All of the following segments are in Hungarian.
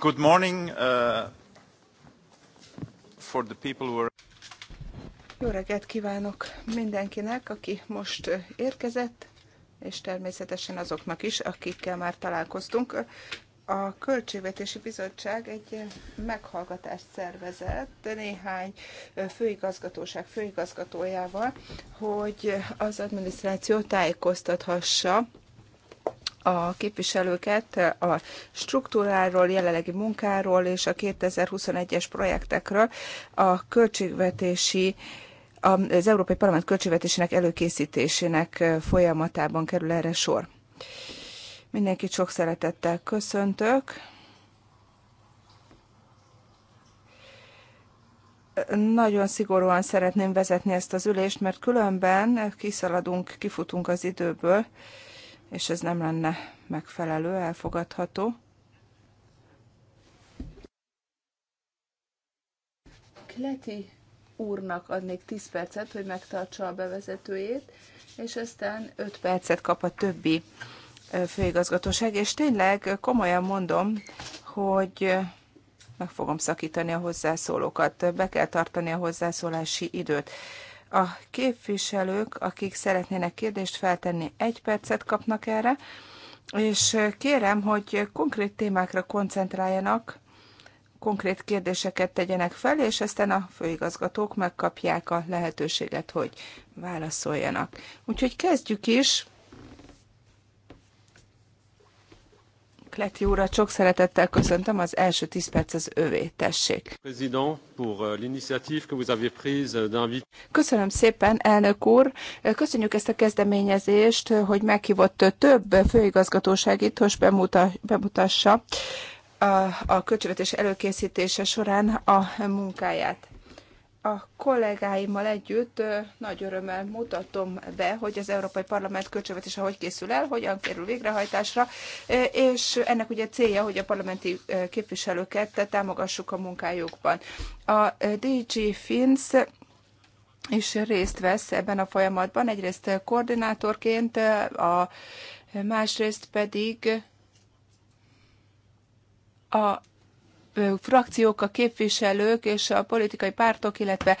Good morning uh, for the people who are... Jó reggelt kívánok mindenkinek, aki most uh, érkezett, és természetesen azoknak is, akikkel már találkoztunk. A Költségvetési Bizottság egy meghallgatást szervezett néhány uh, főigazgatóság főigazgatójával, hogy az adminisztráció tájékoztathassa a képviselőket a struktúráról, jelenlegi munkáról és a 2021-es projektekről a költségvetési az Európai Parlament költségvetésének előkészítésének folyamatában kerül erre sor. Mindenkit sok szeretettel köszöntök. Nagyon szigorúan szeretném vezetni ezt az ülést, mert különben kiszaladunk, kifutunk az időből és ez nem lenne megfelelő, elfogadható. Kleti úrnak adnék 10 percet, hogy megtartsa a bevezetőjét, és aztán 5 percet kap a többi főigazgatóság, és tényleg komolyan mondom, hogy meg fogom szakítani a hozzászólókat, be kell tartani a hozzászólási időt. A képviselők, akik szeretnének kérdést feltenni, egy percet kapnak erre, és kérem, hogy konkrét témákra koncentráljanak, konkrét kérdéseket tegyenek fel, és aztán a főigazgatók megkapják a lehetőséget, hogy válaszoljanak. Úgyhogy kezdjük is Kleti úrat sok szeretettel köszöntöm, az első tíz perc az övé, tessék. Euh, euh, Köszönöm szépen, elnök úr. Köszönjük ezt a kezdeményezést, hogy meghívott több főigazgatóságit, hogy bemutassa a költségvetés előkészítése során a munkáját a kollégáimmal együtt nagy örömmel mutatom be, hogy az Európai Parlament költségvetése hogy készül el, hogyan kerül végrehajtásra, és ennek ugye célja, hogy a parlamenti képviselőket támogassuk a munkájukban. A DG Fins is részt vesz ebben a folyamatban, egyrészt koordinátorként, a másrészt pedig a frakciók, a képviselők és a politikai pártok, illetve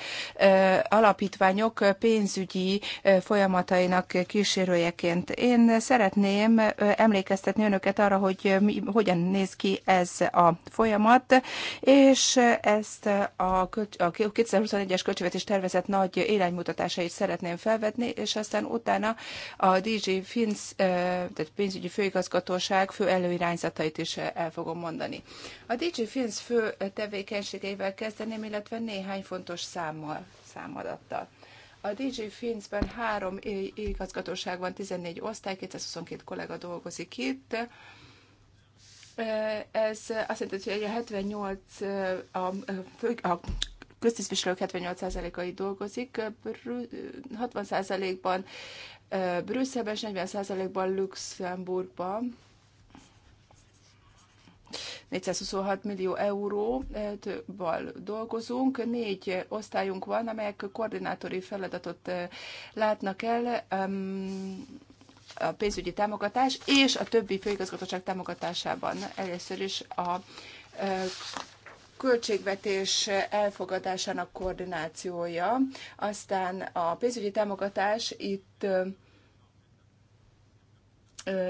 alapítványok pénzügyi folyamatainak kísérőjeként. Én szeretném emlékeztetni önöket arra, hogy mi, hogyan néz ki ez a folyamat, és ezt a, a 2021-es költségvetés tervezett nagy iránymutatásait szeretném felvetni, és aztán utána a DG Finz, tehát pénzügyi főigazgatóság fő előirányzatait is el fogom mondani. A DG Finz pénz fő tevékenységeivel kezdeném, illetve néhány fontos számmal, számadattal. A DG Finzben három igazgatóság van, 14 osztály, 222 kollega dolgozik itt. Ez azt jelenti, hogy a 78 a, fő, a köztisztviselők 78 ai itt dolgozik, 60%-ban Brüsszelben 40%-ban Luxemburgban 426 millió euróval eh, dolgozunk, négy osztályunk van, amelyek koordinátori feladatot eh, látnak el, a pénzügyi támogatás és a többi főigazgatóság támogatásában. Először is a eh, költségvetés elfogadásának koordinációja, aztán a pénzügyi támogatás itt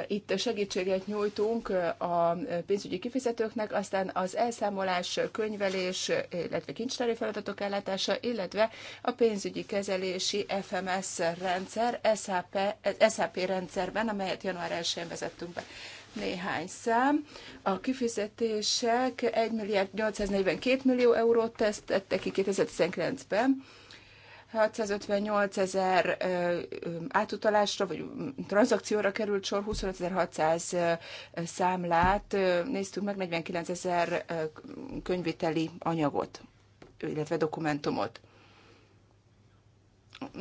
itt segítséget nyújtunk a pénzügyi kifizetőknek, aztán az elszámolás, könyvelés, illetve kincstári feladatok ellátása, illetve a pénzügyi kezelési FMS rendszer, SAP, SAP rendszerben, amelyet január 1-én vezettünk be néhány szám. A kifizetések 1 milliárd 842 millió eurót tesztettek ki 2019-ben, 658 ezer átutalásra vagy tranzakcióra került sor, 25.600 számlát, néztük meg 49 ezer könyvételi anyagot, illetve dokumentumot.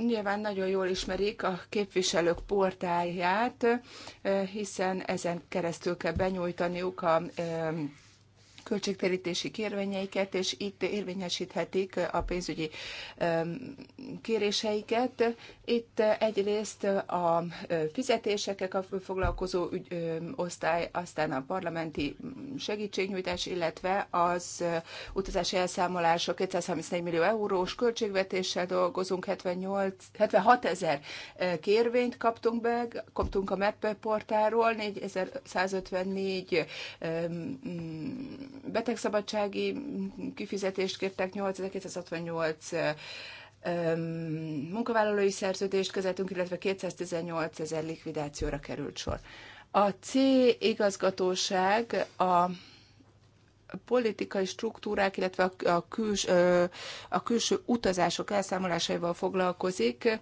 Nyilván nagyon jól ismerik a képviselők portáját, hiszen ezen keresztül kell benyújtaniuk a költségterítési kérvényeiket, és itt érvényesíthetik a pénzügyi kéréseiket. Itt egyrészt a fizetésekkel foglalkozó ügy, osztály, aztán a parlamenti mm, segítségnyújtás, illetve az utazási elszámolások 234 millió eurós költségvetéssel dolgozunk, 78, 76 ezer kérvényt kaptunk be, kaptunk a MEP portáról, 4154 betegszabadsági kifizetést kértek 8268 munkavállalói szerződést közeltünk, illetve 218 ezer likvidációra került sor. A C igazgatóság a politikai struktúrák, illetve a, küls, a külső utazások elszámolásaival foglalkozik.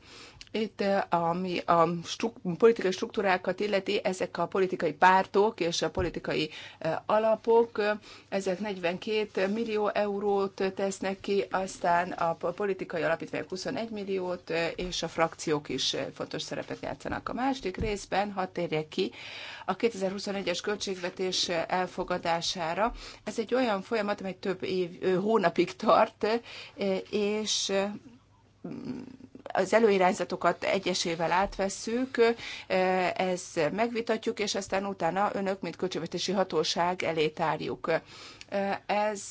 Itt, eh, ami a struk- politikai struktúrákat illeti, ezek a politikai pártok és a politikai eh, alapok, ezek 42 millió eurót tesznek ki, aztán a politikai alapítványok 21 milliót, eh, és a frakciók is fontos szerepet játszanak. A második részben, ha térjek ki, a 2021-es költségvetés elfogadására. Ez egy olyan folyamat, amely több év, hónapig tart, és az előirányzatokat egyesével átvesszük, ez megvitatjuk, és aztán utána önök, mint költségvetési hatóság elé tárjuk. Ez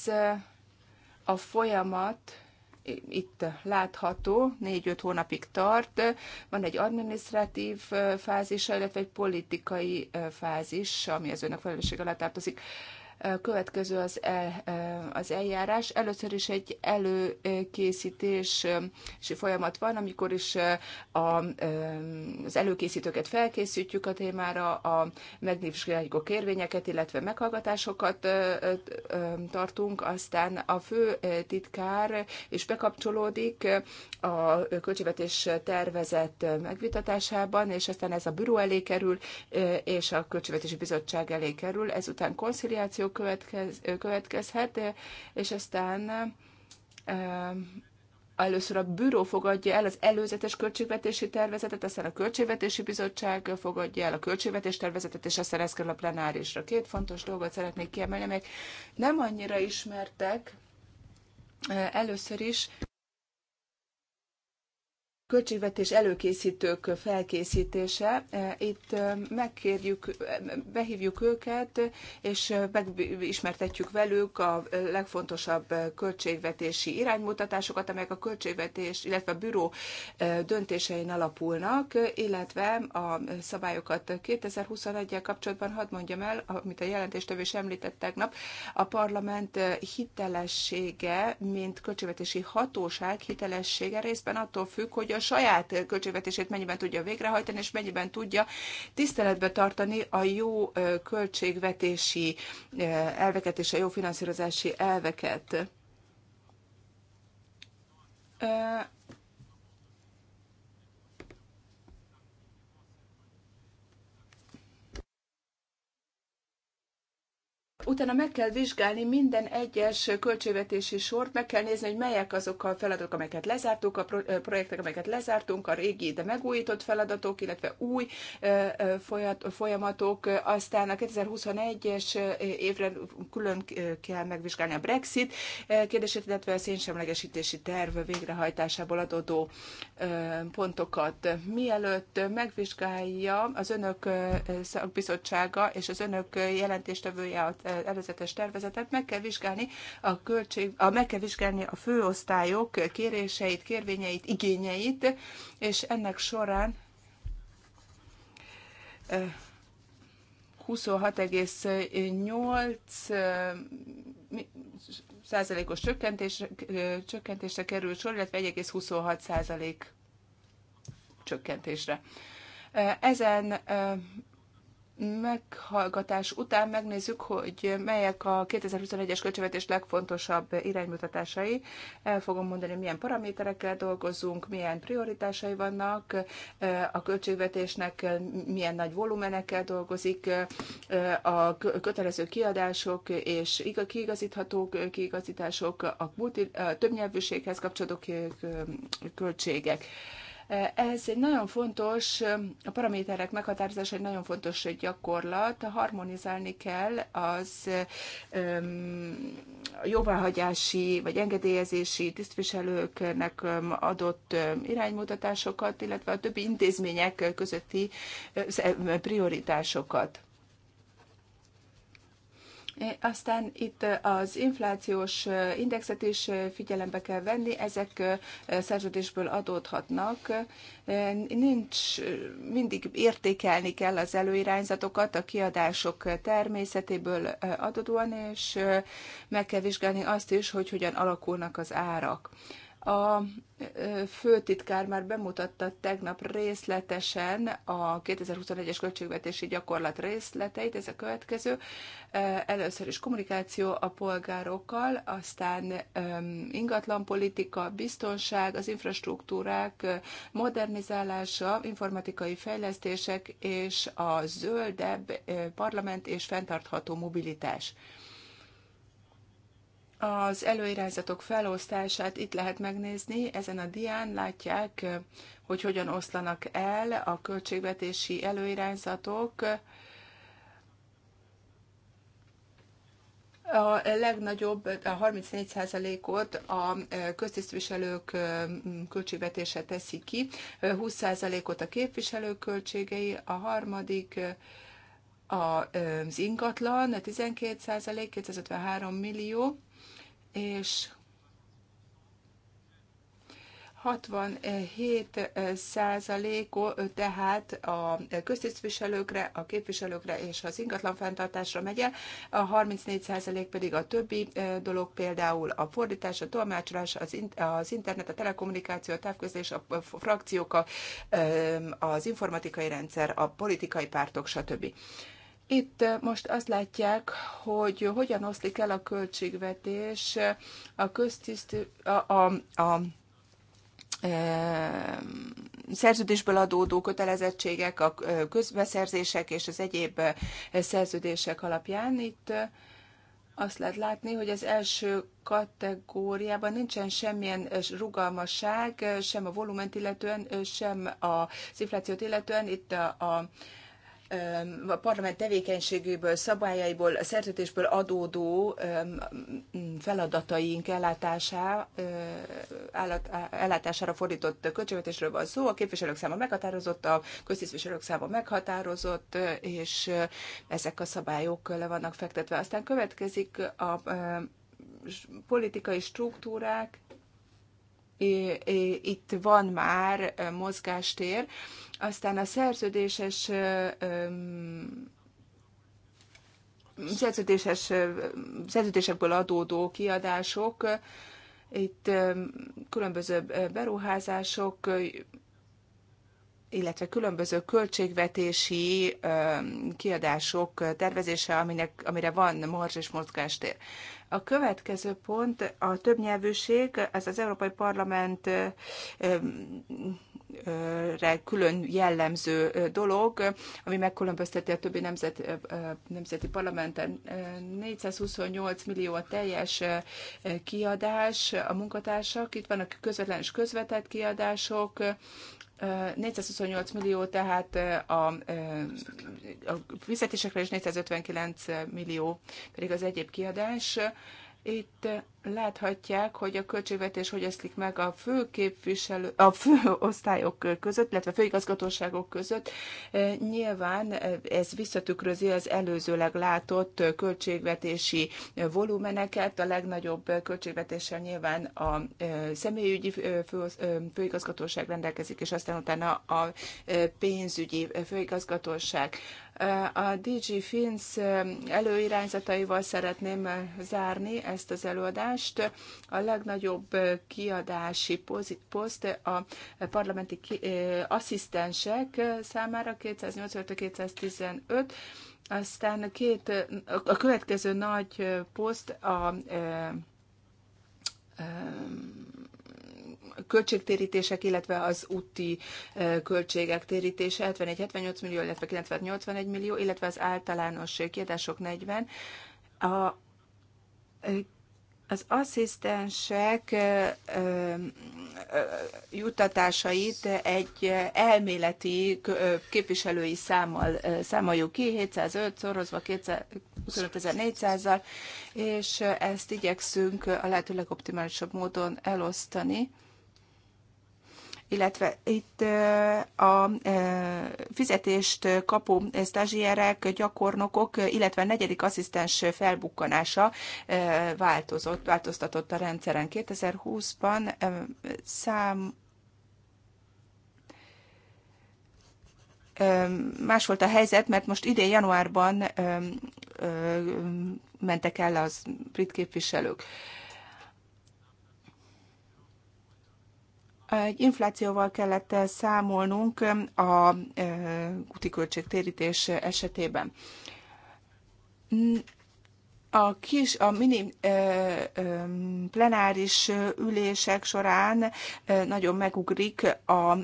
a folyamat itt látható, négy-öt hónapig tart. Van egy administratív fázisa, illetve egy politikai fázis, ami az önök felelősség alá tartozik következő az, el, az eljárás. Először is egy előkészítési folyamat van, amikor is a, az előkészítőket felkészítjük a témára, a megvizsgáljuk a kérvényeket, illetve meghallgatásokat tartunk, aztán a fő titkár is bekapcsolódik a költségvetés tervezet megvitatásában, és aztán ez a büró elé kerül, és a Költségvetési Bizottság elé kerül. Ezután konciliáció reakció következ, következhet, és aztán először a bűró fogadja el az előzetes költségvetési tervezetet, aztán a Költségvetési Bizottság fogadja el a költségvetés tervezetet, és aztán ez kerül a plenárisra. Két fontos dolgot szeretnék kiemelni, amelyek nem annyira ismertek. Először is költségvetés előkészítők felkészítése. E, itt e, megkérjük, e, behívjuk őket, és megismertetjük velük a legfontosabb költségvetési iránymutatásokat, amelyek a költségvetés, illetve a büró döntésein alapulnak, illetve a szabályokat 2021-jel kapcsolatban hadd mondjam el, amit a jelentéstevő is említett tegnap, a parlament hitelessége, mint költségvetési hatóság hitelessége részben attól függ, hogy a saját költségvetését mennyiben tudja végrehajtani, és mennyiben tudja tiszteletbe tartani a jó költségvetési elveket és a jó finanszírozási elveket utána meg kell vizsgálni minden egyes költségvetési sort, meg kell nézni, hogy melyek azok a feladatok, amelyeket lezártuk, a projektek, amelyeket lezártunk, a régi, de megújított feladatok, illetve új folyamatok, aztán a 2021-es évre külön kell megvizsgálni a Brexit kérdését, illetve a szénsemlegesítési terv végrehajtásából adódó pontokat. Mielőtt megvizsgálja az önök szakbizottsága és az önök jelentéstevője a előzetes tervezetet, meg kell vizsgálni a költség, a, meg kell vizsgálni a főosztályok kéréseit, kérvényeit, igényeit, és ennek során 26,8 százalékos csökkentés, csökkentésre került sor, illetve 1,26 százalék csökkentésre. Ezen meghallgatás után megnézzük, hogy melyek a 2021-es költségvetés legfontosabb iránymutatásai. El fogom mondani, milyen paraméterekkel dolgozunk, milyen prioritásai vannak a költségvetésnek, milyen nagy volumenekkel dolgozik, a kötelező kiadások és kiigazítható kiigazítások, a, multi, a többnyelvűséghez kapcsolódó költségek. Ez egy nagyon fontos, a paraméterek meghatározása egy nagyon fontos gyakorlat, harmonizálni kell az jóváhagyási vagy engedélyezési tisztviselőknek adott iránymutatásokat, illetve a többi intézmények közötti prioritásokat. Aztán itt az inflációs indexet is figyelembe kell venni, ezek szerződésből adódhatnak. Nincs, mindig értékelni kell az előirányzatokat a kiadások természetéből adódóan, és meg kell vizsgálni azt is, hogy hogyan alakulnak az árak. A főtitkár már bemutatta tegnap részletesen a 2021-es költségvetési gyakorlat részleteit, ez a következő. Először is kommunikáció a polgárokkal, aztán ingatlanpolitika, biztonság, az infrastruktúrák modernizálása, informatikai fejlesztések és a zöldebb parlament és fenntartható mobilitás. Az előirányzatok felosztását itt lehet megnézni, ezen a dián látják, hogy hogyan oszlanak el a költségvetési előirányzatok. A legnagyobb, a 34%-ot a köztisztviselők költségvetése teszi ki, 20%-ot a képviselők költségei, a harmadik az ingatlan, 12%, 253 millió, és 67 százalékó, tehát a köztisztviselőkre, a képviselőkre és az ingatlan fenntartásra megy el, a 34 százalék pedig a többi eh, dolog, például a fordítás, a tolmácsolás, az, internet, a telekommunikáció, a távközlés, a frakciók, a, eh, az informatikai rendszer, a politikai pártok, stb. Itt most azt látják, hogy hogyan oszlik el a költségvetés a köztisztő, a, a, a szerződésből adódó kötelezettségek, a közbeszerzések és az egyéb szerződések alapján. Itt azt lehet látni, hogy az első kategóriában nincsen semmilyen rugalmasság, sem a volument illetően, sem a inflációt illetően. Itt a, a a parlament tevékenységéből, szabályaiból, a szerződésből adódó feladataink ellátásá, ellátására fordított költségvetésről van szó. A képviselők száma meghatározott, a köztisztviselők száma meghatározott, és ezek a szabályok le vannak fektetve. Aztán következik a politikai struktúrák, itt van már mozgástér. Aztán a szerződéses szerződéses, szerződésekből adódó kiadások, itt különböző beruházások, illetve különböző költségvetési kiadások tervezése, aminek, amire van mars és mozgástér. A következő pont a többnyelvűség, ez az Európai Parlament külön jellemző dolog, ami megkülönbözteti a többi nemzet, nemzeti parlamenten. 428 millió a teljes kiadás, a munkatársak, itt vannak közvetlen és közvetett kiadások, 428 millió, tehát a, a fizetésekre is 459 millió pedig az egyéb kiadás. Itt láthatják, hogy a költségvetés hogy eszlik meg a fő képviselő, a fő osztályok között, illetve főigazgatóságok között. E, nyilván e, ez visszatükrözi az előzőleg látott költségvetési volumeneket. A legnagyobb költségvetéssel nyilván a e, személyügyi fő, főigazgatóság rendelkezik, és aztán utána a pénzügyi főigazgatóság. A DG Fins előirányzataival szeretném zárni ezt az előadást kiadást. A legnagyobb kiadási poszt a parlamenti eh, asszisztensek számára 285-215, aztán a, két, a következő nagy poszt a eh, eh, költségtérítések, illetve az úti költségek térítése 71-78 millió, illetve 90-81 millió, illetve az általános kiadások 40. A az asszisztensek juttatásait egy elméleti képviselői számmal számoljuk ki, 705 szorozva 25400-zal, és ezt igyekszünk a lehető legoptimálisabb módon elosztani illetve itt a fizetést kapó stázsierek, gyakornokok, illetve a negyedik asszisztens felbukkanása változott, változtatott a rendszeren. 2020-ban szám más volt a helyzet, mert most idén januárban mentek el az brit képviselők. Egy inflációval kellett számolnunk a úti költségtérítés esetében a kis, a mini plenáris ülések során nagyon megugrik a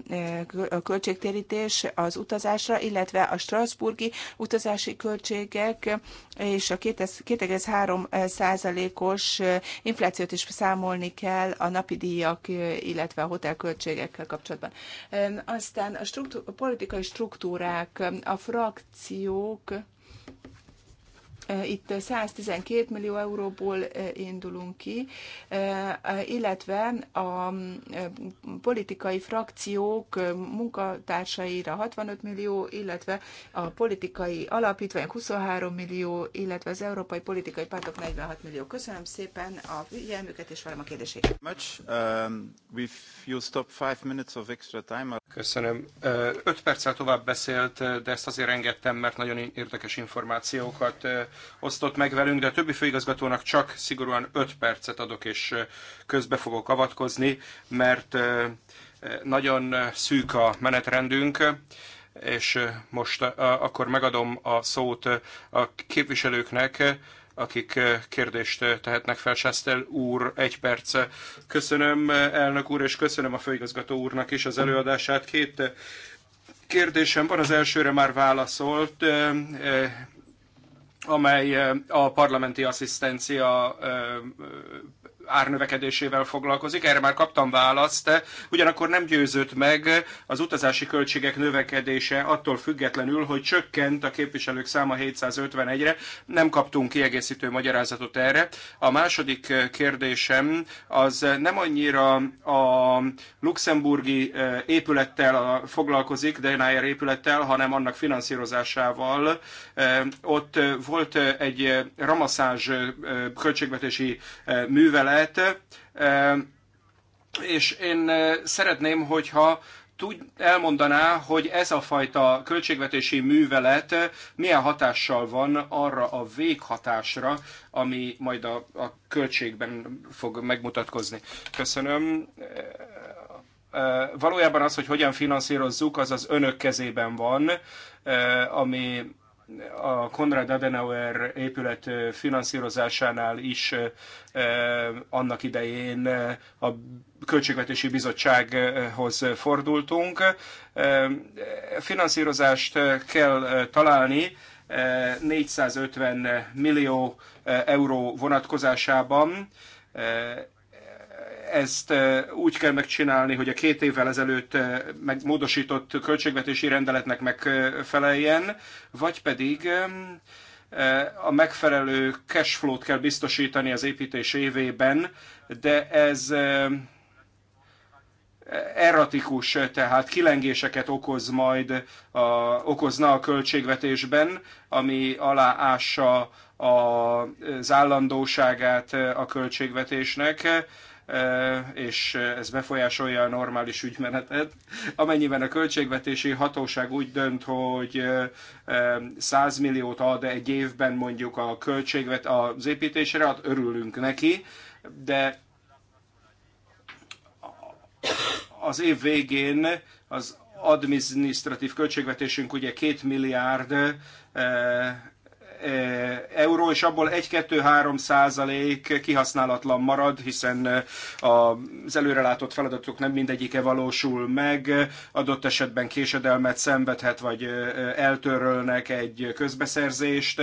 költségtérítés az utazásra, illetve a Strasburgi utazási költségek és a 2,3 százalékos inflációt is számolni kell a napi díjak, illetve a hotelköltségekkel kapcsolatban. Aztán a, struktúr, a politikai struktúrák, a frakciók, Eh, itt 112 millió euróból eh, indulunk ki, eh, illetve a politikai frakciók munkatársaira 65 millió, illetve a politikai alapítványok 23 millió, illetve az európai politikai pártok 46 millió. Köszönöm szépen a figyelmüket, és várom a kérdéseket. Um, Köszönöm. Öt perccel tovább beszélt, de ezt azért engedtem, mert nagyon érdekes információkat osztott meg velünk, de a többi főigazgatónak csak szigorúan 5 percet adok, és közbe fogok avatkozni, mert nagyon szűk a menetrendünk és most akkor megadom a szót a képviselőknek, akik kérdést tehetnek fel. Sestel úr, egy perc. Köszönöm elnök úr, és köszönöm a főigazgató úrnak is az előadását. Két kérdésem van, az elsőre már válaszolt amely a parlamenti asszisztencia árnövekedésével foglalkozik, erre már kaptam választ, ugyanakkor nem győzött meg az utazási költségek növekedése attól függetlenül, hogy csökkent a képviselők száma 751-re, nem kaptunk kiegészítő magyarázatot erre. A második eh, kérdésem az nem annyira a luxemburgi eh, épülettel foglalkozik, Denayer épülettel, hanem annak finanszírozásával. Eh, ott volt egy ramaszázs költségvetési művelet, terület, és én szeretném, hogyha tud, elmondaná, hogy ez a fajta költségvetési művelet milyen hatással van arra a véghatásra, ami majd a, a költségben fog megmutatkozni. Köszönöm. Valójában az, hogy hogyan finanszírozzuk, az az önök kezében van, ami a Konrad Adenauer épület finanszírozásánál is annak idején a Költségvetési Bizottsághoz fordultunk. Finanszírozást kell találni 450 millió euró vonatkozásában ezt úgy kell megcsinálni, hogy a két évvel ezelőtt megmódosított költségvetési rendeletnek megfeleljen, vagy pedig a megfelelő flow t kell biztosítani az építés évében, de ez erratikus, tehát kilengéseket okoz majd, a, okozna a költségvetésben, ami aláássa az állandóságát a költségvetésnek és ez befolyásolja a normális ügymenetet. Amennyiben a költségvetési hatóság úgy dönt, hogy 100 milliót ad egy évben mondjuk a költségvet az építésre, hát örülünk neki, de az év végén az adminisztratív költségvetésünk ugye 2 milliárd Eh, euró, és abból 1-2-3 százalék kihasználatlan marad, hiszen eh, az előrelátott feladatok nem mindegyike valósul meg, adott esetben késedelmet szenvedhet, vagy eh, eltörölnek egy közbeszerzést,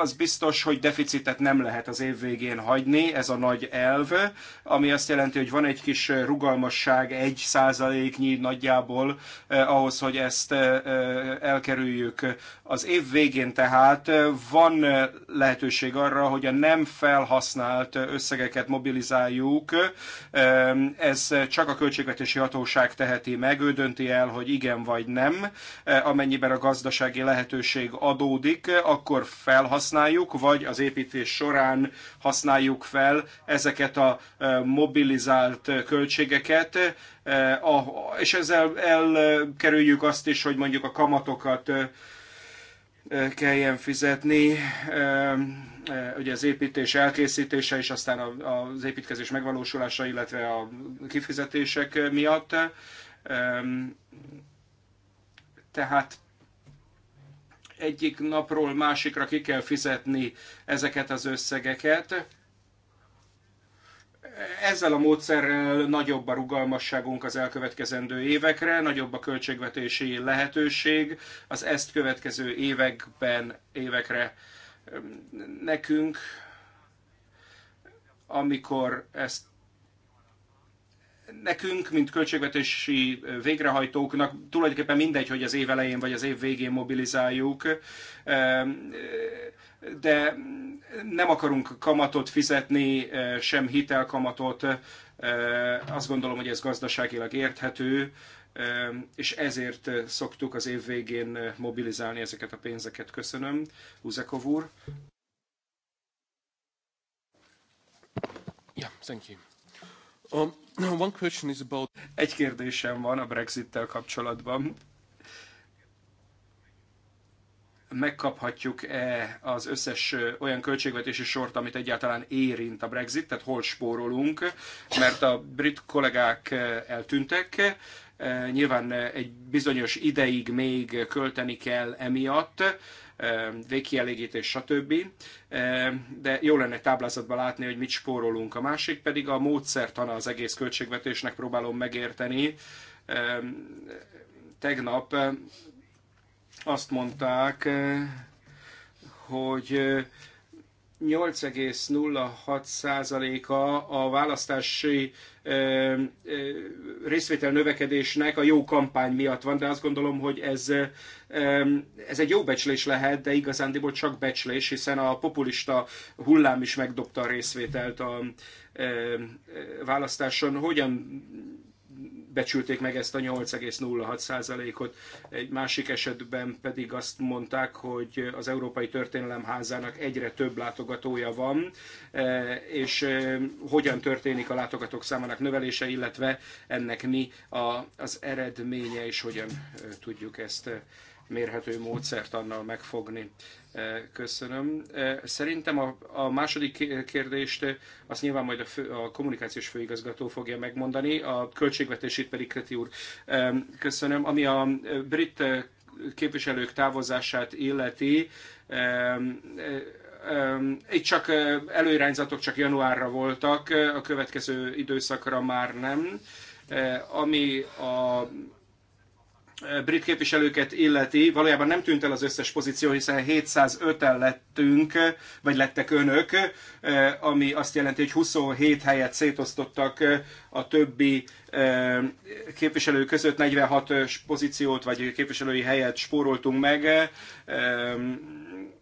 az biztos, hogy deficitet nem lehet az év végén hagyni, ez a nagy elv, ami azt jelenti, hogy van egy kis rugalmasság, egy százaléknyi nagyjából ahhoz, hogy ezt elkerüljük. Az év végén tehát van lehetőség arra, hogy a nem felhasznált összegeket mobilizáljuk. Ez csak a költségvetési hatóság teheti meg, ő dönti el, hogy igen vagy nem. Amennyiben a gazdasági lehetőség adódik, akkor akkor felhasználjuk, vagy az építés során használjuk fel ezeket a mobilizált költségeket, és ezzel elkerüljük azt is, hogy mondjuk a kamatokat kelljen fizetni, ugye az építés elkészítése és aztán az építkezés megvalósulása, illetve a kifizetések miatt. Tehát egyik napról másikra ki kell fizetni ezeket az összegeket. Ezzel a módszerrel nagyobb a rugalmasságunk az elkövetkezendő évekre, nagyobb a költségvetési lehetőség az ezt következő években, évekre nekünk, amikor ezt nekünk, mint költségvetési végrehajtóknak tulajdonképpen mindegy, hogy az év elején vagy az év végén mobilizáljuk, ehm, de nem akarunk kamatot fizetni, eh, sem hitelkamatot. Eh, azt gondolom, hogy ez gazdaságilag érthető, ehm, és ezért eh, szoktuk az év végén mobilizálni ezeket a pénzeket. Köszönöm, Uzekov úr. Yeah, thank you. Um, one question is about... Egy kérdésem van a Brexit-tel kapcsolatban. Megkaphatjuk-e az összes olyan költségvetési sort, amit egyáltalán érint a Brexit, tehát hol spórolunk, mert a brit kollégák eltűntek, nyilván egy bizonyos ideig még költeni kell emiatt, végkielégítés, stb. De jó lenne táblázatban látni, hogy mit spórolunk. A másik pedig a módszertana az egész költségvetésnek próbálom megérteni. Tegnap azt mondták, hogy 8,06%-a a választási részvétel növekedésnek a jó kampány miatt van, de azt gondolom, hogy ez, ez egy jó becslés lehet, de igazándiból csak becslés, hiszen a populista hullám is megdobta a részvételt a választáson. Hogyan becsülték meg ezt a 8,06%-ot. Egy másik esetben pedig azt mondták, hogy az Európai házának egyre több látogatója van, e, és e, hogyan történik a látogatók számának növelése, illetve ennek mi az eredménye, és hogyan e, tudjuk ezt mérhető módszert annal megfogni. E, köszönöm. E, szerintem a, a második kérdést azt nyilván majd a, fő, a kommunikációs főigazgató fogja megmondani, a költségvetését pedig Kreti úr. E, köszönöm. Ami a brit képviselők távozását illeti, itt csak előirányzatok csak januárra voltak, a következő időszakra már nem. Ami a brit képviselőket illeti, valójában nem tűnt el az összes pozíció, hiszen 705-en lettünk, vagy lettek önök, eh, ami azt jelenti, hogy 27 helyet szétosztottak eh, a többi eh, képviselő között, 46 pozíciót vagy képviselői helyet spóroltunk meg,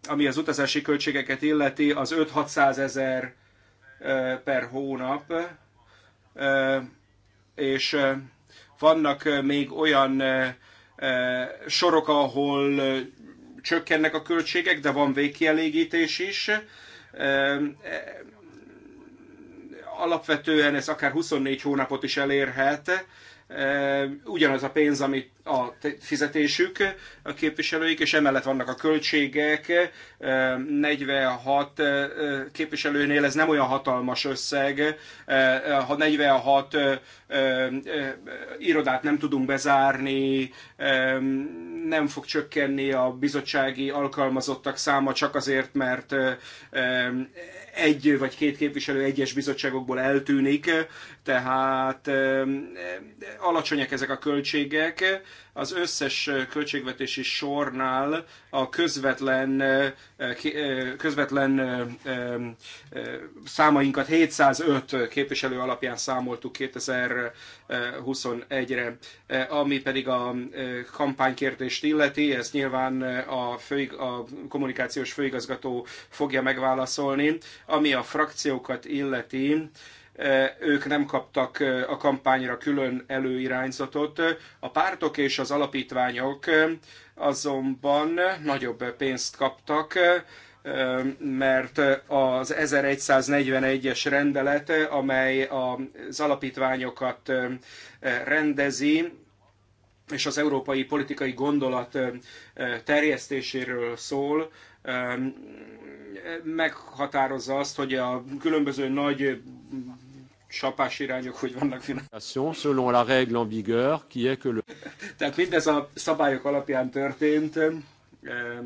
ami az utazási költségeket illeti, az 5-600 ezer per hónap, és vannak még olyan sorok, ahol csökkennek a költségek, de van végkielégítés is. Alapvetően ez akár 24 hónapot is elérhet, Ehm, ugyanaz a pénz, amit a fizetésük a képviselőik, és emellett vannak a költségek. 46 ehm, eh, képviselőnél ez nem olyan hatalmas összeg. Ehm, ha 46 eh, eh, irodát nem tudunk bezárni, nem fog csökkenni a bizottsági alkalmazottak száma csak azért, mert egy vagy két képviselő egyes bizottságokból eltűnik, tehát alacsonyak ezek a költségek, az összes költségvetési sornál a közvetlen, közvetlen számainkat 705 képviselő alapján számoltuk 2021-re. Ami pedig a kampánykérdést illeti, ezt nyilván a, fő, a kommunikációs főigazgató fogja megválaszolni. Ami a frakciókat illeti, Eh, ők nem kaptak eh, a kampányra külön előirányzatot. A pártok és az alapítványok eh, azonban nagyobb pénzt kaptak, mert az 1141-es rendelet, amely az alapítványokat rendezi, és az európai politikai gondolat terjesztéséről szól, meghatározza azt, hogy a különböző nagy csapás irányok, hogy vannak Selon la règle en vigueur, qui est que le... Tehát mindez a szabályok alapján történt, eh,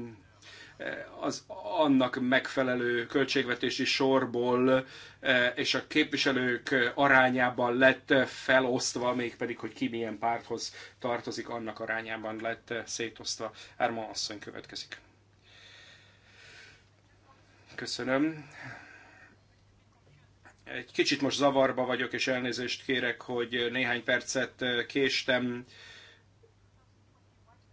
az annak megfelelő költségvetési sorból eh, és a képviselők arányában lett felosztva, mégpedig, hogy ki milyen párthoz tartozik, annak arányában lett szétosztva. Erma asszony következik. Köszönöm. Egy kicsit most zavarba vagyok, és elnézést kérek, hogy néhány percet késtem.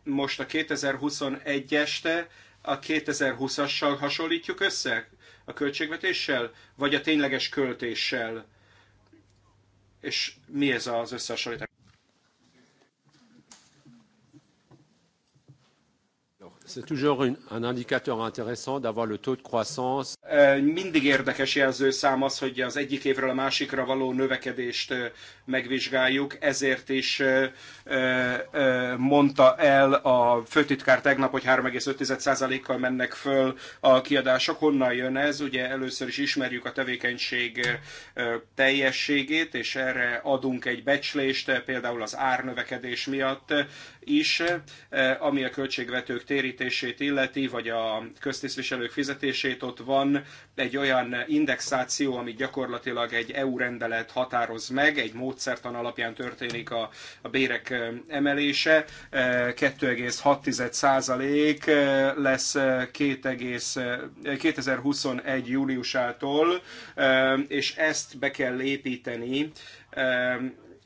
Most a 2021 este a 2020-assal hasonlítjuk össze? A költségvetéssel? Vagy a tényleges költéssel? És mi ez az összehasonlítás? C'est toujours une, un indicateur intéressant d'avoir le taux de croissance. Mindig érdekes jelzőszám az, hogy az egyik évről a másikra való növekedést megvizsgáljuk, ezért is mondta el a főtitkár tegnap, hogy 3,5%-kal mennek föl a kiadások. Honnan jön ez? Ugye először is ismerjük a tevékenység teljességét, és erre adunk egy becslést, például az árnövekedés miatt, is, eh, ami a költségvetők térítését illeti, vagy a köztisztviselők fizetését, ott van egy olyan indexáció, ami gyakorlatilag egy EU rendelet határoz meg, egy módszertan alapján történik a, a bérek eh, emelése. 2,6% eh, lesz 2021. júliusától, és ezt be kell építeni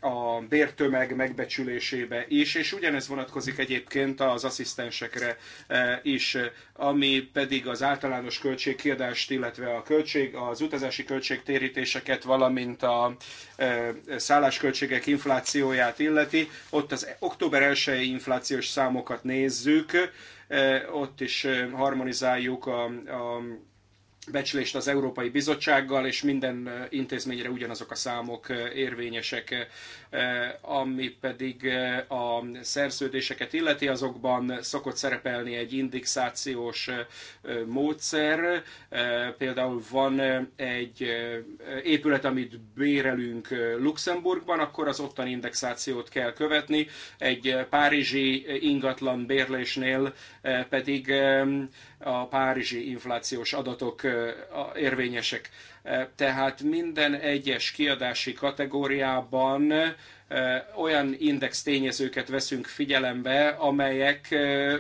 a bértömeg megbecsülésébe is, és ugyanez vonatkozik egyébként az asszisztensekre e, is, ami pedig az általános költségkiadást, illetve a költség, az utazási költségtérítéseket, valamint a e, szállásköltségek inflációját illeti. Ott az október 1 inflációs számokat nézzük, e, ott is harmonizáljuk a, a becslést az Európai Bizottsággal, és minden intézményre ugyanazok a számok érvényesek, ami pedig a szerződéseket illeti, azokban szokott szerepelni egy indexációs módszer. Például van egy épület, amit bérelünk Luxemburgban, akkor az ottani indexációt kell követni. Egy párizsi ingatlan bérlésnél pedig a párizsi inflációs adatok érvényesek. Tehát minden egyes kiadási kategóriában olyan index tényezőket veszünk figyelembe, amelyek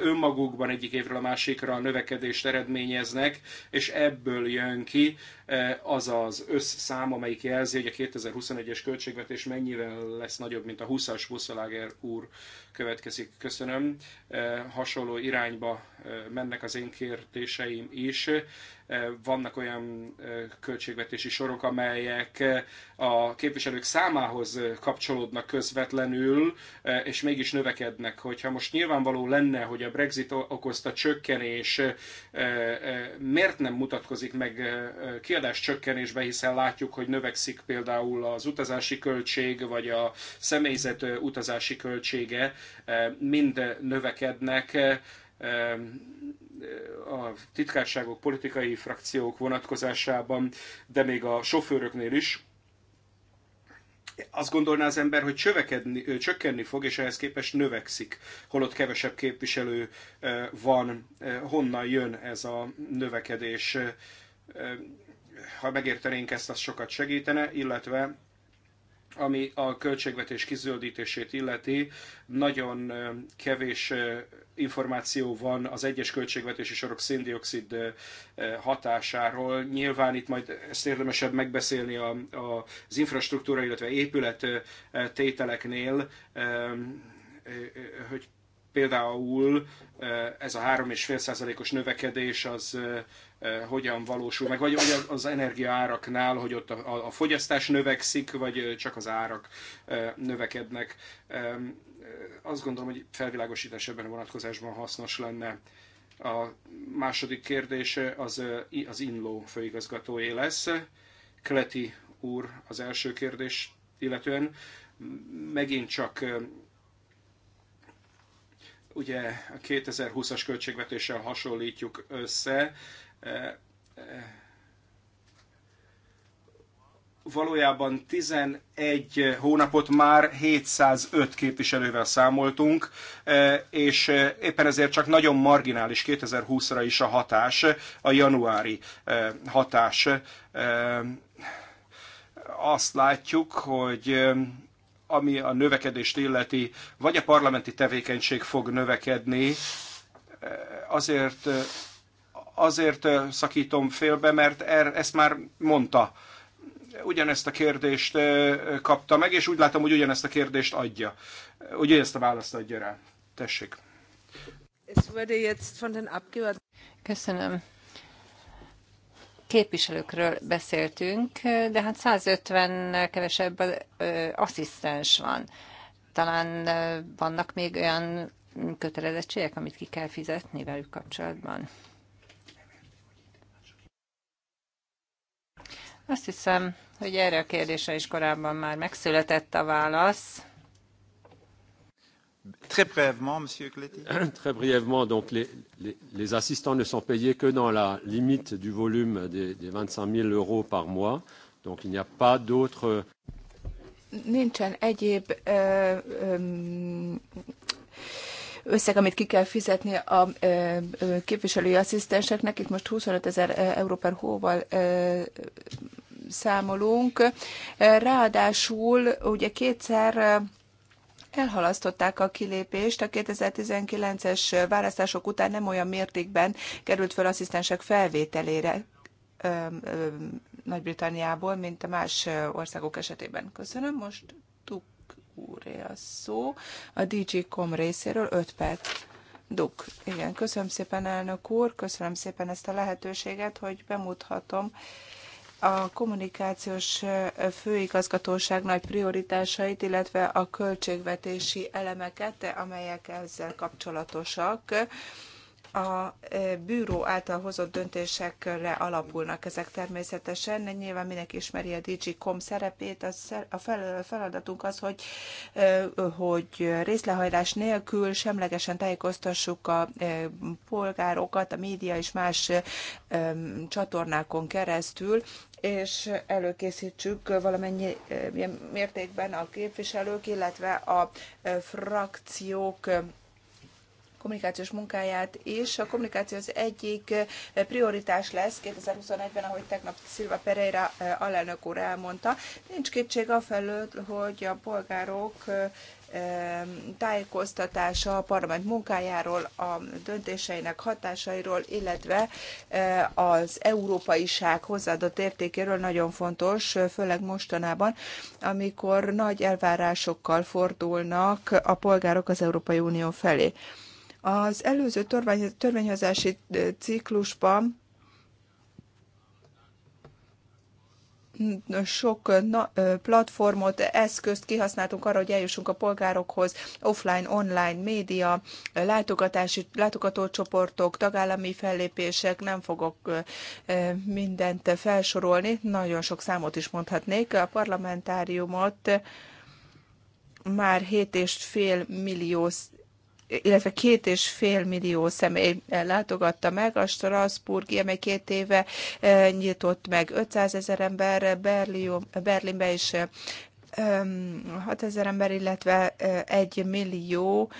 önmagukban egyik évről a másikra a növekedést eredményeznek, és ebből jön ki E, az az összszám, amelyik jelzi, hogy a 2021-es költségvetés mennyivel lesz nagyobb, mint a 20-as Busszaláger úr következik. Köszönöm. E, hasonló irányba e, mennek az én kérdéseim is. Vannak olyan költségvetési sorok, amelyek a képviselők számához kapcsolódnak közvetlenül, és mégis növekednek. Hogyha most nyilvánvaló lenne, hogy a Brexit okozta csökkenés miért nem mutatkozik meg ki egyenes csökkenésbe, hiszen látjuk, hogy növekszik például az utazási költség, vagy a személyzet utazási költsége, mind növekednek, a titkárságok, politikai frakciók vonatkozásában, de még a sofőröknél is. Azt gondolná az ember, hogy csövekedni, csökkenni fog, és ehhez képest növekszik, holott kevesebb képviselő van. Honnan jön ez a növekedés? ha megértenénk ezt, az sokat segítene, illetve ami a költségvetés kizöldítését illeti, nagyon kevés információ van az egyes költségvetési sorok széndiokszid hatásáról. Nyilván itt majd ezt érdemesebb megbeszélni a, a, az infrastruktúra, illetve épület tételeknél, hogy például ez a 3,5%-os növekedés az E, hogyan valósul meg, vagy, vagy az energiaáraknál, hogy ott a, a fogyasztás növekszik, vagy csak az árak e, növekednek. E, azt gondolom, hogy felvilágosítás ebben a vonatkozásban hasznos lenne. A második kérdés az, az INLO főigazgatóé lesz. Kleti úr az első kérdés illetően megint csak ugye a 2020-as költségvetéssel hasonlítjuk össze, valójában 11 hónapot már 705 képviselővel számoltunk, e, és e, éppen ezért csak nagyon marginális 2020-ra is a hatás, a januári e, hatás. Azt látjuk, hogy ami a növekedést illeti, vagy a parlamenti tevékenység fog növekedni, azért Azért szakítom félbe, mert er, ezt már mondta. Ugyanezt a kérdést kapta meg, és úgy látom, hogy ugyanezt a kérdést adja. Ugyanezt a választ adja rá. Tessék. Köszönöm képviselőkről beszéltünk, de hát 150 kevesebb asszisztens van. Talán vannak még olyan kötelezettségek, amit ki kell fizetni velük kapcsolatban? Azt hiszem, hogy erre a kérdésre is korábban már megszületett a válasz. Très brièvement, Monsieur Cléty. Très brièvement, donc les, les, les assistants ne sont payés que dans la limite du volume des, des 25 000 euros par mois. Donc il n'y a pas d'autres. Euh, Nincsen egyéb ö, euh, ö, euh, összeg, amit ki kell fizetni a ö, képviselői asszisztenseknek. Itt most 25 ezer euró per hóval ö, számolunk. Ráadásul ugye kétszer elhalasztották a kilépést. A 2019-es választások után nem olyan mértékben került fel asszisztensek felvételére Nagy-Britanniából, mint a más országok esetében. Köszönöm. Most Duk úré a szó. A DG Com részéről 5 perc. Duk. Igen, köszönöm szépen, elnök úr, köszönöm szépen ezt a lehetőséget, hogy bemutathatom a kommunikációs főigazgatóság nagy prioritásait, illetve a költségvetési elemeket, amelyek ezzel kapcsolatosak. A bűró által hozott döntésekre alapulnak ezek természetesen. Nyilván mindenki ismeri a DG.com szerepét. A feladatunk az, hogy, hogy részlehajlás nélkül semlegesen tájékoztassuk a polgárokat, a média és más csatornákon keresztül és előkészítsük valamennyi eh, mértékben a képviselők, illetve a eh, frakciók eh, kommunikációs munkáját is. A kommunikáció az egyik prioritás lesz 2021-ben, ahogy tegnap Szilva Pereira alelnök úr elmondta. Nincs kétség afelől, hogy a polgárok tájékoztatása a parlament munkájáról, a döntéseinek hatásairól, illetve e, az európaiság hozzáadott értékéről nagyon fontos, főleg mostanában, amikor nagy elvárásokkal fordulnak a polgárok az Európai Unió felé. Az előző törvény, törvényhozási e, ciklusban sok na, platformot, eszközt kihasználtunk arra, hogy eljussunk a polgárokhoz, offline, online, média, látogatási, látogatócsoportok, tagállami fellépések, nem fogok mindent felsorolni, nagyon sok számot is mondhatnék. A parlamentáriumot már 7,5 millió illetve két és fél millió személy eh, látogatta meg, a Strasburgi, amely két éve eh, nyitott meg 500 ezer ember, eh, Berlinbe is 6 ezer ember, illetve 1 millió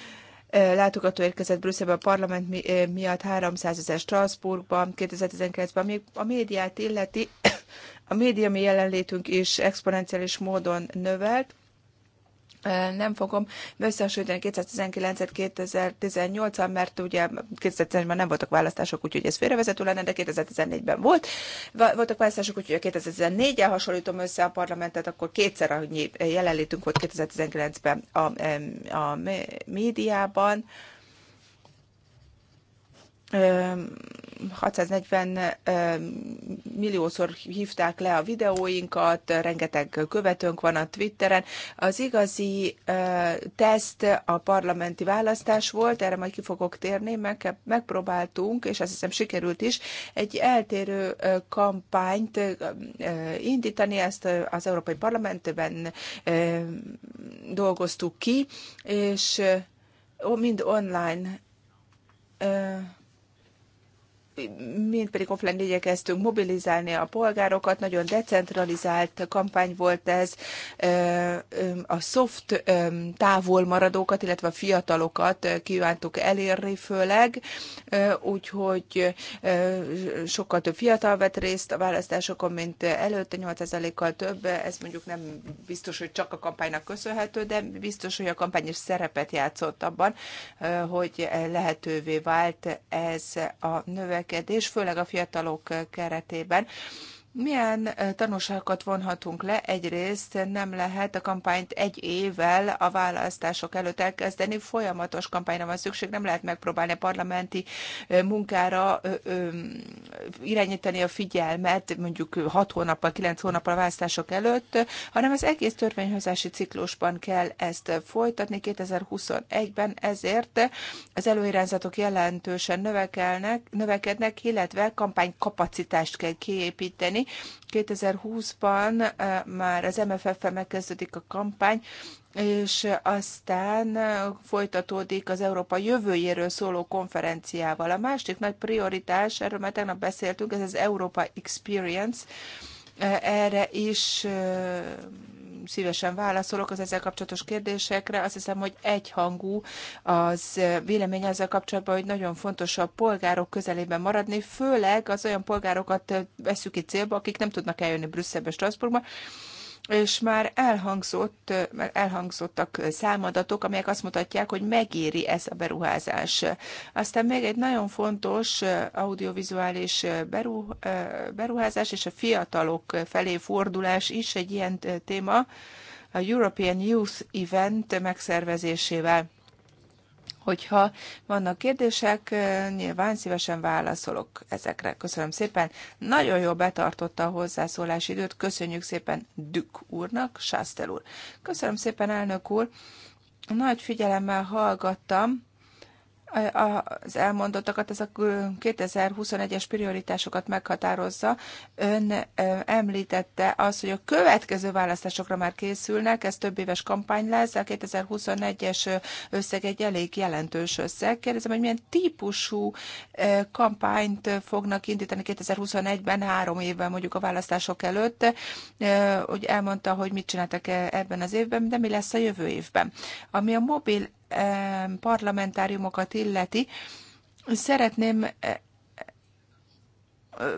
látogató érkezett Brüsszelbe a parlament miatt, 300 ezer Strasbourgban, 2019-ben, ami a médiát illeti, a média mi jelenlétünk is exponenciális módon növelt, nem fogom összehasonlítani 2019-et 2018 an mert ugye 2018-ban nem voltak választások, úgyhogy ez félrevezető lenne, de 2014-ben volt. Voltak választások, úgyhogy 2014-el hasonlítom össze a parlamentet, akkor kétszer, ahogy jelenlétünk volt 2019-ben a, a médiában. 640 milliószor hívták le a videóinkat, rengeteg követőnk van a Twitteren. Az igazi teszt a parlamenti választás volt, erre majd ki fogok térni, meg, megpróbáltunk, és azt hiszem sikerült is, egy eltérő kampányt indítani, ezt az Európai Parlamentben dolgoztuk ki, és mind online mint pedig offline igyekeztünk mobilizálni a polgárokat, nagyon decentralizált kampány volt ez, a soft távolmaradókat, illetve a fiatalokat kívántuk elérni főleg, úgyhogy sokkal több fiatal vett részt a választásokon, mint előtte, 8%-kal több, ez mondjuk nem biztos, hogy csak a kampánynak köszönhető, de biztos, hogy a kampány is szerepet játszott abban, hogy lehetővé vált ez a növekedés, viselkedés, főleg a fiatalok keretében. Milyen tanulságokat vonhatunk le? Egyrészt nem lehet a kampányt egy évvel a választások előtt elkezdeni, folyamatos kampányra van szükség, nem lehet megpróbálni a parlamenti munkára irányítani a figyelmet mondjuk 6 hónappal, 9 hónappal a választások előtt, hanem az egész törvényhozási ciklusban kell ezt folytatni 2021-ben, ezért az előirányzatok jelentősen növekelnek, növekednek, illetve kampánykapacitást kell kiépíteni, tenni. 2020-ban eh, már az MFF-fel megkezdődik a kampány, és aztán eh, folytatódik az Európa jövőjéről szóló konferenciával. A másik nagy prioritás, erről már tegnap beszéltünk, ez az Európa Experience. Eh, erre is szívesen válaszolok az ezzel kapcsolatos kérdésekre. Azt hiszem, hogy egyhangú az vélemény ezzel kapcsolatban, hogy nagyon fontos a polgárok közelében maradni, főleg az olyan polgárokat veszük ki célba, akik nem tudnak eljönni Brüsszelbe, Strasbourgba, és már elhangzott, már elhangzottak számadatok, amelyek azt mutatják, hogy megéri ez a beruházás. Aztán még egy nagyon fontos audiovizuális beru, beruházás és a fiatalok felé fordulás is egy ilyen téma, a European Youth Event megszervezésével. Hogyha vannak kérdések, nyilván szívesen válaszolok ezekre. Köszönöm szépen. Nagyon jól betartotta a hozzászólás időt. Köszönjük szépen Dük úrnak, Sászter úr. Köszönöm szépen, elnök úr. Nagy figyelemmel hallgattam az elmondottakat, ez a 2021-es prioritásokat meghatározza. Ön említette az, hogy a következő választásokra már készülnek, ez több éves kampány lesz, a 2021-es összeg egy elég jelentős összeg. Kérdezem, hogy milyen típusú kampányt fognak indítani 2021-ben, három évvel mondjuk a választások előtt, hogy elmondta, hogy mit csináltak ebben az évben, de mi lesz a jövő évben. Ami a mobil parlamentáriumokat illeti, szeretném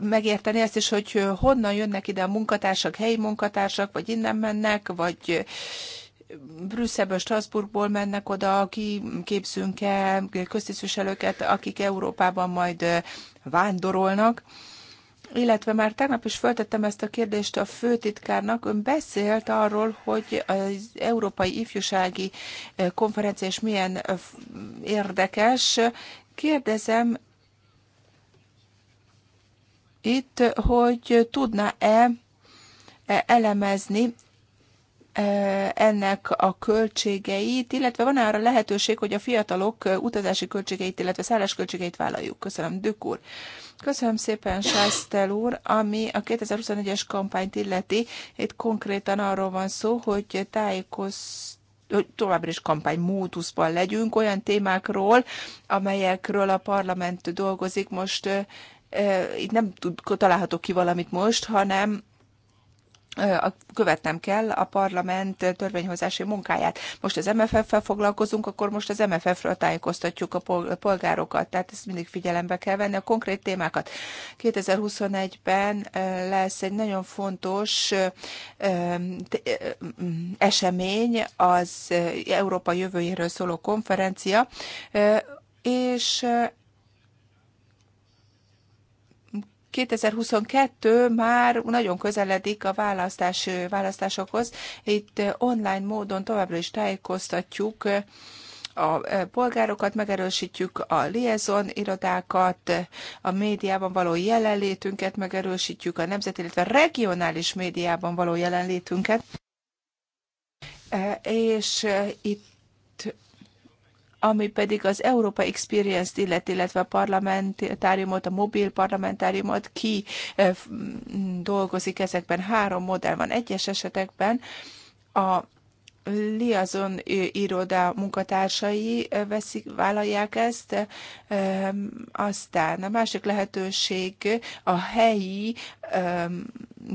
megérteni ezt is, hogy honnan jönnek ide a munkatársak, helyi munkatársak, vagy innen mennek, vagy Brüsszelből, Strasbourgból mennek oda, ki képzünk-e köztisztviselőket, akik Európában majd vándorolnak illetve már tegnap is föltettem ezt a kérdést a főtitkárnak. Ön beszélt arról, hogy az Európai Ifjúsági eh, Konferencia is milyen eh, érdekes. Kérdezem itt, hogy tudna-e eh, elemezni ennek a költségeit, illetve van -e arra lehetőség, hogy a fiatalok utazási költségeit, illetve szállás költségeit vállaljuk. Köszönöm, Dük úr. Köszönöm szépen, Sásztel úr, ami a 2021-es kampányt illeti, itt konkrétan arról van szó, hogy tájékoztatunk, hogy továbbra is kampány legyünk, olyan témákról, amelyekről a parlament dolgozik most, itt nem tud, találhatok ki valamit most, hanem követnem kell a parlament törvényhozási munkáját. Most az MFF-fel foglalkozunk, akkor most az MFF-ről tájékoztatjuk a polgárokat, tehát ezt mindig figyelembe kell venni, a konkrét témákat. 2021-ben lesz egy nagyon fontos esemény, az Európa jövőjéről szóló konferencia, és 2022 már nagyon közeledik a választás, választásokhoz. Itt online módon továbbra is tájékoztatjuk a polgárokat, megerősítjük a liaison irodákat, a médiában való jelenlétünket, megerősítjük a nemzeti, illetve a regionális médiában való jelenlétünket. És itt ami pedig az Európa Experience-t illet, illetve a parlamentáriumot, a mobil parlamentáriumot, ki eh, dolgozik ezekben. Három modell van. Egyes esetekben a liazon iroda munkatársai veszik, vállalják ezt, aztán a másik lehetőség a helyi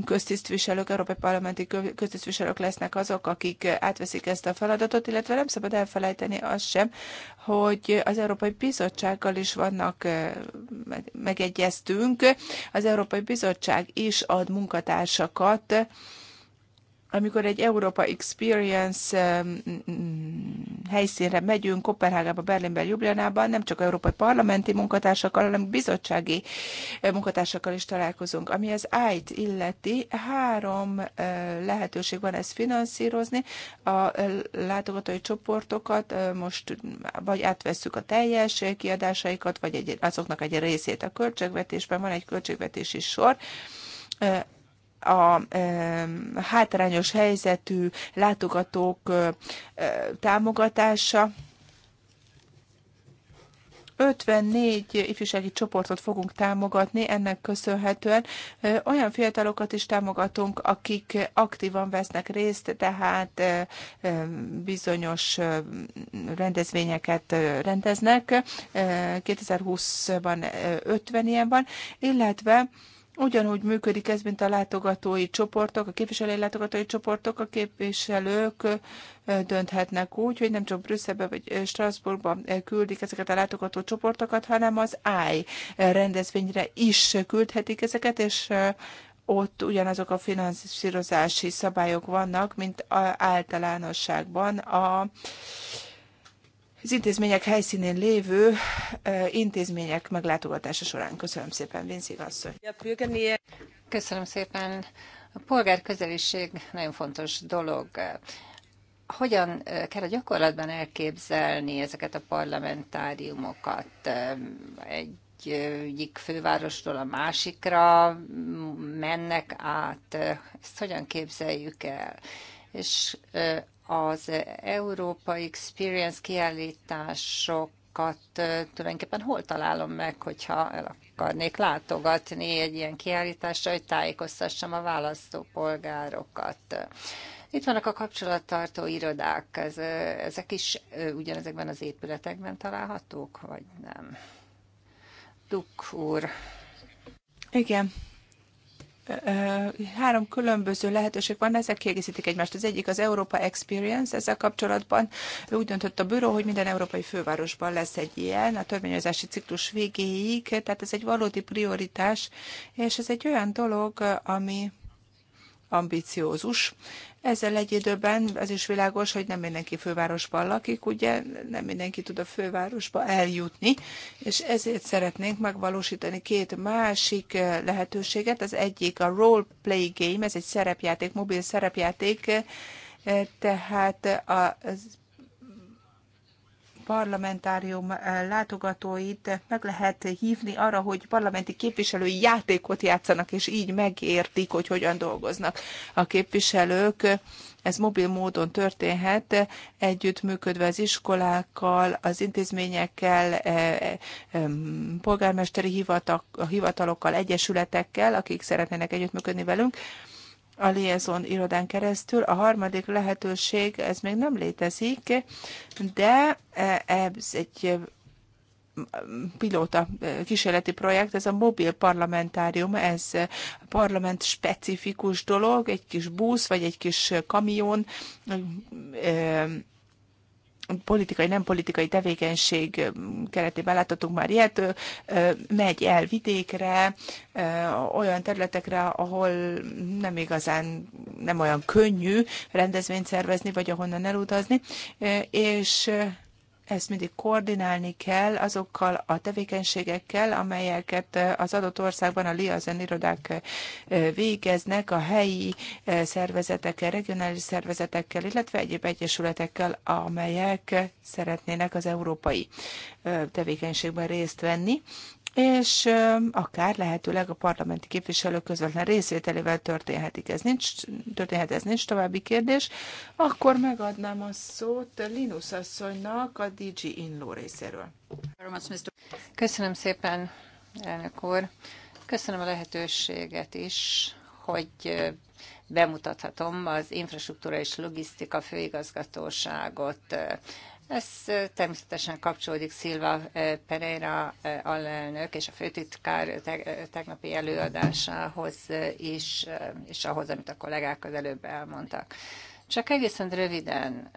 köztisztviselők, európai parlamenti köztisztviselők lesznek azok, akik átveszik ezt a feladatot, illetve nem szabad elfelejteni azt sem, hogy az Európai Bizottsággal is vannak, megegyeztünk, az Európai Bizottság is ad munkatársakat, amikor egy Európa Experience helyszínre megyünk, Kopenhágába, Berlinben, Ljubljanában, nem csak európai parlamenti munkatársakkal, hanem bizottsági munkatársakkal is találkozunk. Ami az IT illeti, három lehetőség van ezt finanszírozni. A látogatói csoportokat most vagy átvesszük a teljes kiadásaikat, vagy egy, azoknak egy részét a költségvetésben, van egy költségvetési sor, a hátrányos helyzetű látogatók támogatása. 54 ifjúsági csoportot fogunk támogatni, ennek köszönhetően olyan fiatalokat is támogatunk, akik aktívan vesznek részt, tehát bizonyos rendezvényeket rendeznek. 2020-ban 50 ilyen van, illetve Ugyanúgy működik ez, mint a látogatói csoportok, a képviselői látogatói csoportok, a képviselők dönthetnek úgy, hogy nem csak Brüsszelbe vagy Strasbourgba küldik ezeket a látogató csoportokat, hanem az AI rendezvényre is küldhetik ezeket, és ott ugyanazok a finanszírozási szabályok vannak, mint általánosságban a az intézmények helyszínén lévő intézmények meglátogatása során. Köszönöm szépen, Vinci asszony. Köszönöm szépen. A polgárközeliség nagyon fontos dolog hogyan kell a gyakorlatban elképzelni ezeket a parlamentáriumokat egy egyik fővárostól a másikra mennek át, ezt hogyan képzeljük el? És az Európai Experience kiállítások tulajdonképpen hol találom meg, hogyha el akarnék látogatni egy ilyen kiállításra, hogy tájékoztassam a választópolgárokat. Itt vannak a kapcsolattartó irodák, ez, ezek is ugyanezekben az épületekben találhatók, vagy nem? Duk úr. Igen, három különböző lehetőség van, ezek kiegészítik egymást. Az egyik az Európa Experience, ezzel kapcsolatban úgy döntött a büro, hogy minden európai fővárosban lesz egy ilyen a törvényozási ciklus végéig, tehát ez egy valódi prioritás, és ez egy olyan dolog, ami ambiciózus, ezzel egy időben az is világos, hogy nem mindenki fővárosban lakik, ugye nem mindenki tud a fővárosba eljutni, és ezért szeretnénk megvalósítani két másik eh, lehetőséget. Az egyik a role play game, ez egy szerepjáték, mobil szerepjáték, eh, tehát a parlamentárium eh, látogatóit meg lehet hívni arra, hogy parlamenti képviselői játékot játszanak, és így megértik, hogy hogyan dolgoznak a képviselők. Ez mobil módon történhet, együttműködve az iskolákkal, az intézményekkel, eh, eh, polgármesteri hivatalokkal, egyesületekkel, akik szeretnének együttműködni velünk a liaison irodán keresztül. A harmadik lehetőség, ez még nem létezik, de e, ez egy e, pilóta e, kísérleti projekt, ez a mobil parlamentárium, ez parlament specifikus dolog, egy kis busz, vagy egy kis kamion politikai, nem politikai tevékenység keretében láthatunk már ilyet, megy el vidékre, olyan területekre, ahol nem igazán, nem olyan könnyű rendezvényt szervezni, vagy ahonnan elutazni, és ezt mindig koordinálni kell azokkal a tevékenységekkel, amelyeket az adott országban a liazen irodák végeznek, a helyi szervezetekkel, regionális szervezetekkel, illetve egyéb egyesületekkel, amelyek szeretnének az európai tevékenységben részt venni és akár lehetőleg a parlamenti képviselők közvetlen részvételével történhetik. Ez nincs, történhet, ez nincs további kérdés. Akkor megadnám a szót Linus asszonynak a DG Inló részéről. Köszönöm szépen, elnök úr. Köszönöm a lehetőséget is, hogy bemutathatom az infrastruktúra és logisztika főigazgatóságot ez természetesen kapcsolódik Szilva Pereira alelnök és a főtitkár tegnapi előadásához is, és ahhoz, amit a kollégák az előbb elmondtak. Csak egészen röviden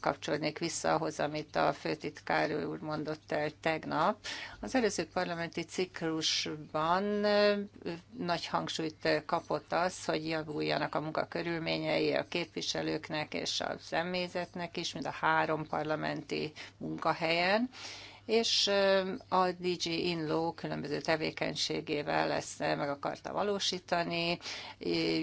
kapcsolnék vissza ahhoz, amit a főtitkár úr mondott el tegnap. Az előző parlamenti ciklusban nagy hangsúlyt kapott az, hogy javuljanak a munkakörülményei a képviselőknek és a személyzetnek is, mind a három parlamenti munkahelyen és a DG Inlo különböző tevékenységével lesz meg akarta valósítani,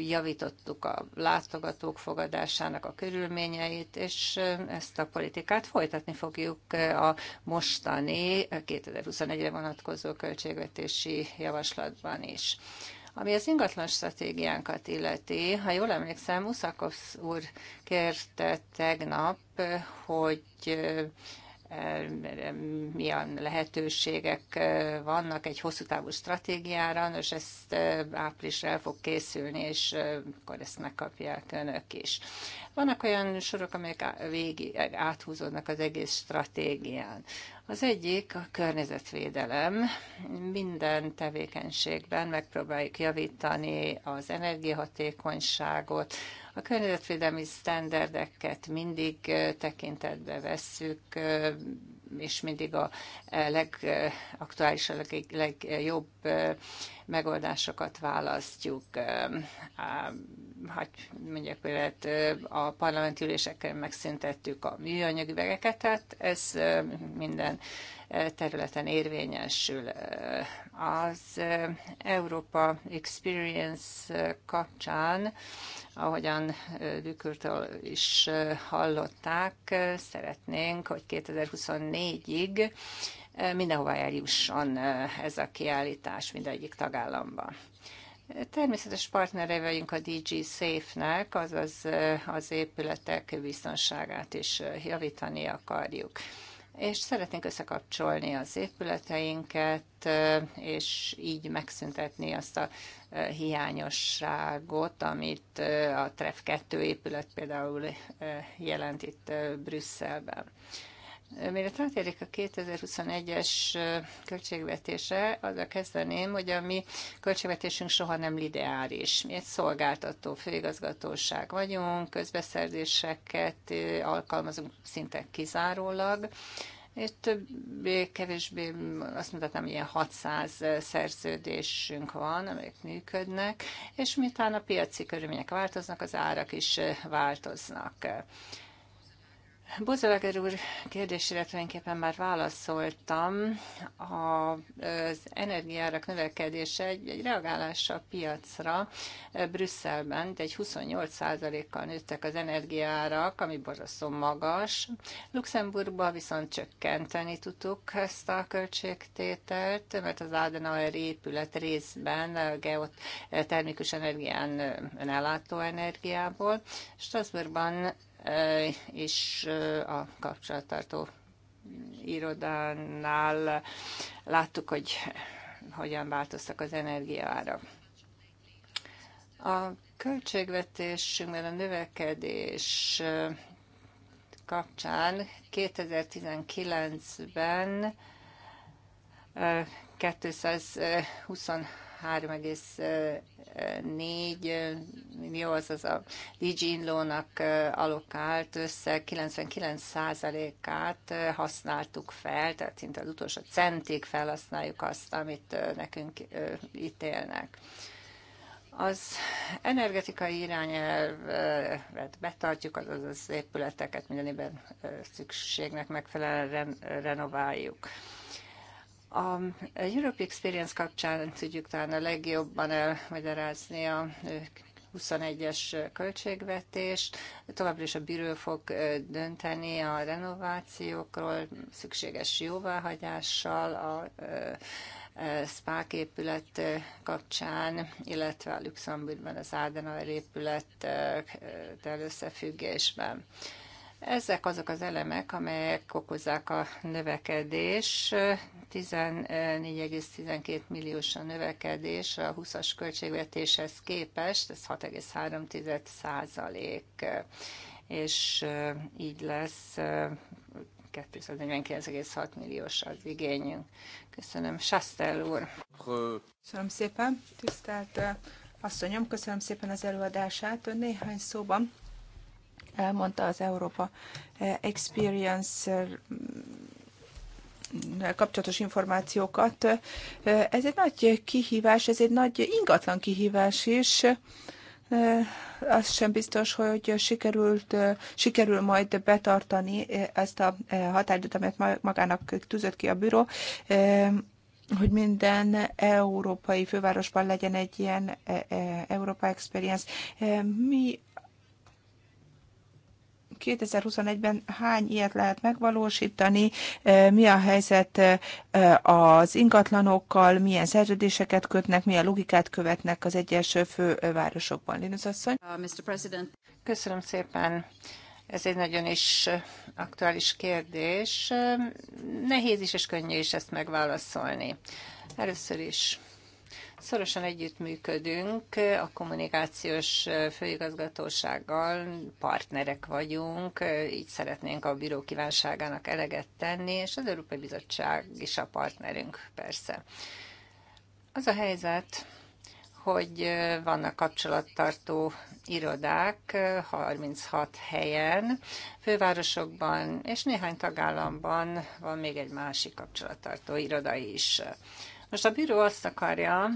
javítottuk a látogatók fogadásának a körülményeit, és ezt a politikát folytatni fogjuk a mostani 2021-re vonatkozó költségvetési javaslatban is. Ami az ingatlan stratégiánkat illeti, ha jól emlékszem, Muszakovsz úr kérte tegnap, hogy milyen lehetőségek eh, vannak egy hosszú távú stratégiára, és ezt eh, áprilisra el fog készülni, és eh, akkor ezt megkapják önök is. Vannak olyan sorok, amelyek végig áthúzódnak az egész stratégián. Az egyik a környezetvédelem. Minden tevékenységben megpróbáljuk javítani az energiahatékonyságot, a környezetvédelmi sztenderdeket mindig tekintetbe vesszük, és mindig a e, legaktuális, a legjobb megoldásokat választjuk. Hát mondjuk például a parlamenti üléseken megszüntettük a műanyag üvegeket, tehát ez minden területen érvényesül. Az eh, Európa Experience eh, kapcsán, ahogyan eh, Dükörtől is hallották, szeretnénk, hogy 2024-ig mindenhová eljusson ez a kiállítás mindegyik tagállamban. Természetes partnereveink vagyunk a DG Safe-nek, azaz az épületek biztonságát is javítani akarjuk és szeretnénk összekapcsolni az épületeinket, és így megszüntetni azt a hiányosságot, amit a TREF 2 épület például jelent itt Brüsszelben. Mire történik a 2021-es költségvetése, a kezdeném, hogy a mi költségvetésünk soha nem lineáris. Mi egy szolgáltató főigazgatóság vagyunk, közbeszerzéseket alkalmazunk szinte kizárólag, és többé-kevésbé azt mondhatnám, hogy ilyen 600 szerződésünk van, amelyek működnek, és miután a piaci körülmények változnak, az árak is változnak. Buzolager úr kérdésére tulajdonképpen már válaszoltam. Az energiárak növekedése egy, egy reagálása a piacra. Brüsszelben egy 28%-kal nőttek az energiárak, ami borzasztó magas. Luxemburgban viszont csökkenteni tudtuk ezt a költségtételt, mert az Adenauer épület részben geotermikus energián önellátó energiából. Strasbourgban Eh, és eh, a kapcsolattartó irodánál láttuk, hogy hogyan változtak az energiára. A költségvetésünkben a növekedés eh, kapcsán 2019-ben 226 3,4 millió, az az a Digínlónak alokált össze 99%-át használtuk fel, tehát szinte az utolsó centig felhasználjuk azt, amit nekünk ítélnek. Az energetikai irányelvet betartjuk, azaz az épületeket mindenében szükségnek megfelelően renováljuk. A Europe Experience kapcsán tudjuk talán a legjobban elmagyarázni a 21-es költségvetést. Továbbra is a bíró fog dönteni a renovációkról, szükséges jóváhagyással, a SPÁK épület kapcsán, illetve a Luxemburgban az Adenauer épülettel összefüggésben. Ezek azok az elemek, amelyek okozzák a növekedés. 14,12 milliós a növekedés a 20-as költségvetéshez képest, ez 6,3 százalék, és így lesz 249,6 milliós az igényünk. Köszönöm, Sastel úr! Köszönöm szépen, tisztelt asszonyom, köszönöm szépen az előadását. Ön néhány szóban elmondta az Európa Experience kapcsolatos információkat. Ez egy nagy kihívás, ez egy nagy ingatlan kihívás is. Az sem biztos, hogy sikerült, sikerül majd betartani ezt a határidőt, amit magának tűzött ki a büro, hogy minden európai fővárosban legyen egy ilyen e, e, Európa Experience. Mi 2021-ben hány ilyet lehet megvalósítani, mi a helyzet az ingatlanokkal, milyen szerződéseket kötnek, milyen logikát követnek az egyes fővárosokban. Linus asszony. Uh, Mr. President. Köszönöm szépen. Ez egy nagyon is aktuális kérdés. Nehéz is és könnyű is ezt megválaszolni. Először is Szorosan együttműködünk a kommunikációs főigazgatósággal, partnerek vagyunk, így szeretnénk a bíró kívánságának eleget tenni, és az Európai Bizottság is a partnerünk persze. Az a helyzet, hogy vannak kapcsolattartó irodák 36 helyen, fővárosokban és néhány tagállamban van még egy másik kapcsolattartó iroda is. Most a bíró azt akarja,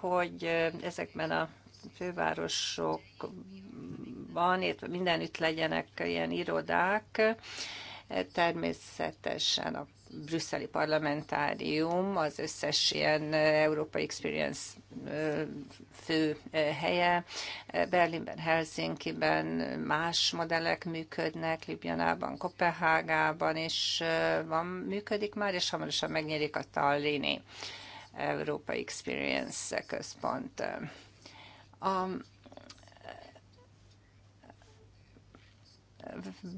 hogy ezekben a fővárosokban, illetve mindenütt legyenek ilyen irodák, természetesen a brüsszeli parlamentárium, az összes ilyen Európai Experience fő helye. Berlinben, Helsinkiben más modellek működnek, Libyanában, Kopenhágában is van, működik már, és hamarosan megnyílik a Tallini. Európa Experience központ. A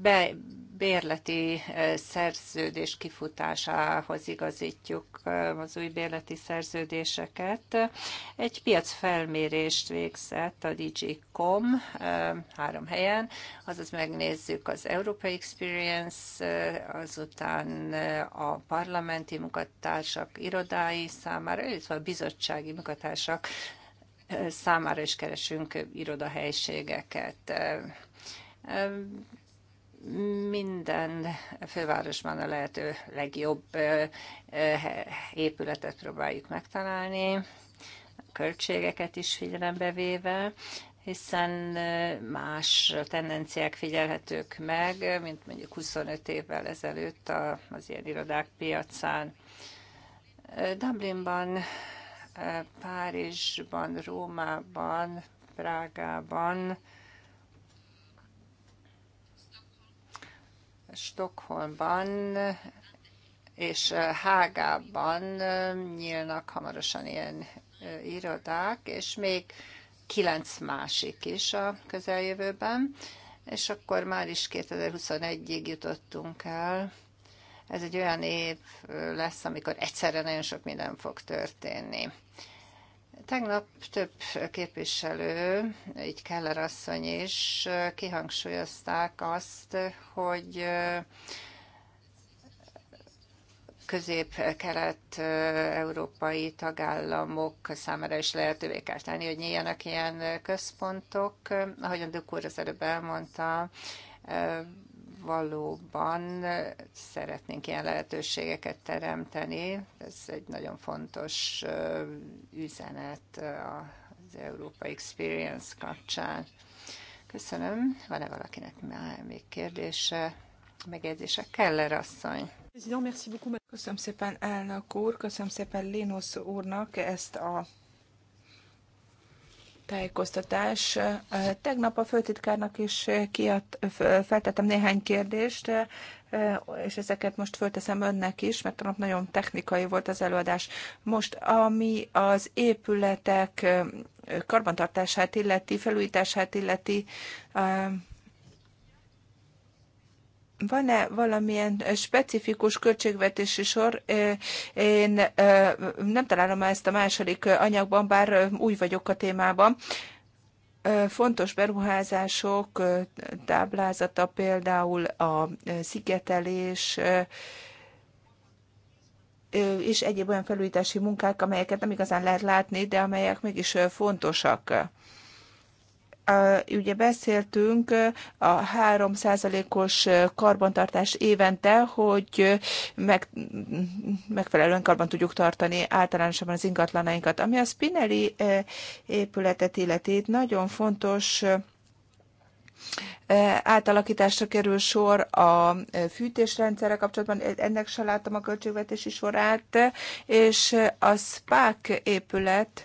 be, bérleti szerződés kifutásához igazítjuk az új bérleti szerződéseket. Egy piacfelmérést végzett a DG.com három helyen, azaz megnézzük az Európai Experience, azután a parlamenti munkatársak irodái számára, illetve a bizottsági munkatársak számára is keresünk irodahelységeket minden fővárosban a lehető legjobb épületet próbáljuk megtalálni, a költségeket is figyelembe véve, hiszen más tendenciák figyelhetők meg, mint mondjuk 25 évvel ezelőtt az ilyen irodák piacán. Dublinban, Párizsban, Rómában, Prágában, Stockholmban és Hágában nyílnak hamarosan ilyen irodák, és még kilenc másik is a közeljövőben, és akkor már is 2021-ig jutottunk el. Ez egy olyan év lesz, amikor egyszerre nagyon sok minden fog történni. Tegnap több képviselő, így Keller asszony is, kihangsúlyozták azt, hogy közép-kelet-európai tagállamok számára is lehetővé kell tenni, hogy nyíljanak ilyen központok. ahogy a úr az előbb elmondta, valóban szeretnénk ilyen lehetőségeket teremteni. Ez egy nagyon fontos üzenet az Európa Experience kapcsán. Köszönöm. Van-e valakinek még kérdése, megjegyzése? Keller asszony. Köszönöm szépen elnök úr, köszönöm szépen Lénusz úrnak ezt a tájékoztatás. Tegnap a főtitkárnak is kiadt, feltettem néhány kérdést, és ezeket most fölteszem önnek is, mert tegnap nagyon technikai volt az előadás. Most, ami az épületek karbantartását illeti, felújítását illeti, van-e valamilyen eh, specifikus költségvetési sor? Eh, én eh, nem találom ezt a második anyagban, bár új vagyok a témában. Fontos beruházások táblázata például a szigetelés, és egyéb olyan felújítási munkák, amelyeket nem igazán lehet látni, de amelyek mégis fontosak ugye beszéltünk a 3%-os karbantartás évente, hogy meg, megfelelően karban tudjuk tartani általánosabban az ingatlanainkat. Ami a Spinelli épületet illeti, nagyon fontos átalakításra kerül sor a fűtésrendszerre kapcsolatban, e, ennek se láttam a költségvetési sorát, és a SPÁK épület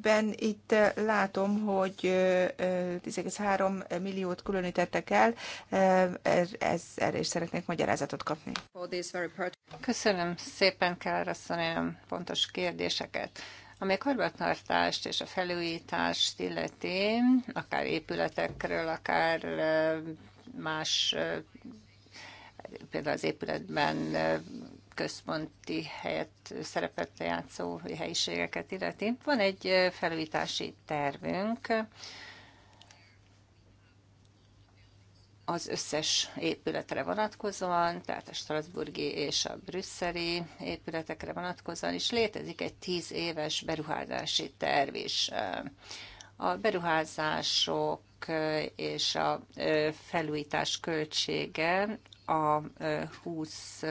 Ben itt látom, hogy 10,3 milliót különítettek el, ez, erre is szeretnék magyarázatot kapni. Köszönöm szépen, Kárasszony, olyan pontos kérdéseket. Ami a karbantartást és a felújítást illeti, akár épületekről, akár más például az épületben központi helyet, szerepet játszó helyiségeket illeti. Van egy felújítási tervünk, az összes épületre vonatkozóan, tehát a Strasburgi és a brüsszeli épületekre vonatkozóan is létezik egy tíz éves beruházási terv is. A beruházások és a felújítás költsége a 20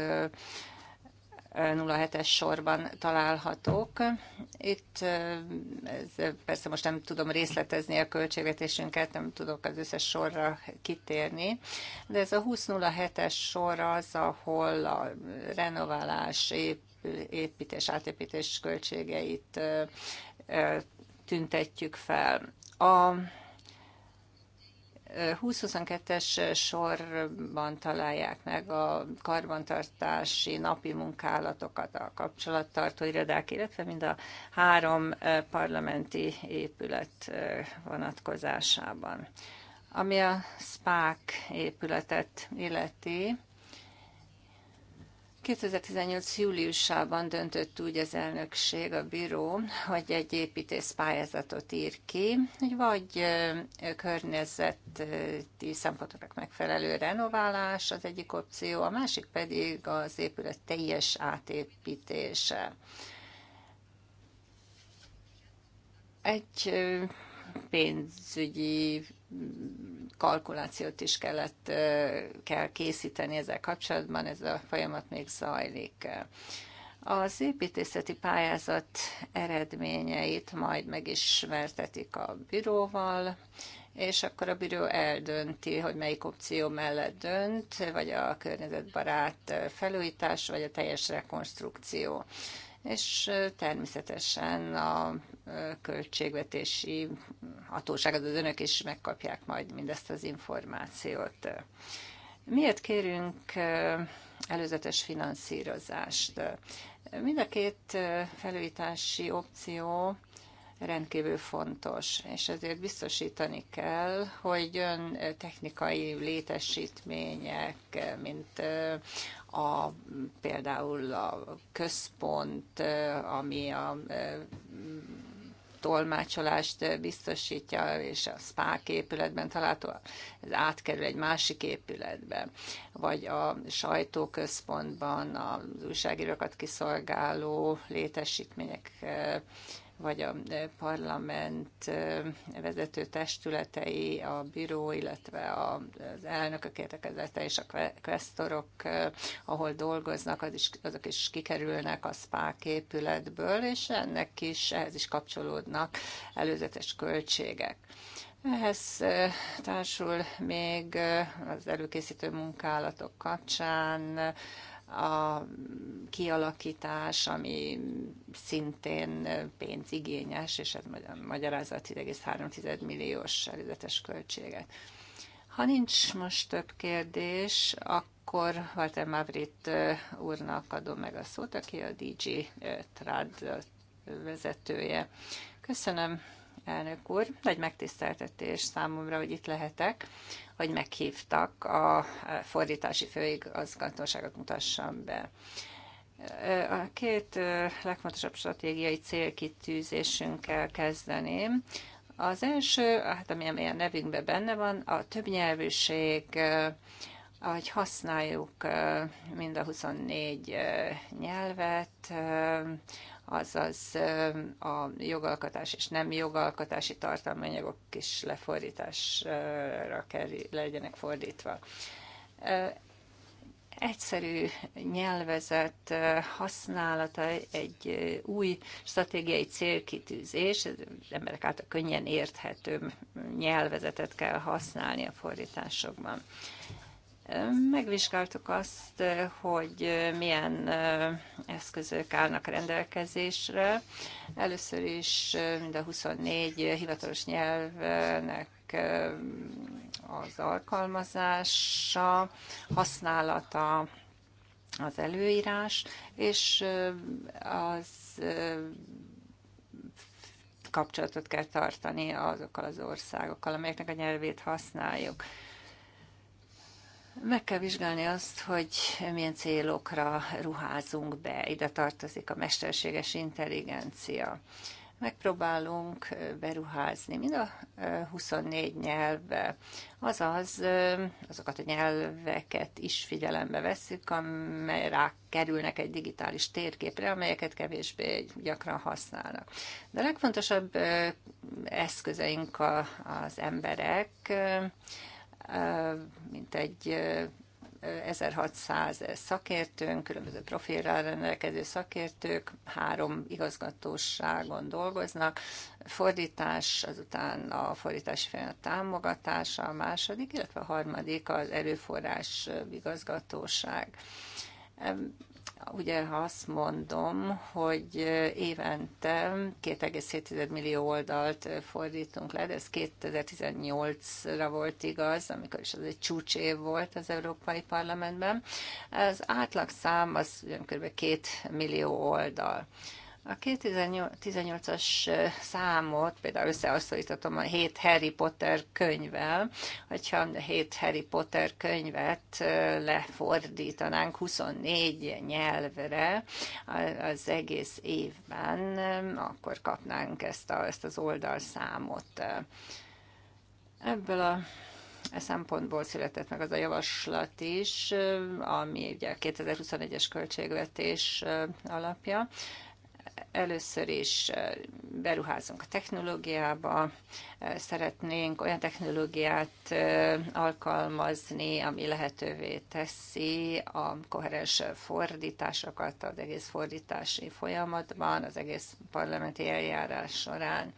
07-es sorban találhatók. Itt ez, persze most nem tudom részletezni a költségvetésünket, nem tudok az összes sorra kitérni, de ez a 2007-es sor az, ahol a renoválás, építés, átépítés költségeit tüntetjük fel. A 20 es sorban találják meg a karbantartási napi munkálatokat, a kapcsolattartó irodák, illetve mind a három eh, parlamenti épület eh, vonatkozásában. Ami a SPÁK épületet illeti, 2018. júliusában döntött úgy az elnökség, a bíró, hogy egy építészpályázatot ír ki, hogy vagy környezeti szempontoknak megfelelő renoválás az egyik opció, a másik pedig az épület teljes átépítése. Egy pénzügyi kalkulációt is kellett, kell készíteni ezzel kapcsolatban, ez a folyamat még zajlik. Az építészeti pályázat eredményeit majd megismertetik a bíróval, és akkor a bíró eldönti, hogy melyik opció mellett dönt, vagy a környezetbarát felújítás, vagy a teljes rekonstrukció és természetesen a költségvetési hatóság, az önök is megkapják majd mindezt az információt. Miért kérünk előzetes finanszírozást? Mind a két felújítási opció rendkívül fontos, és ezért biztosítani kell, hogy ön technikai létesítmények, mint a, például a központ, ami a tolmácsolást biztosítja, és a SPÁK épületben található, ez átkerül egy másik épületbe, vagy a sajtóközpontban az újságírókat kiszolgáló létesítmények vagy a parlament vezető testületei, a bíró, illetve az elnökök értekezete és a kvesztorok, ahol dolgoznak, az is, azok is kikerülnek a SPÁK épületből, és ennek is, ehhez is kapcsolódnak előzetes költségek. Ehhez társul még az előkészítő munkálatok kapcsán a kialakítás, ami szintén pénzigényes, és ez magyarázza a 10,3 milliós előzetes költséget. Ha nincs most több kérdés, akkor Walter Mavrit úrnak adom meg a szót, aki a DG Trad vezetője. Köszönöm, elnök úr. Nagy megtiszteltetés számomra, hogy itt lehetek, hogy meghívtak a fordítási főigazgatóságot mutassam be. A két legfontosabb stratégiai célkitűzésünkkel kezdeném. Az első, hát ami a nevünkben benne van, a többnyelvűség, ahogy használjuk mind a 24 nyelvet, azaz a jogalkotás és nem jogalkotási tartalmanyagok is lefordításra kell legyenek fordítva. Egyszerű nyelvezet használata egy új stratégiai célkitűzés, az emberek által könnyen érthető nyelvezetet kell használni a fordításokban. Megvizsgáltuk azt, hogy milyen eszközök állnak rendelkezésre. Először is mind a 24 hivatalos nyelvnek az alkalmazása, használata, az előírás, és az kapcsolatot kell tartani azokkal az országokkal, amelyeknek a nyelvét használjuk. Meg kell vizsgálni azt, hogy milyen célokra ruházunk be. Ide tartozik a mesterséges intelligencia. Megpróbálunk beruházni mind a 24 nyelvbe, azaz azokat a nyelveket is figyelembe vesszük, amely rá kerülnek egy digitális térképre, amelyeket kevésbé gyakran használnak. De a legfontosabb eszközeink az emberek, mint egy 1600 szakértőnk, különböző profilral rendelkező szakértők, három igazgatóságon dolgoznak, fordítás, azután a fordítási a támogatása, a második, illetve a harmadik az erőforrás igazgatóság ugye ha azt mondom, hogy évente 2,7 millió oldalt fordítunk le, de ez 2018-ra volt igaz, amikor is az egy csúcsév volt az Európai Parlamentben. Az átlagszám az kb. 2 millió oldal. A 2018-as számot például összehasonlítottam a 7 Harry Potter könyvvel, hogyha 7 Harry Potter könyvet lefordítanánk 24 nyelvre az egész évben, akkor kapnánk ezt, a, ezt az oldalszámot. Ebből a e szempontból született meg az a javaslat is, ami ugye a 2021-es költségvetés alapja. Először is beruházunk a technológiába, szeretnénk olyan technológiát alkalmazni, ami lehetővé teszi a koherens fordításokat az egész fordítási folyamatban, az egész parlamenti eljárás során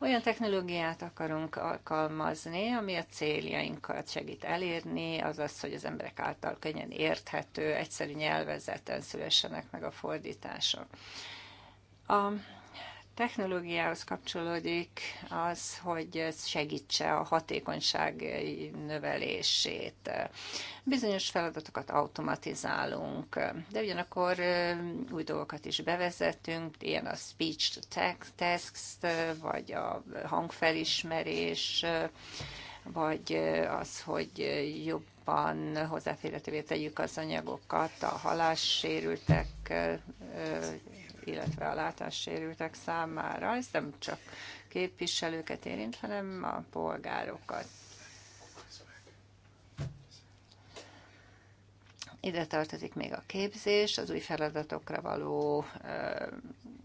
olyan technológiát akarunk alkalmazni, ami a céljainkat segít elérni, azaz, hogy az emberek által könnyen érthető, egyszerű nyelvezeten szülessenek meg a fordítások. A technológiához kapcsolódik az, hogy ez segítse a hatékonyság növelését. Bizonyos feladatokat automatizálunk, de ugyanakkor új dolgokat is bevezetünk, ilyen a speech to text, vagy a hangfelismerés, vagy az, hogy jobb jobban hozzáférhetővé tegyük az anyagokat a halássérültek illetve a látássérültek számára. Ez nem csak képviselőket érint, hanem a polgárokat. Ide tartozik még a képzés, az új feladatokra való ö,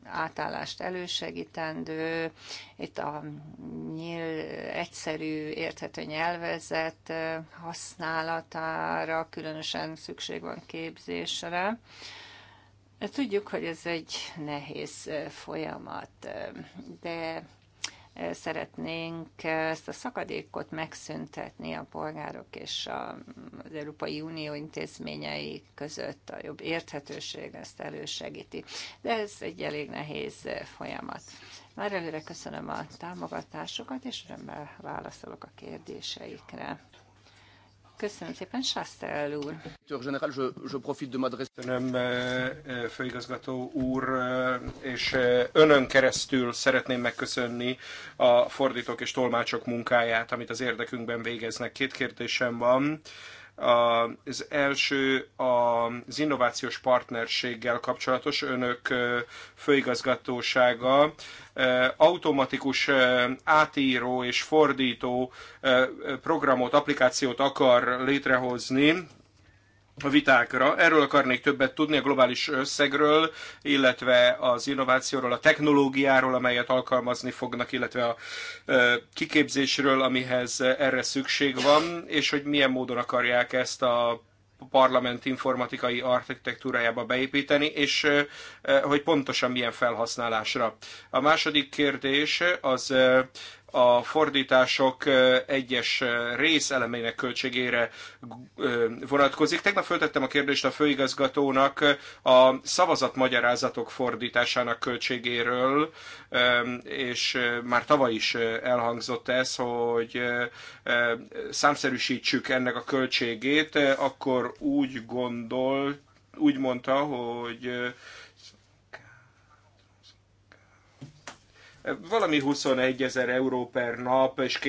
átállást elősegítendő, itt a nyíl, egyszerű, érthető nyelvezet használatára különösen szükség van képzésre. Ö, Tudjuk, hogy ez egy nehéz folyamat, de szeretnénk ezt a szakadékot megszüntetni a polgárok és az Európai Unió intézményei között a jobb érthetőség ezt elősegíti. De ez egy elég nehéz folyamat. Már előre köszönöm a támogatásokat, és örömmel válaszolok a kérdéseikre. Köszönöm szépen, Sastel úr. Köszönöm, eh, eh, főigazgató úr, eh, és önön keresztül szeretném megköszönni a fordítók és tolmácsok munkáját, amit az érdekünkben végeznek. Két kérdésem van az első az innovációs partnerséggel kapcsolatos önök főigazgatósága automatikus átíró és fordító programot, applikációt akar létrehozni vitákra. Erről akarnék többet tudni, a globális összegről, illetve az innovációról, a technológiáról, amelyet alkalmazni fognak, illetve a kiképzésről, amihez erre szükség van, és hogy milyen módon akarják ezt a parlament informatikai architektúrájába beépíteni, és hogy pontosan milyen felhasználásra. A második kérdés az a fordítások egyes részelemeinek költségére vonatkozik. Tegnap föltettem a kérdést a főigazgatónak a szavazatmagyarázatok fordításának költségéről, és már tavaly is elhangzott ez, hogy számszerűsítsük ennek a költségét, akkor úgy gondolt, úgy mondta, hogy valami 21 ezer euró per nap, és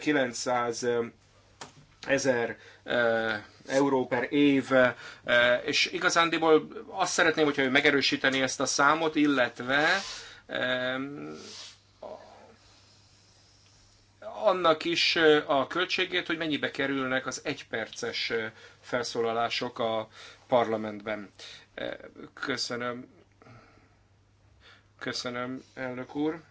900 ezer euró per év, és igazándiból azt szeretném, hogyha ő megerősíteni ezt a számot, illetve annak is a költségét, hogy mennyibe kerülnek az egyperces felszólalások a parlamentben. Köszönöm. Köszönöm, elnök úr.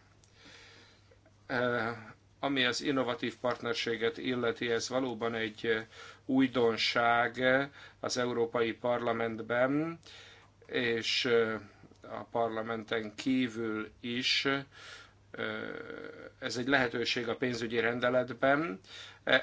Eh, ami az innovatív partnerséget illeti, ez valóban egy eh, újdonság eh, az Európai Parlamentben, és a parlamenten kívül is. Ez egy lehetőség a pénzügyi rendeletben,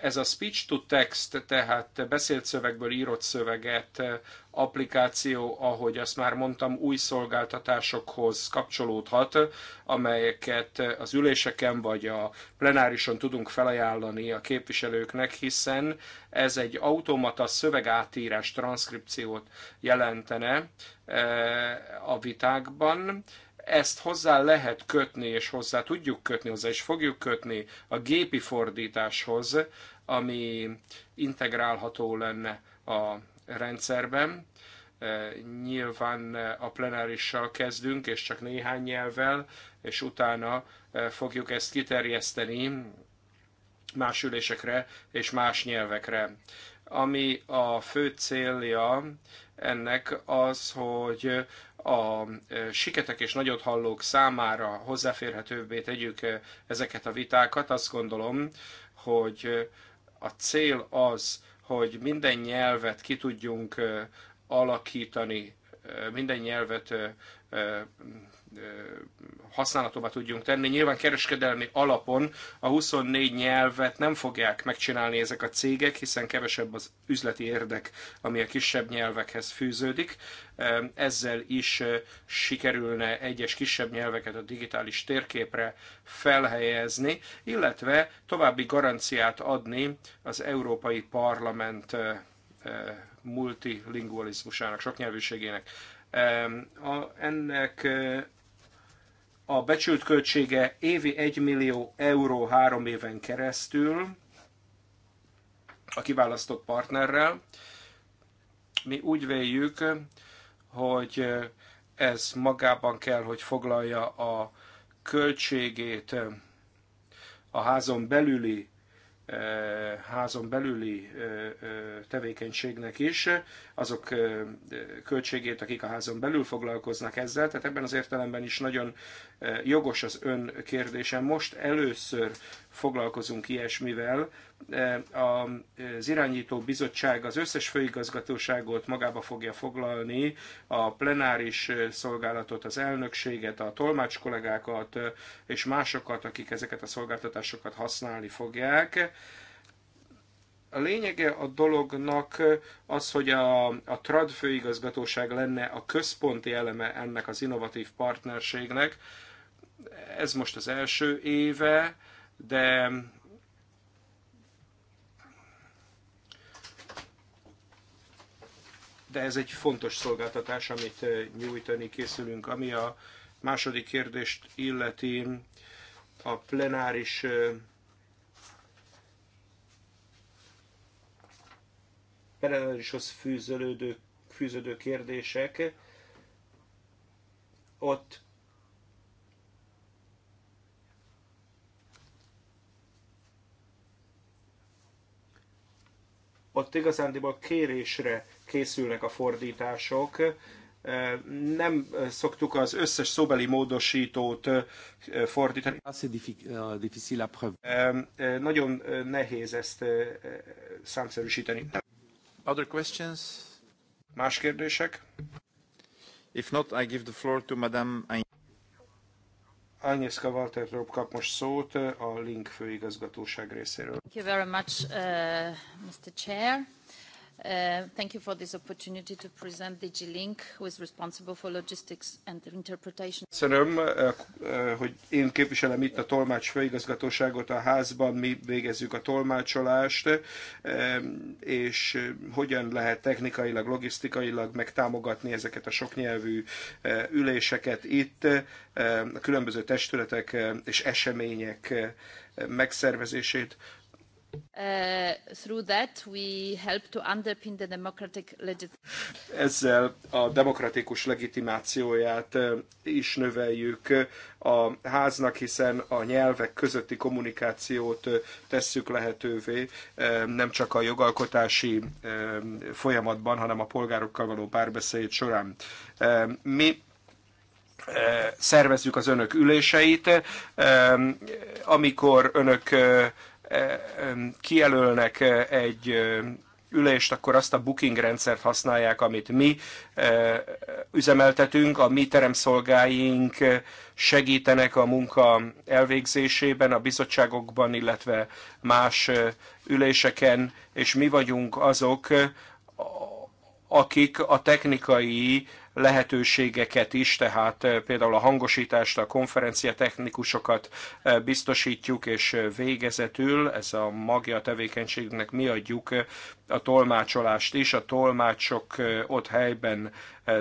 ez a speech to text, tehát beszélt szövegből írott szöveget, eh, applikáció, ahogy azt már mondtam, új szolgáltatásokhoz kapcsolódhat, amelyeket eh, az üléseken vagy a plenárison tudunk felajánlani a képviselőknek, hiszen ez egy automata szövegátírás, transzkripciót jelentene eh, a vitákban ezt hozzá lehet kötni, és hozzá tudjuk kötni, hozzá és fogjuk kötni a gépi fordításhoz, ami integrálható lenne a rendszerben. E, nyilván a plenárissal kezdünk, és csak néhány nyelvvel, és utána e, fogjuk ezt kiterjeszteni más ülésekre és más nyelvekre. Ami a fő célja ennek az, hogy a e, siketek és nagyot hallók számára hozzáférhetőbbé tegyük e, ezeket a vitákat. Azt gondolom, hogy a cél az, hogy minden nyelvet ki tudjunk e, alakítani, minden nyelvet használatóba tudjunk tenni. Nyilván kereskedelmi alapon a 24 nyelvet nem fogják megcsinálni ezek a cégek, hiszen kevesebb az üzleti érdek, ami a kisebb nyelvekhez fűződik. Ezzel is sikerülne egyes kisebb nyelveket a digitális térképre felhelyezni, illetve további garanciát adni az Európai Parlament multilingualizmusának, soknyelvűségének. A, ennek a becsült költsége évi 1 millió euró három éven keresztül a kiválasztott partnerrel. Mi úgy véljük, hogy ez magában kell, hogy foglalja a költségét a házon belüli házon belüli tevékenységnek is, azok költségét, akik a házon belül foglalkoznak ezzel, tehát ebben az értelemben is nagyon jogos az ön kérdésem. Most először foglalkozunk ilyesmivel, az irányító bizottság az összes főigazgatóságot magába fogja foglalni, a plenáris szolgálatot, az elnökséget, a tolmács kollégákat és másokat, akik ezeket a szolgáltatásokat használni fogják a lényege a dolognak az, hogy a, a TRAD főigazgatóság lenne a központi eleme ennek az innovatív partnerségnek. Ez most az első éve, de de ez egy fontos szolgáltatás, amit nyújtani készülünk. Ami a második kérdést illeti, a plenáris plenárishoz fűződő, fűződő kérdések, ott ott igazándiból kérésre készülnek a fordítások. Nem szoktuk az összes szóbeli módosítót fordítani. Euh, nagyon nehéz ezt számszerűsíteni. Other questions? Más kérdések? If not, I give the floor to Madame Agnieszka Waltertrop kap most szót a Link főigazgatóság részéről. Thank you very much, uh, Mr. Chair. Uh, thank you for this opportunity to present DigiLink, who is responsible for logistics and interpretation. Köszönöm, uh, uh, hogy én képviselem itt a tolmács főigazgatóságot a házban, mi végezzük a tolmácsolást, és hogyan lehet technikailag, logisztikailag megtámogatni ezeket a soknyelvű üléseket itt, a különböző testületek és események megszervezését. Ezzel a demokratikus legitimációját uh, is növeljük a háznak, hiszen a nyelvek közötti kommunikációt uh, tesszük lehetővé, uh, nem csak a jogalkotási um, folyamatban, hanem a polgárokkal való párbeszéd során. Um, mi szervezzük az önök üléseit, um, amikor önök kijelölnek egy ülést, akkor azt a booking rendszert használják, amit mi üzemeltetünk, a mi teremszolgáink segítenek a munka elvégzésében, a bizottságokban, illetve más üléseken, és mi vagyunk azok, akik a technikai lehetőségeket is, tehát eh, például a hangosítást, a konferencia technikusokat eh, biztosítjuk, és eh, végezetül ez a magja tevékenységnek mi adjuk a tolmácsolást is. A tolmácsok ott helyben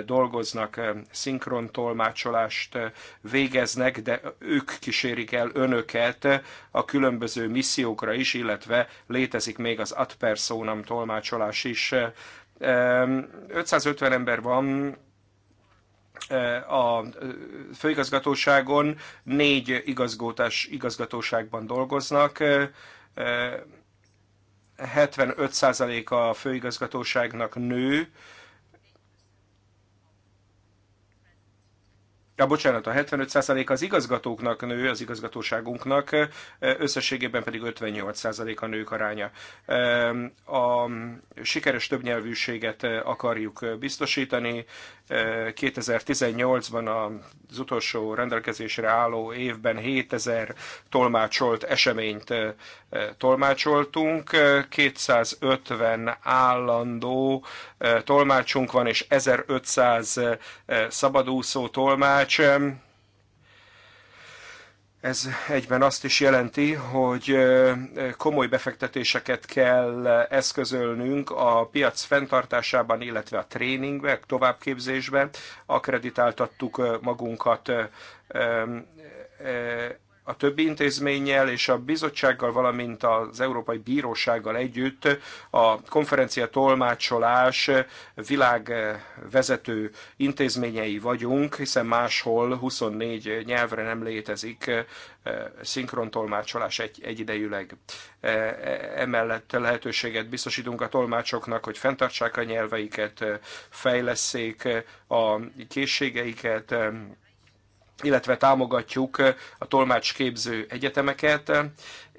dolgoznak, szinkron tolmácsolást végeznek, de ők kísérik el önöket a különböző missziókra is, illetve létezik még az ad personam tolmácsolás is. 550 ember van a főigazgatóságon négy igazgótás igazgatóságban dolgoznak. 75% a főigazgatóságnak nő, Ja, bocsánat, a 75% az igazgatóknak nő, az igazgatóságunknak, összességében pedig 58% a nők aránya. A sikeres többnyelvűséget akarjuk biztosítani, 2018-ban az utolsó rendelkezésre álló évben 7000 tolmácsolt eseményt tolmácsoltunk, 250 állandó tolmácsunk van, és 1500 szabadúszó tolmács ez egyben azt is jelenti, hogy komoly befektetéseket kell eszközölnünk a piac fenntartásában, illetve a tréningbe, továbbképzésbe. Akreditáltattuk magunkat a többi intézménnyel és a bizottsággal, valamint az Európai Bírósággal együtt a konferencia tolmácsolás világvezető intézményei vagyunk, hiszen máshol 24 nyelvre nem létezik e, szinkron tolmácsolás egy, egyidejűleg. E, emellett lehetőséget biztosítunk a tolmácsoknak, hogy fenntartsák a nyelveiket, e, fejleszék a készségeiket, illetve támogatjuk a tolmácsképző egyetemeket,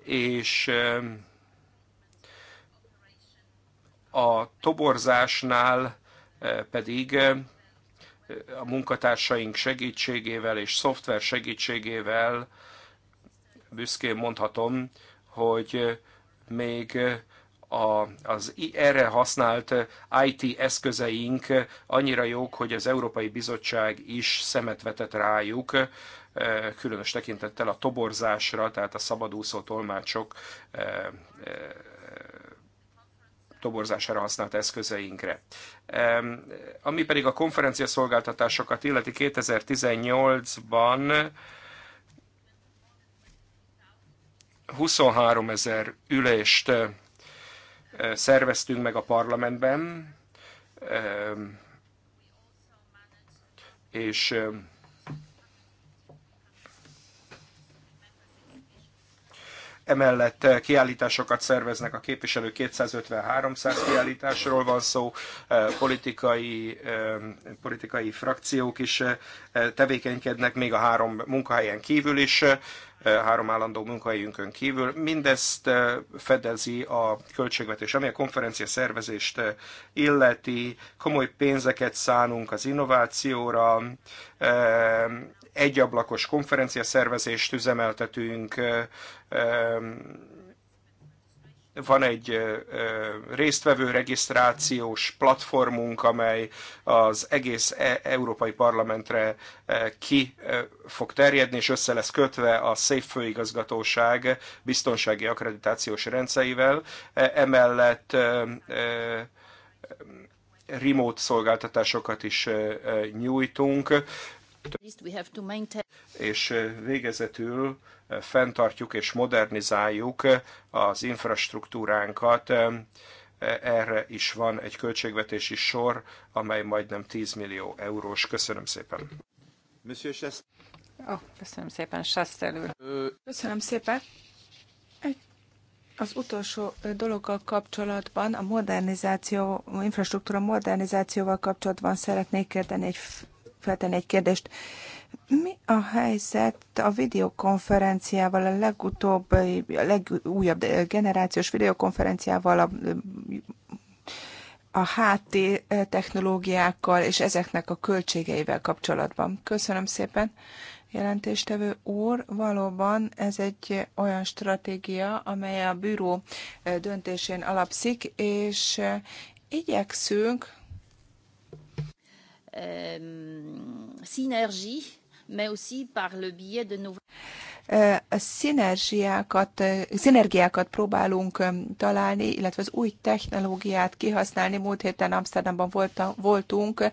és a toborzásnál pedig a munkatársaink segítségével és szoftver segítségével büszkén mondhatom, hogy még a, az erre használt IT eszközeink annyira jók, hogy az Európai Bizottság is szemet vetett rájuk, különös tekintettel a toborzásra, tehát a szabadúszó tolmácsok toborzására használt eszközeinkre. Ami pedig a konferencia szolgáltatásokat illeti 2018-ban 23 ezer ülést szerveztünk meg a parlamentben, és Emellett kiállításokat szerveznek a képviselők, 250-300 kiállításról van szó, politikai, politikai frakciók is tevékenykednek, még a három munkahelyen kívül is Eh, három állandó munkahelyünkön kívül. Mindezt eh, fedezi a költségvetés, ami a konferencia szervezést eh, illeti. Komoly pénzeket szánunk az innovációra, egyablakos konferencia szervezést üzemeltetünk, van egy résztvevő regisztrációs platformunk, amely az egész e-, Európai Parlamentre ki fog terjedni, és össze lesz kötve a Safe főigazgatóság biztonsági akkreditációs rendszerével. E, emellett remote szolgáltatásokat is nyújtunk. És eh, végezetül eh, fenntartjuk és modernizáljuk eh, az infrastruktúránkat. Erre is van egy költségvetési sor, amely majdnem 10 millió eurós. Köszönöm szépen. Oh, köszönöm szépen, Sasszel Köszönöm szépen. Egy az utolsó dologgal kapcsolatban, a modernizáció, a infrastruktúra modernizációval kapcsolatban szeretnék kérdeni egy feltenni egy kérdést. Mi a helyzet a videokonferenciával, a legutóbb, a legújabb generációs videokonferenciával, a, a HT technológiákkal és ezeknek a költségeivel kapcsolatban? Köszönöm szépen, jelentéstevő úr. Valóban ez egy olyan stratégia, amely a bűró döntésén alapszik, és igyekszünk Euh, synergie, mais aussi par le biais de nos euh, a szinergiákat, euh, szinergiákat próbálunk um, találni, illetve az új technológiát kihasználni. Múlt héten Amsterdamban volt, voltunk uh,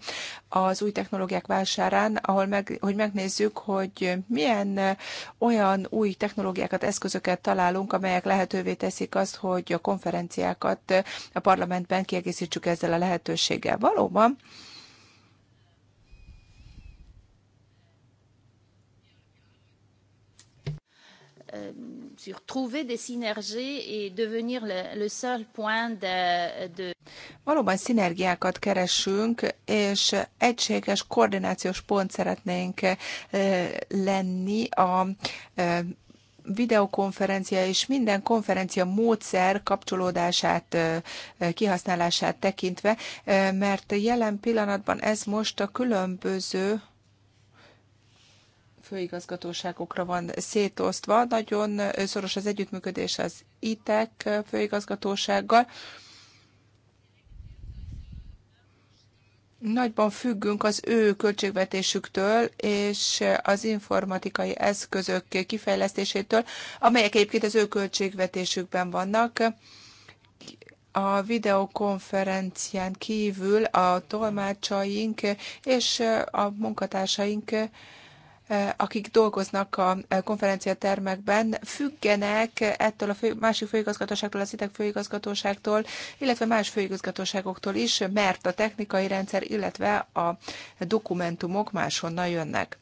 az új technológiák vásárán, ahol meg, hogy megnézzük, hogy milyen uh, olyan új technológiákat, eszközöket találunk, amelyek lehetővé teszik azt, hogy a konferenciákat uh, a parlamentben kiegészítsük ezzel a lehetőséggel. Valóban, Euh, sur trouver des synergies et devenir le, le seul point de, de... Valóban szinergiákat keresünk, és egységes koordinációs pont szeretnénk lenni a videokonferencia és minden konferencia módszer kapcsolódását, kihasználását tekintve, mert jelen pillanatban ez most a különböző főigazgatóságokra van szétosztva. Nagyon szoros az együttműködés az ITEK főigazgatósággal. Nagyban függünk az ő költségvetésüktől és az informatikai eszközök kifejlesztésétől, amelyek egyébként az ő költségvetésükben vannak a videokonferencián kívül a tolmácsaink és a munkatársaink akik dolgoznak a konferenciatermekben, függenek ettől a fő, másik főigazgatóságtól, a szitek főigazgatóságtól, illetve más főigazgatóságoktól is, mert a technikai rendszer, illetve a dokumentumok máshonnan jönnek.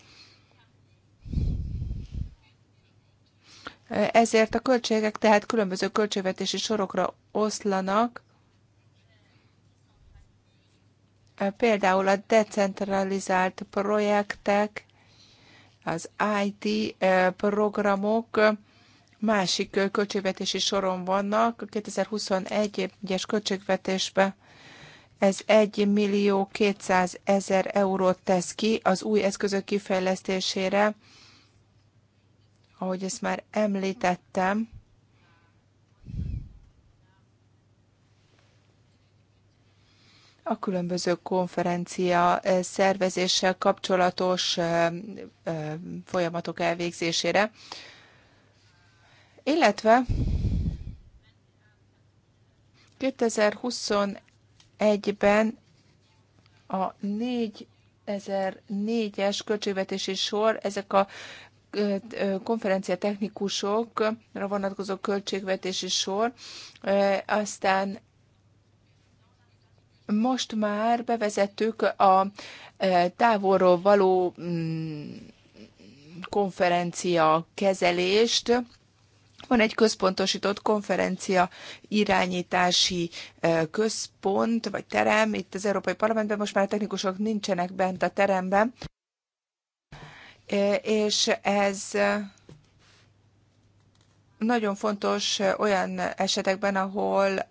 Ezért a költségek tehát különböző költségvetési sorokra oszlanak, például a decentralizált projektek, az IT eh, programok másik eh, költségvetési soron vannak, 2021-es költségvetésben ez 1 millió 200 ezer eurót tesz ki az új eszközök kifejlesztésére, ahogy ezt már említettem, a különböző konferencia eh, szervezéssel kapcsolatos eh, eh, folyamatok elvégzésére, illetve 2021-ben a 4004-es költségvetési sor, ezek a konferencia technikusokra vonatkozó költségvetési sor, aztán most már bevezettük a e, távolról való mm, konferencia kezelést, van egy központosított konferencia irányítási e, központ, vagy terem, itt az Európai Parlamentben most már a technikusok nincsenek bent a teremben, e, és ez nagyon fontos olyan esetekben, ahol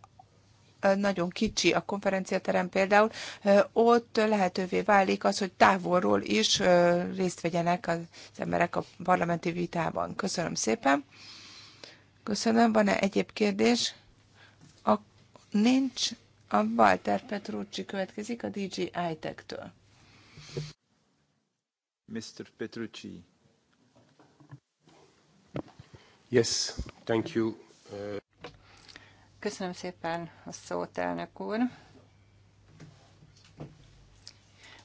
nagyon kicsi a konferenciaterem például, ott lehetővé válik az, hogy távolról is részt vegyenek az emberek a parlamenti vitában. Köszönöm szépen. Köszönöm. Van-e egyéb kérdés? A, nincs. A Walter Petrucci következik a DG iTech-től. Mr. Petrucci. Yes, thank you. Uh... Köszönöm szépen a szót, elnök úr.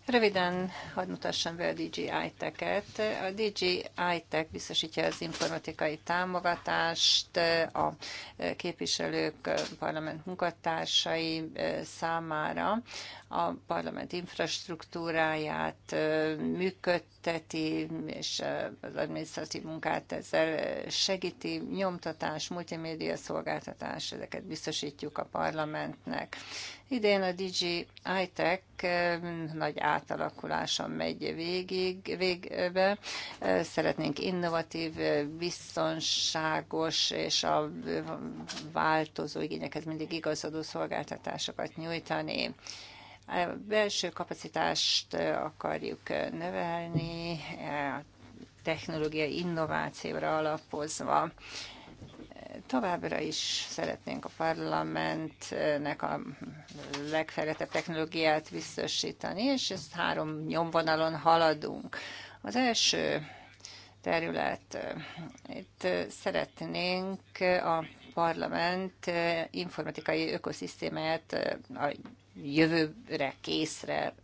Röviden hadd mutassam be a DJI Tech-et. A DJI Tech biztosítja az informatikai támogatást a képviselők, a parlament munkatársai számára, a parlament infrastruktúráját működt működteti, és az adminisztratív munkát ezzel segíti. Nyomtatás, multimédia szolgáltatás, ezeket biztosítjuk a parlamentnek. Idén a DG iTech nagy átalakuláson megy végig, végbe. Szeretnénk innovatív, biztonságos és a változó igényekhez mindig igazodó szolgáltatásokat nyújtani. A belső kapacitást akarjuk növelni, a technológiai innovációra alapozva. Továbbra is szeretnénk a parlamentnek a legfejlettebb technológiát biztosítani, és ezt három nyomvonalon haladunk. Az első terület. Itt szeretnénk a parlament informatikai ökoszisztémáját a jövőre készre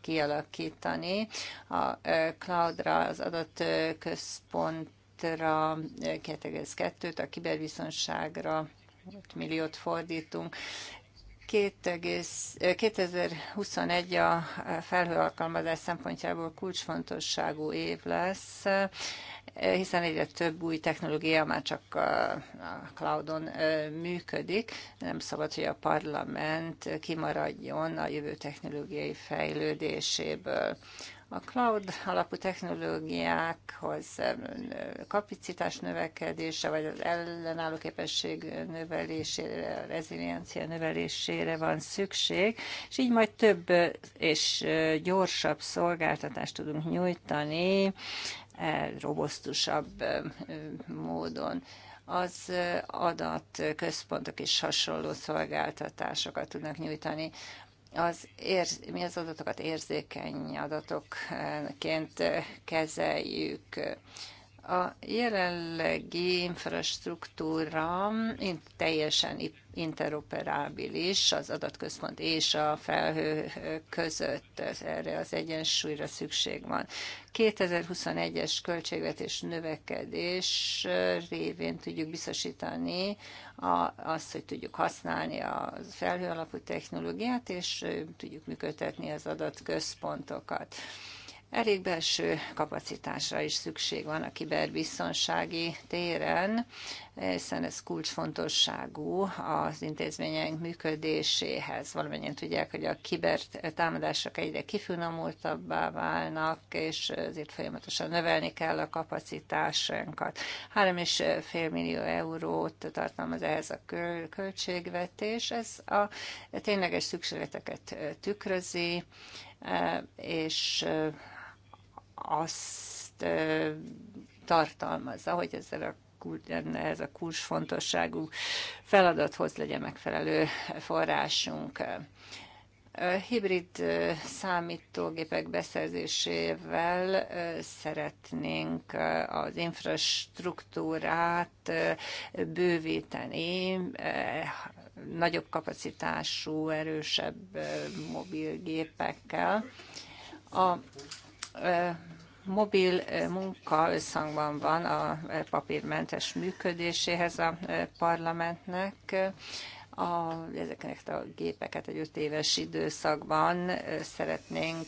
kialakítani. A cloudra, az adatközpontra 2,2-t, a kiberbiztonságra 5 milliót fordítunk. 2021 a felhő alkalmazás szempontjából kulcsfontosságú év lesz hiszen egyre több új technológia már csak a cloudon működik. Nem szabad, hogy a parlament kimaradjon a jövő technológiai fejlődéséből. A cloud alapú technológiákhoz kapacitás növekedése, vagy az ellenálló képesség növelésére, reziliencia növelésére van szükség, és így majd több és gyorsabb szolgáltatást tudunk nyújtani robosztusabb módon az adat központok is hasonló szolgáltatásokat tudnak nyújtani. Az érz, mi az adatokat érzékeny adatokként kezeljük, a jelenlegi infrastruktúra teljesen interoperábilis az adatközpont és a felhő között. Erre az egyensúlyra szükség van. 2021-es költségvetés növekedés révén tudjuk biztosítani azt, hogy tudjuk használni a felhő alapú technológiát, és tudjuk működtetni az adatközpontokat. Elég belső kapacitásra is szükség van a kiberbiztonsági téren, hiszen ez kulcsfontosságú az intézményeink működéséhez. Valamennyien tudják, hogy a kiber támadások egyre kifinomultabbá válnak, és ezért folyamatosan növelni kell a kapacitásunkat. 3,5 millió eurót tartalmaz ehhez a költségvetés. Ez a tényleges szükségleteket tükrözi, és azt tartalmazza, hogy ezzel a ez a kulcsfontosságú feladathoz legyen megfelelő forrásunk. Hibrid számítógépek beszerzésével szeretnénk az infrastruktúrát bővíteni, nagyobb kapacitású, erősebb mobilgépekkel. A mobil munka összhangban van a papírmentes működéséhez a parlamentnek. A, ezeknek a gépeket egy öt éves időszakban szeretnénk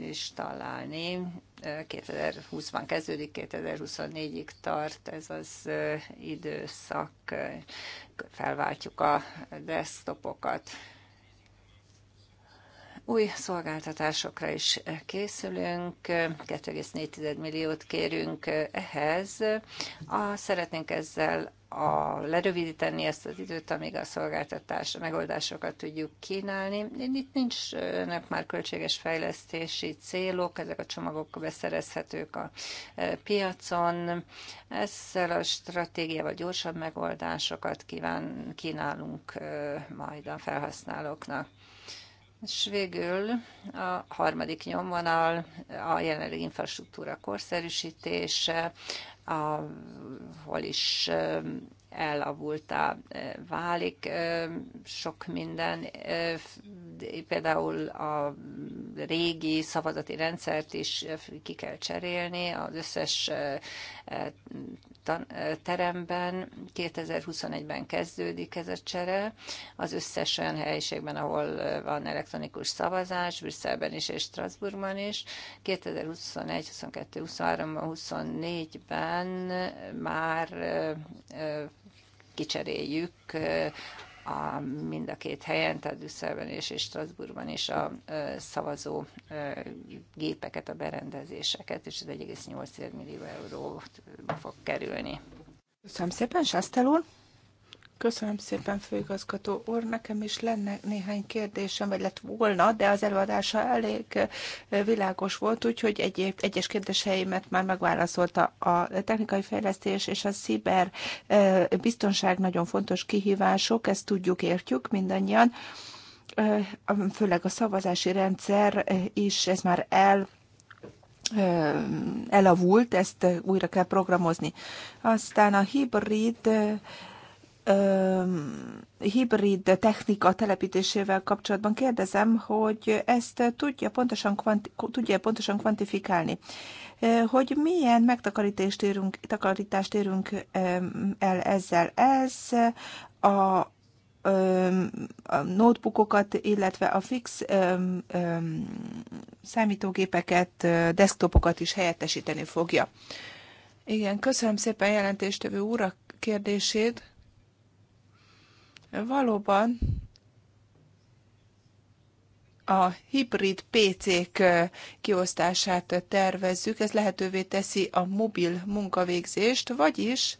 is találni. 2020-ban kezdődik, 2024-ig tart ez az időszak. Felváltjuk a desktopokat. Új szolgáltatásokra is készülünk, 2,4 milliót kérünk ehhez. A, szeretnénk ezzel a, lerövidíteni ezt az időt, amíg a szolgáltatás a megoldásokat tudjuk kínálni. Itt nincs nincsnek már költséges fejlesztési célok, ezek a csomagok beszerezhetők a e, piacon. Ezzel a stratégiával gyorsabb megoldásokat kíván, kínálunk e, majd a felhasználóknak. És végül a harmadik nyomvonal a jelenlegi infrastruktúra korszerűsítése, ahol is elavulta válik sok minden. Például a régi szavazati rendszert is ki kell cserélni az összes teremben. 2021-ben kezdődik ez a csere. Az összes olyan helyiségben, ahol van elektronikus szavazás, Brüsszelben is és Strasbourgban is. 2021, 22, 23, 24-ben után eh, már eh, eh, kicseréljük a mind a két helyen, tehát Düsszelben és, Strasbourgban is a szavazó gépeket, a berendezéseket, és ez 1,8 millió eurót fog kerülni. Köszönöm szépen, Sastel úr! Köszönöm szépen, főigazgató úr. Nekem is lenne néhány kérdésem, vagy lett volna, de az előadása elég világos volt, úgyhogy egy, egyes kérdéseimet már megválaszolta a technikai fejlesztés és a sziber biztonság nagyon fontos kihívások, ezt tudjuk, értjük mindannyian. Főleg a szavazási rendszer is, ez már el elavult, ezt újra kell programozni. Aztán a hibrid hibrid technika telepítésével kapcsolatban kérdezem, hogy ezt tudja pontosan, kvanti, tudja pontosan kvantifikálni, hogy milyen megtakarítást érünk, takarítást érünk el ezzel. Ez a a notebookokat, illetve a fix számítógépeket, desktopokat is helyettesíteni fogja. Igen, köszönöm szépen jelentéstevő úr a kérdését. Valóban a hibrid PC-k kiosztását tervezzük, ez lehetővé teszi a mobil munkavégzést, vagyis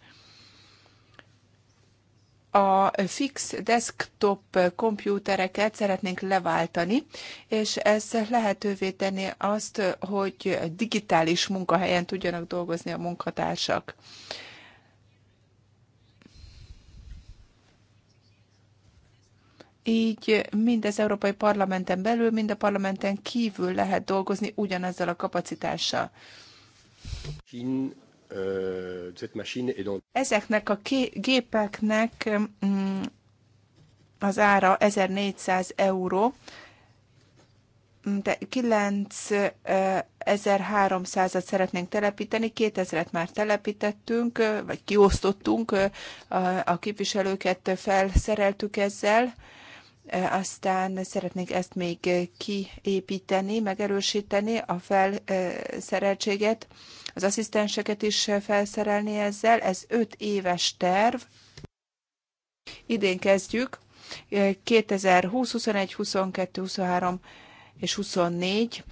a fix desktop kompjútereket szeretnénk leváltani, és ez lehetővé tenni azt, hogy digitális munkahelyen tudjanak dolgozni a munkatársak. így mind az Európai Parlamenten belül, mind a parlamenten kívül lehet dolgozni ugyanazzal a kapacitással. Euh, Ezeknek a gépeknek mm, az ára 1400 euró, de 9300-at szeretnénk telepíteni, 2000-et már telepítettünk, vagy kiosztottunk, a képviselőket felszereltük ezzel, E, aztán szeretnénk ezt még e, kiépíteni, megerősíteni, a felszereltséget, az asszisztenseket is felszerelni ezzel. Ez öt éves terv. Idén kezdjük, 2020, 21, 22, 23 és 24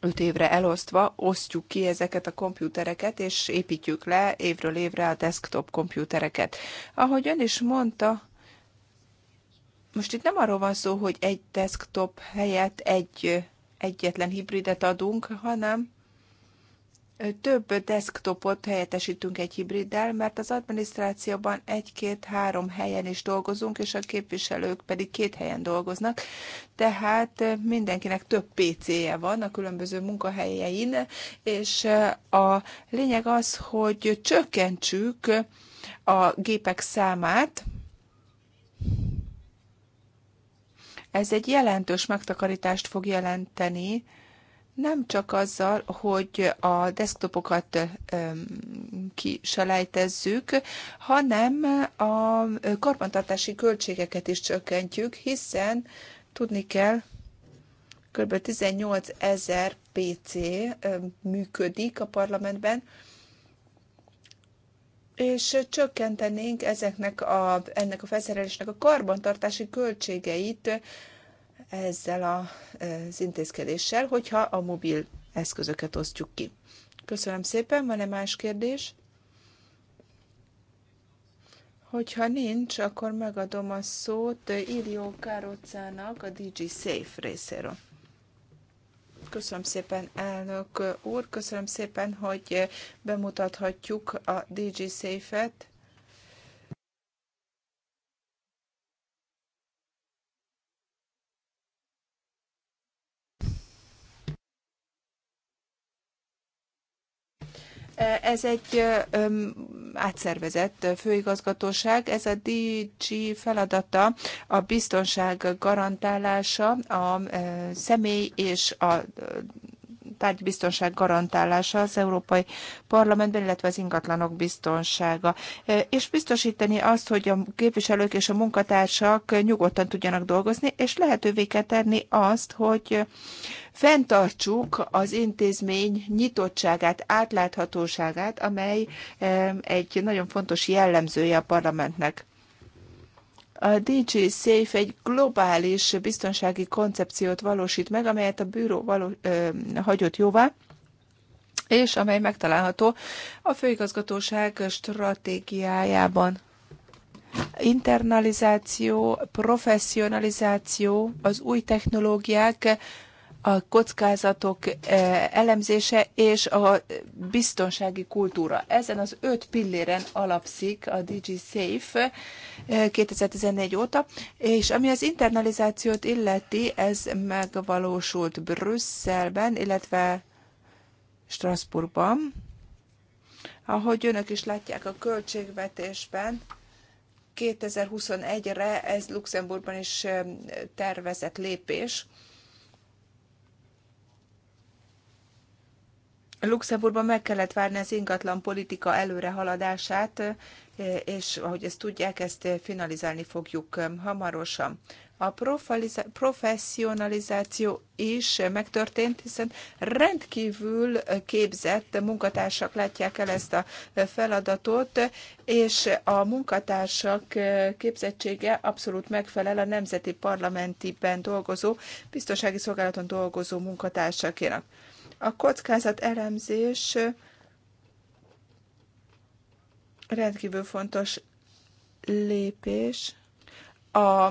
öt évre elosztva osztjuk ki ezeket a komputereket, és építjük le évről évre a desktop komputereket. Ahogy ön is mondta, most itt nem arról van szó, hogy egy desktop helyett egy egyetlen hibridet adunk, hanem több desktopot helyettesítünk egy hibriddel, mert az adminisztrációban egy-két-három helyen is dolgozunk, és a képviselők pedig két helyen dolgoznak, tehát mindenkinek több PC-je van a különböző munkahelyein, és a lényeg az, hogy csökkentsük a gépek számát, Ez egy jelentős megtakarítást fog jelenteni, nem csak azzal, hogy a desktopokat kiselejtezzük, hanem a karbantartási költségeket is csökkentjük, hiszen tudni kell, kb. 18 ezer PC működik a parlamentben, és csökkentenénk ezeknek a, ennek a felszerelésnek a karbantartási költségeit ezzel a, az intézkedéssel, hogyha a mobil eszközöket osztjuk ki. Köszönöm szépen, van-e más kérdés? Hogyha nincs, akkor megadom a szót Irió Károcának a DG Safe részéről. Köszönöm szépen, elnök úr, köszönöm szépen, hogy bemutathatjuk a DG Safe-et. Ez egy átszervezett főigazgatóság, ez a DG feladata a biztonság garantálása, a személy és a tárgy biztonság garantálása az Európai Parlamentben, illetve az ingatlanok biztonsága. E, és biztosítani azt, hogy a képviselők és a munkatársak nyugodtan tudjanak dolgozni, és lehetővé kell tenni azt, hogy fenntartsuk az intézmény nyitottságát, átláthatóságát, amely e, egy nagyon fontos jellemzője a parlamentnek. A DG Safe egy globális biztonsági koncepciót valósít meg, amelyet a bűró való, ö, hagyott jóvá, és amely megtalálható a főigazgatóság stratégiájában. Internalizáció, professzionalizáció, az új technológiák a kockázatok eh, elemzése és a biztonsági kultúra. Ezen az öt pilléren alapszik a DG Safe 2014 eh, óta, és ami az internalizációt illeti, ez megvalósult Brüsszelben, illetve Strasbourgban. Ahogy önök is látják a költségvetésben, 2021-re ez Luxemburgban is eh, tervezett lépés. Luxemburgban meg kellett várni az ingatlan politika előrehaladását, és ahogy ezt tudják, ezt finalizálni fogjuk hamarosan. A professzionalizáció is megtörtént, hiszen rendkívül képzett munkatársak látják el ezt a feladatot, és a munkatársak képzettsége abszolút megfelel a nemzeti parlamentiben dolgozó, biztonsági szolgálaton dolgozó munkatársakének. A kockázat elemzés rendkívül fontos lépés a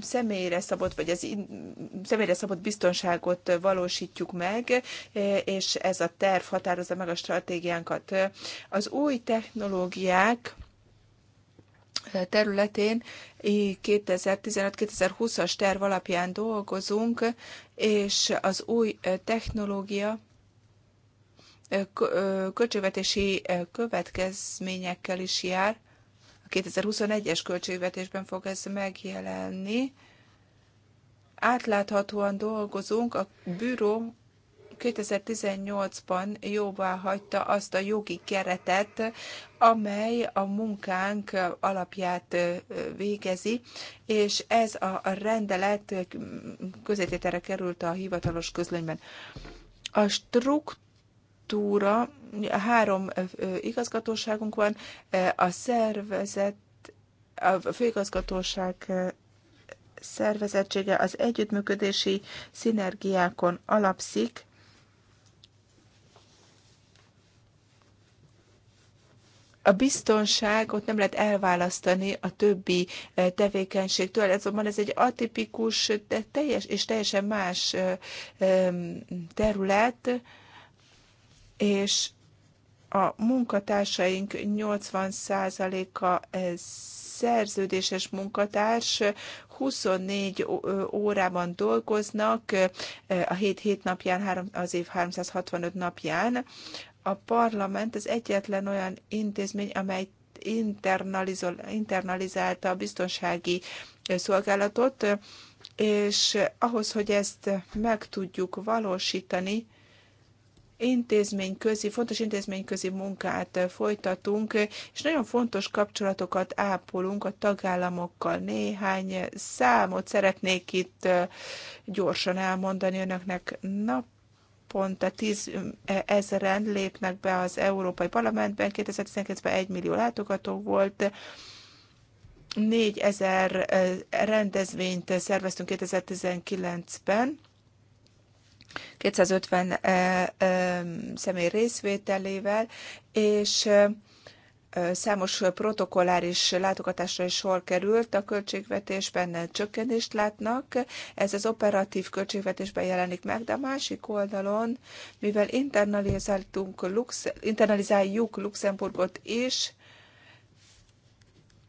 személyre szabott, vagy az személyre szabott biztonságot valósítjuk meg, e, és ez a terv határozza meg a stratégiánkat. Az új technológiák területén 2015-2020-as terv alapján dolgozunk, és az új technológia költségvetési következményekkel is jár. A 2021-es költségvetésben fog ez megjelenni. Átláthatóan dolgozunk, a bűró 2018-ban jóvá hagyta azt a jogi keretet, amely a munkánk alapját végezi, és ez a rendelet közététere került a hivatalos közlönyben. A struktúra struktúra, három igazgatóságunk van, a szervezet, a főigazgatóság szervezettsége az együttműködési szinergiákon alapszik, A biztonságot nem lehet elválasztani a többi e, tevékenységtől, azonban ez egy atipikus de teljes, és teljesen más e, e, terület, és a munkatársaink 80%-a szerződéses munkatárs, 24 órában dolgoznak, a 7 hét napján, az év 365 napján a parlament az egyetlen olyan intézmény, amely internalizálta a biztonsági szolgálatot, és ahhoz, hogy ezt meg tudjuk valósítani, intézményközi, fontos intézményközi munkát folytatunk, és nagyon fontos kapcsolatokat ápolunk a tagállamokkal. Néhány számot szeretnék itt gyorsan elmondani önöknek. Nap naponta 10 ezeren lépnek be az Európai Parlamentben, 2019-ben 1 millió látogató volt, 4000 rendezvényt szerveztünk 2019-ben, 250 személy részvételével, és számos protokolláris látogatásra is sor került, a költségvetésben csökkenést látnak, ez az operatív költségvetésben jelenik meg, de a másik oldalon, mivel internalizáltunk, Lux, internalizáljuk Luxemburgot is,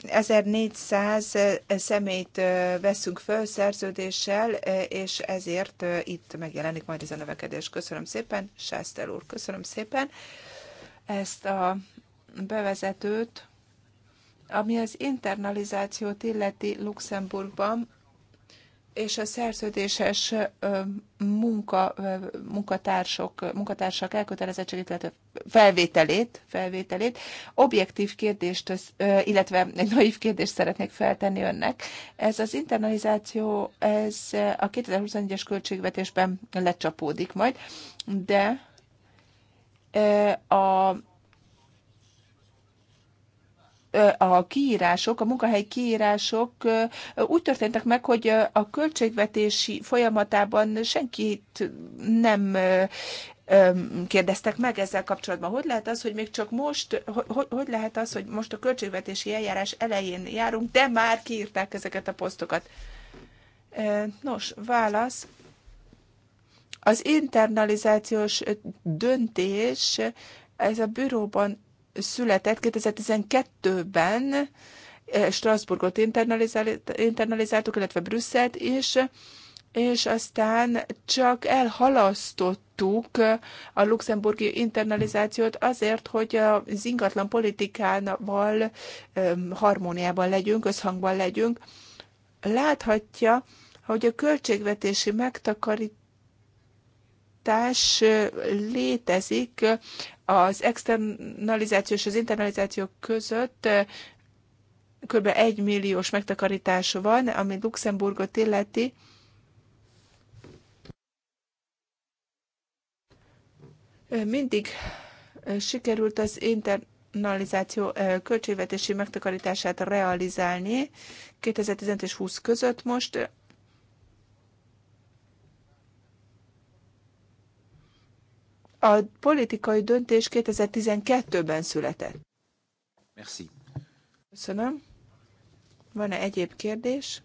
1400 személyt veszünk föl szerződéssel, és ezért itt megjelenik majd ez a növekedés. Köszönöm szépen, Sászter úr, köszönöm szépen ezt a bevezetőt, ami az internalizációt illeti Luxemburgban, és a szerződéses munka, munkatársok, munkatársak elkötelezettségét, illetve felvételét, felvételét. Objektív kérdést, illetve egy naív kérdést szeretnék feltenni önnek. Ez az internalizáció, ez a 2021-es költségvetésben lecsapódik majd, de a a kiírások, a munkahely kiírások úgy történtek meg, hogy a költségvetési folyamatában senkit nem kérdeztek meg ezzel kapcsolatban. Hogy lehet az, hogy még csak most, hogy, hogy lehet az, hogy most a költségvetési eljárás elején járunk, de már kiírták ezeket a posztokat? Nos, válasz. Az internalizációs döntés, ez a büróban született 2012-ben, eh, Strasbourgot internalizáltuk, illetve Brüsszelt is, és aztán csak elhalasztottuk a luxemburgi internalizációt azért, hogy az ingatlan politikával harmóniában legyünk, összhangban legyünk. Láthatja, hogy a költségvetési megtakarítás eh, létezik az externalizáció és az internalizáció között kb. 1 milliós megtakarítás van, ami Luxemburgot illeti. Mindig sikerült az internalizáció költségvetési megtakarítását realizálni 2015 és 20 között most A politikai döntés 2012-ben született. Merci. Köszönöm. Van-e egyéb kérdés?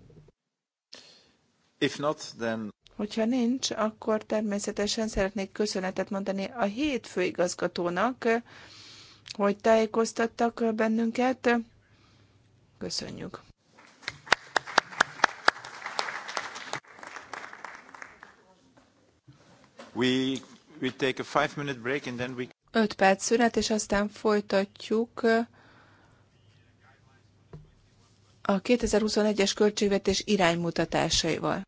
If not, then... Hogyha nincs, akkor természetesen szeretnék köszönetet mondani a hét főigazgatónak, hogy tájékoztattak bennünket. Köszönjük. We Öt perc szünet, és aztán folytatjuk a 2021-es költségvetés iránymutatásaival.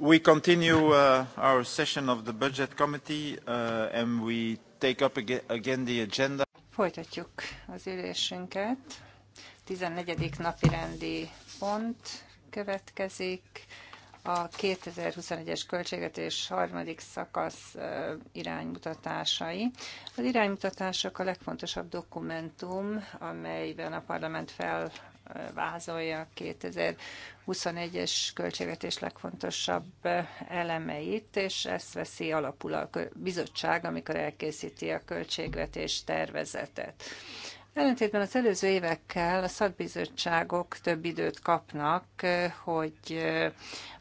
We continue uh, our session of the Budget Committee, uh, and we take up again the agenda. Folytatjuk az ülésünket. 14. napi rendi pont következik. A 2021-es költségvetés harmadik szakasz uh, iránymutatásai. Az iránymutatások a legfontosabb dokumentum, amelyben a parlament fel vázolja a 2021-es költségvetés legfontosabb elemeit, és ezt veszi alapul a bizottság, amikor elkészíti a költségvetés tervezetet. Ellentétben az előző évekkel a szakbizottságok több időt kapnak, hogy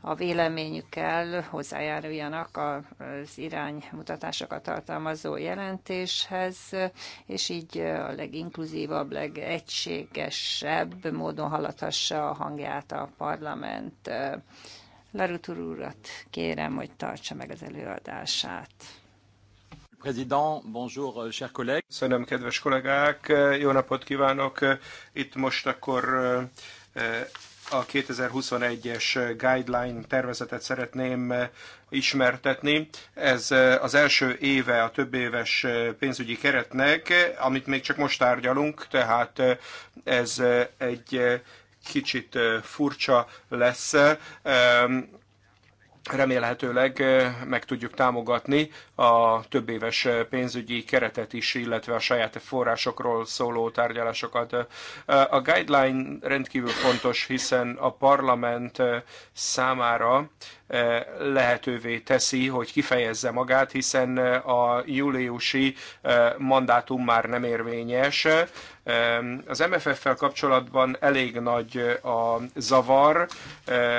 a véleményükkel hozzájáruljanak az iránymutatásokat tartalmazó jelentéshez, és így a leginkluzívabb, legegységesebb módon hallathassa a hangját a parlament. Larutur urat kérem, hogy tartsa meg az előadását. Euh, Köszönöm, kedves kollégák! Jó napot kívánok! Itt most akkor eh, a 2021-es guideline tervezetet szeretném eh, ismertetni. Ez eh, az első éve a több éves pénzügyi keretnek, amit még csak most tárgyalunk, tehát ez egy kicsit furcsa lesz remélhetőleg meg tudjuk támogatni a több éves pénzügyi keretet is, illetve a saját forrásokról szóló tárgyalásokat. A guideline rendkívül fontos, hiszen a parlament számára E, lehetővé teszi, hogy kifejezze magát, hiszen e, a júliusi e, mandátum már nem érvényes. Az MFF-fel kapcsolatban elég nagy a zavar.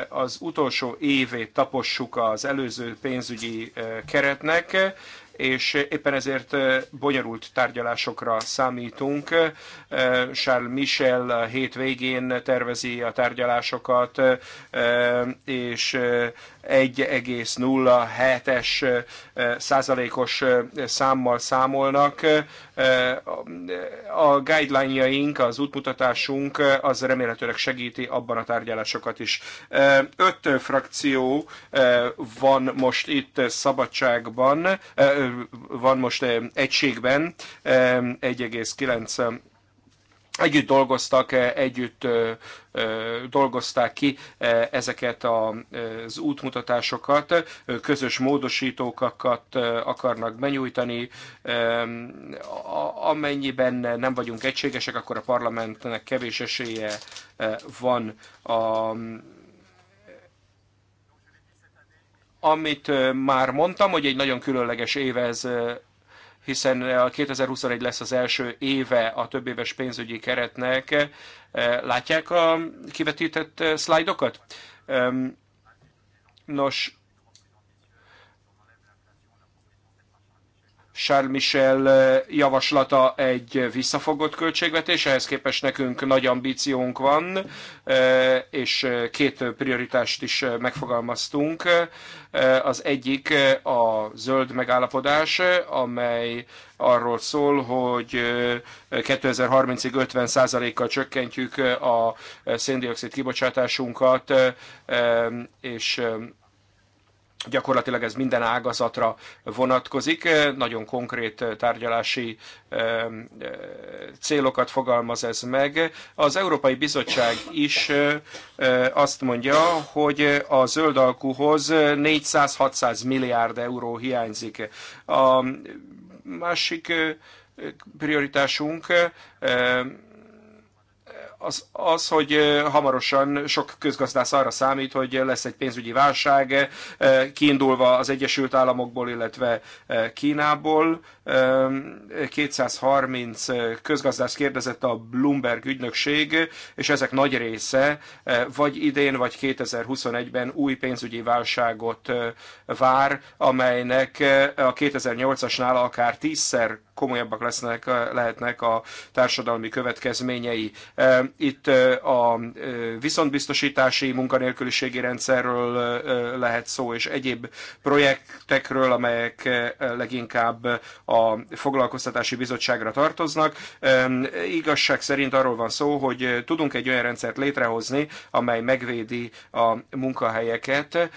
Az utolsó évét tapossuk az előző pénzügyi keretnek, és éppen ezért bonyolult tárgyalásokra számítunk. Charles Michel hétvégén tervezi a tárgyalásokat, és 1,07-es százalékos számmal számolnak. A guideline-jaink, az útmutatásunk az remélhetőleg segíti abban a tárgyalásokat is. Öt frakció van most itt szabadságban, van most egységben együtt dolgoztak, eh, együtt dolgozták ki eh, ezeket az útmutatásokat, közös módosítókat akarnak benyújtani. Amennyiben nem vagyunk egységesek, akkor a parlamentnek kevés esélye eh, van a amit már mondtam, hogy egy nagyon különleges év ez hiszen a 2021 lesz az első éve a éves pénzügyi keretnek. E, látják a kivetített e, szlájdokat? Nos, Charles Michel eh, javaslata egy visszafogott költségvetés, ehhez képest nekünk nagy ambíciónk van, eh, és eh, két prioritást is megfogalmaztunk. Az egyik a zöld megállapodás, amely arról szól, hogy 2030-ig 50%-kal csökkentjük a széndiokszid kibocsátásunkat, és gyakorlatilag ez minden ágazatra vonatkozik. Nagyon konkrét tárgyalási célokat fogalmaz ez meg. Az Európai Bizottság is azt mondja, hogy a zöld alkuhoz 400-600 milliárd euró hiányzik. A másik prioritásunk az, az, hogy hamarosan sok közgazdász arra számít, hogy lesz egy pénzügyi válság, kiindulva az Egyesült Államokból, illetve Kínából. 230 közgazdász kérdezett a Bloomberg ügynökség, és ezek nagy része vagy idén, vagy 2021-ben új pénzügyi válságot vár, amelynek a 2008-asnál akár tízszer komolyabbak lesznek, lehetnek a társadalmi következményei. E, itt e, a e, viszontbiztosítási munkanélküliségi rendszerről lehet szó, és egyéb projektekről, amelyek leginkább a foglalkoztatási bizottságra tartoznak. Igazság szerint arról van szó, hogy tudunk egy olyan rendszert létrehozni, amely megvédi a munkahelyeket,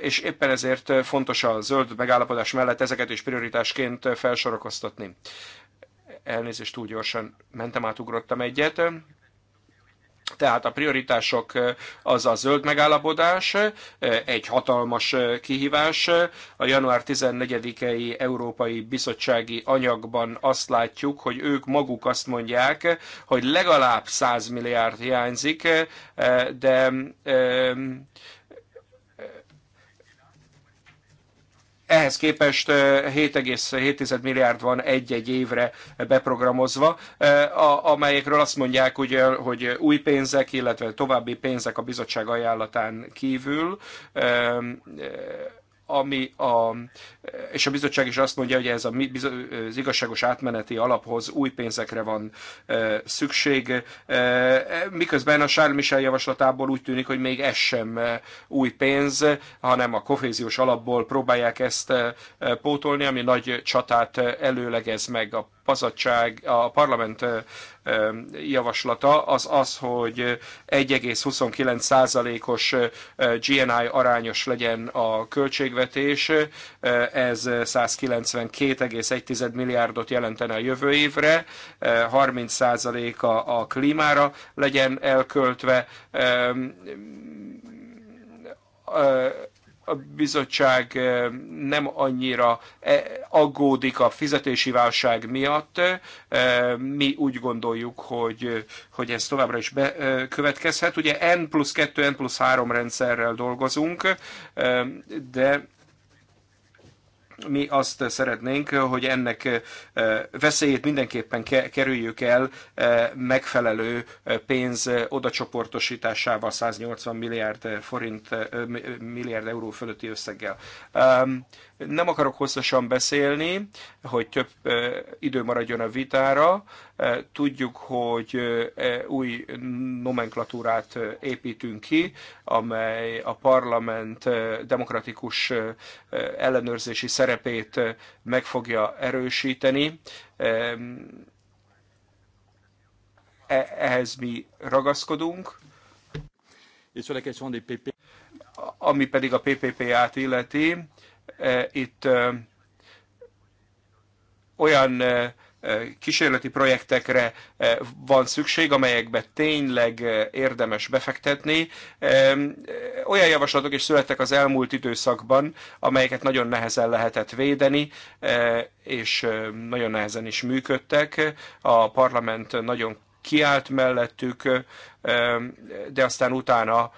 és éppen ezért fontos a zöld megállapodás mellett ezeket is prioritásként felsorokoztatni. Elnézést, túl gyorsan mentem át, ugrottam egyet. Tehát a prioritások az a zöld megállapodás, egy hatalmas kihívás. A január 14-i Európai Bizottsági Anyagban azt látjuk, hogy ők maguk azt mondják, hogy legalább 100 milliárd hiányzik, de Ehhez képest 7,7 milliárd van egy-egy évre beprogramozva, amelyekről azt mondják, hogy hogy új pénzek, illetve további pénzek a bizottság ajánlatán kívül ami a, és a bizottság is azt mondja, hogy ez a, az igazságos átmeneti alaphoz új pénzekre van e, szükség, e, miközben a Charles Michel javaslatából úgy tűnik, hogy még ez sem új pénz, hanem a kohéziós alapból próbálják ezt pótolni, ami nagy csatát előlegez meg a pazadság, a parlament javaslata az az, hogy 1,29%-os GNI arányos legyen a költségvetés, ez 192,1 milliárdot jelentene a jövő évre, 30%-a a klímára legyen elköltve, a bizottság eh, nem annyira eh, aggódik a fizetési válság miatt. Eh, mi úgy gondoljuk, hogy, hogy ez továbbra is bekövetkezhet. Ugye N plusz 2, N plusz 3 rendszerrel dolgozunk, de mi azt szeretnénk, hogy ennek eh, veszélyét mindenképpen kerüljük el eh, megfelelő eh, pénz odacsoportosításával 180 milliárd forint, milliárd euró fölötti összeggel. Ehm, nem akarok hosszasan beszélni, hogy több idő maradjon a vitára. Tudjuk, hogy e, új nomenklatúrát építünk ki, amely a parlament demokratikus ellenőrzési szerepét meg fogja erősíteni e, ehhez mi ragaszkodunk. Ami pedig a PPP-át illeti, E, itt e, olyan e, kísérleti projektekre van szükség, amelyekbe tényleg érdemes befektetni. Olyan javaslatok is születtek az elmúlt időszakban, amelyeket nagyon nehezen lehetett védeni, és nagyon nehezen is működtek. A parlament nagyon kiállt mellettük, de aztán utána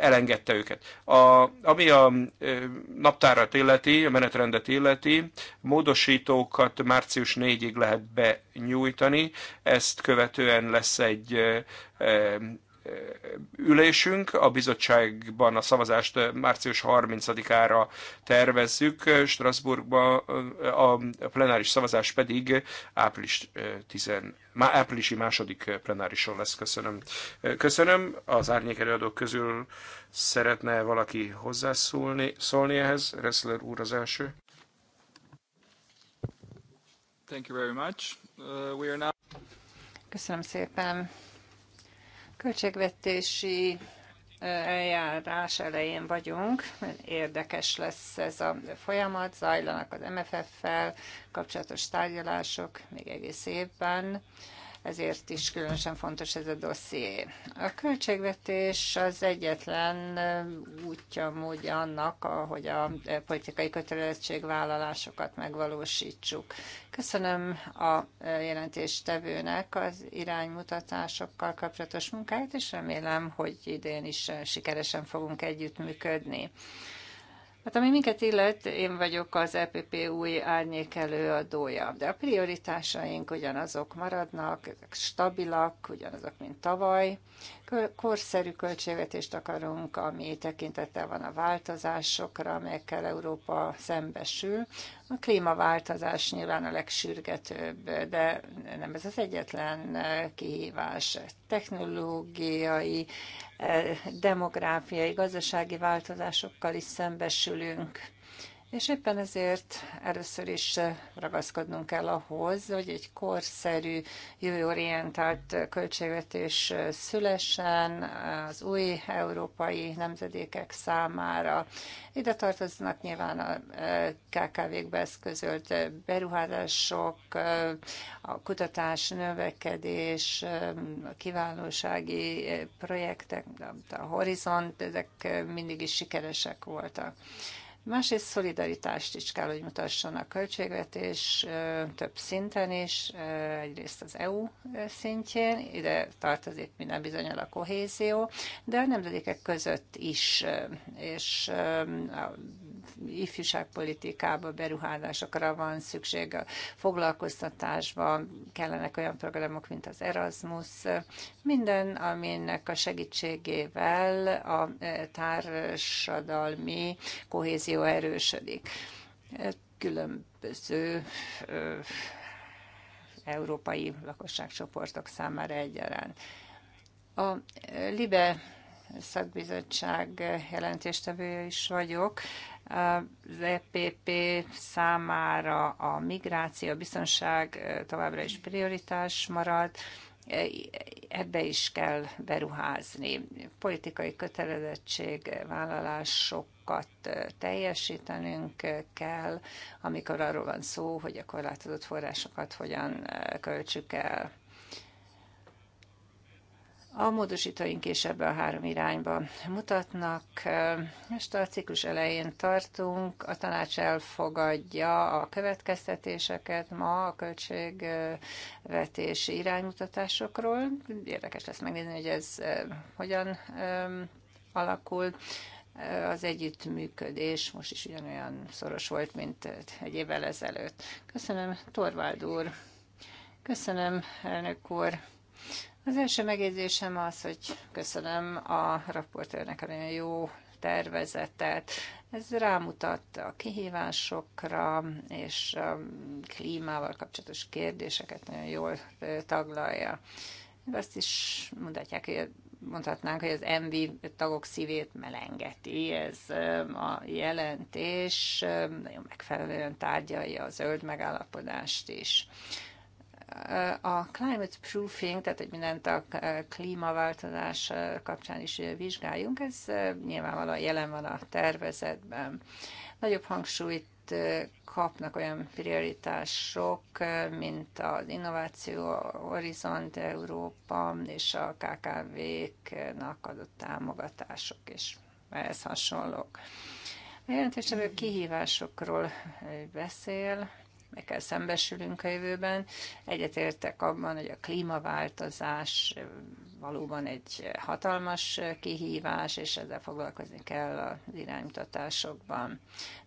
elengedte őket. A, ami a naptárat illeti, a menetrendet illeti, módosítókat március 4-ig lehet benyújtani, ezt követően lesz egy ülésünk. A bizottságban a szavazást március 30-ára tervezzük, Strasbourgban a plenáris szavazás pedig április 10 Má áprilisi második plenárison lesz, köszönöm. Köszönöm, az árnyék előadók közül szeretne valaki hozzászólni szólni ehhez? Ressler úr az első. Thank you very much. Uh, we are now... Köszönöm szépen. Költségvetési eljárás elején vagyunk, érdekes lesz ez a folyamat, zajlanak az MFF-fel kapcsolatos tárgyalások még egész évben ezért is különösen fontos ez a dosszié. A költségvetés az egyetlen útja, módja annak, ahogy a politikai kötelezettségvállalásokat megvalósítsuk. Köszönöm a jelentéstevőnek az iránymutatásokkal kapcsolatos munkáját, és remélem, hogy idén is sikeresen fogunk együttműködni. Hát ami minket illet, én vagyok az EPP új árnyék előadója, de a prioritásaink ugyanazok maradnak, ezek stabilak, ugyanazok, mint tavaly, korszerű költségvetést akarunk, ami tekintettel van a változásokra, amelyekkel Európa szembesül. A klímaváltozás nyilván a legsürgetőbb, de nem ez az egyetlen kihívás. Technológiai, eh, demográfiai, gazdasági változásokkal is szembesülünk és éppen ezért először is eh, ragaszkodnunk kell ahhoz, hogy egy korszerű, jövőorientált költségvetés eh, szülessen az új európai nemzedékek számára. Ide tartoznak nyilván a eh, KKV-kbe eszközölt beruházások, a kutatás, növekedés, a kiválósági projektek, a horizont, ezek mindig is sikeresek voltak. Másrészt szolidaritást is kell, hogy mutasson a költségvetés több szinten is, egyrészt az EU szintjén, ide tartozik minden bizonyal a kohézió, de a nemzedékek között is, és a ifjúságpolitikába beruházásokra van szükség, a foglalkoztatásban kellenek olyan programok, mint az Erasmus, minden, aminek a segítségével a társadalmi kohézió pozíció erősödik. Különböző európai lakosságcsoportok számára egyaránt. A LIBE szakbizottság jelentéstevője is vagyok. Az EPP számára a migráció, a biztonság továbbra is prioritás marad, e, ebbe is kell beruházni. Politikai kötelezettség vállalások célokat teljesítenünk kell, amikor arról van szó, hogy a korlátozott forrásokat hogyan költsük el. A módosítóink is ebbe a három irányba mutatnak. Most a ciklus elején tartunk, a tanács elfogadja a következtetéseket ma a költségvetési iránymutatásokról. Érdekes lesz megnézni, hogy ez hogyan alakul az együttműködés most is ugyanolyan szoros volt, mint egy évvel ezelőtt. Köszönöm, Torvald úr. Köszönöm, elnök úr. Az első megjegyzésem az, hogy köszönöm a raportőrnek a nagyon jó tervezetet. Ez rámutat a kihívásokra, és a klímával kapcsolatos kérdéseket nagyon jól taglalja. Azt is mondhatják, hogy mondhatnánk, hogy az MV tagok szívét melengeti ez a jelentés, nagyon megfelelően tárgyalja a zöld megállapodást is. A climate proofing, tehát hogy mindent a klímaváltozás kapcsán is vizsgáljunk, ez nyilvánvalóan jelen van a tervezetben. Nagyobb hangsúlyt kapnak olyan prioritások, mint az Innováció Horizont Európa és a KKV-knak adott támogatások, és ehhez hasonlók. A jelentésevő kihívásokról beszél, kell szembesülünk a jövőben. Egyetértek abban, hogy a klímaváltozás valóban egy hatalmas kihívás, és ezzel foglalkozni kell az iránymutatásokban.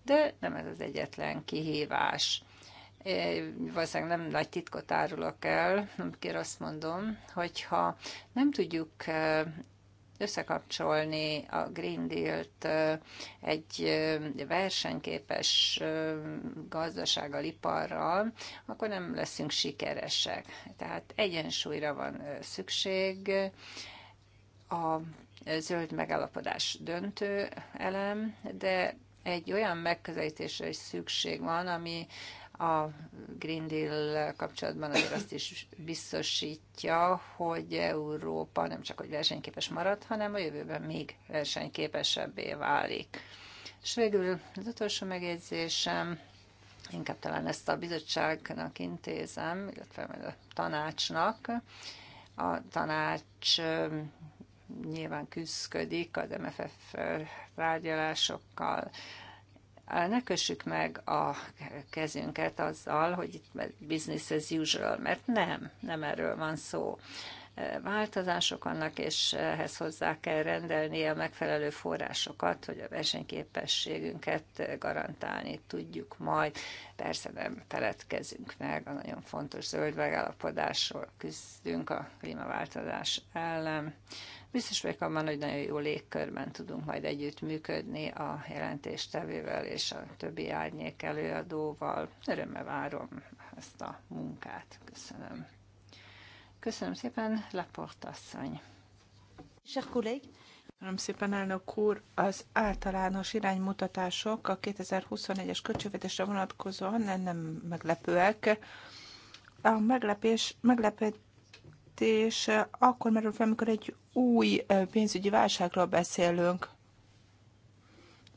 De nem ez az egyetlen kihívás. É, valószínűleg nem nagy titkot árulok el, amikor azt mondom, hogyha nem tudjuk összekapcsolni a Green Deal-t egy versenyképes gazdasággal, iparral, akkor nem leszünk sikeresek. Tehát egyensúlyra van szükség. A zöld megállapodás döntő elem, de egy olyan megközelítésre is szükség van, ami a Green Deal kapcsolatban azért azt is biztosítja, hogy Európa nem csak hogy versenyképes marad, hanem a jövőben még versenyképesebbé válik. És végül az utolsó megjegyzésem, inkább talán ezt a bizottságnak intézem, illetve majd a tanácsnak. A tanács nyilván küzdködik az MFF tárgyalásokkal, ne kössük meg a kezünket azzal, hogy itt business as usual, mert nem, nem erről van szó. Változások annak és ehhez hozzá kell rendelni a megfelelő forrásokat, hogy a versenyképességünket garantálni tudjuk majd. Persze nem feledkezünk meg a nagyon fontos zöld megállapodásról, küzdünk a klímaváltozás ellen. Biztos vagyok abban, hogy nagyon jó légkörben tudunk majd működni a jelentéstevővel és a többi árnyék előadóval. Örömmel várom ezt a munkát. Köszönöm. Köszönöm szépen, Laporta asszony. Köszönöm szépen, elnök úr! Az általános iránymutatások a 2021-es költségvetésre vonatkozóan nem, nem meglepőek. A meglepés, meglepetés akkor merül fel, amikor egy új pénzügyi válságról beszélünk.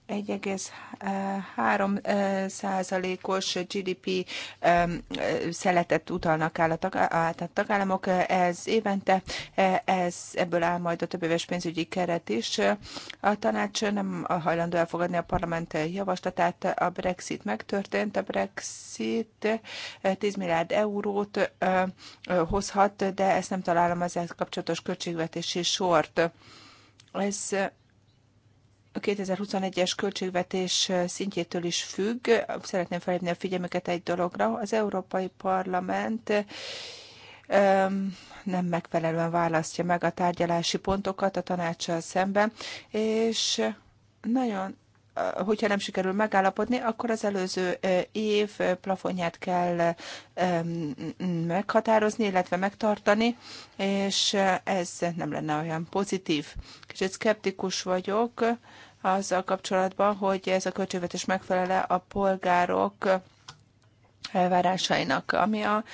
1,3 os GDP szeletet utalnak el a tagállamok. Eh, ez évente, eh, ez, ebből áll majd a éves pénzügyi keret is. A tanács nem hajlandó elfogadni a parlament javaslatát. A Brexit megtörtént. A Brexit 10 eh, milliárd eurót hozhat, de ezt nem találom az ezzel kapcsolatos költségvetési sort. Ez a 2021-es költségvetés szintjétől is függ. Szeretném felhívni a figyelmüket egy dologra. Az Európai Parlament nem megfelelően választja meg a tárgyalási pontokat a tanácssal szemben, és nagyon hogyha nem sikerül megállapodni, akkor az előző év plafonját kell meghatározni, illetve megtartani, és ez nem lenne olyan pozitív. Kicsit szkeptikus vagyok azzal kapcsolatban, hogy ez a költségvetés megfelele a polgárok elvárásainak. Ami a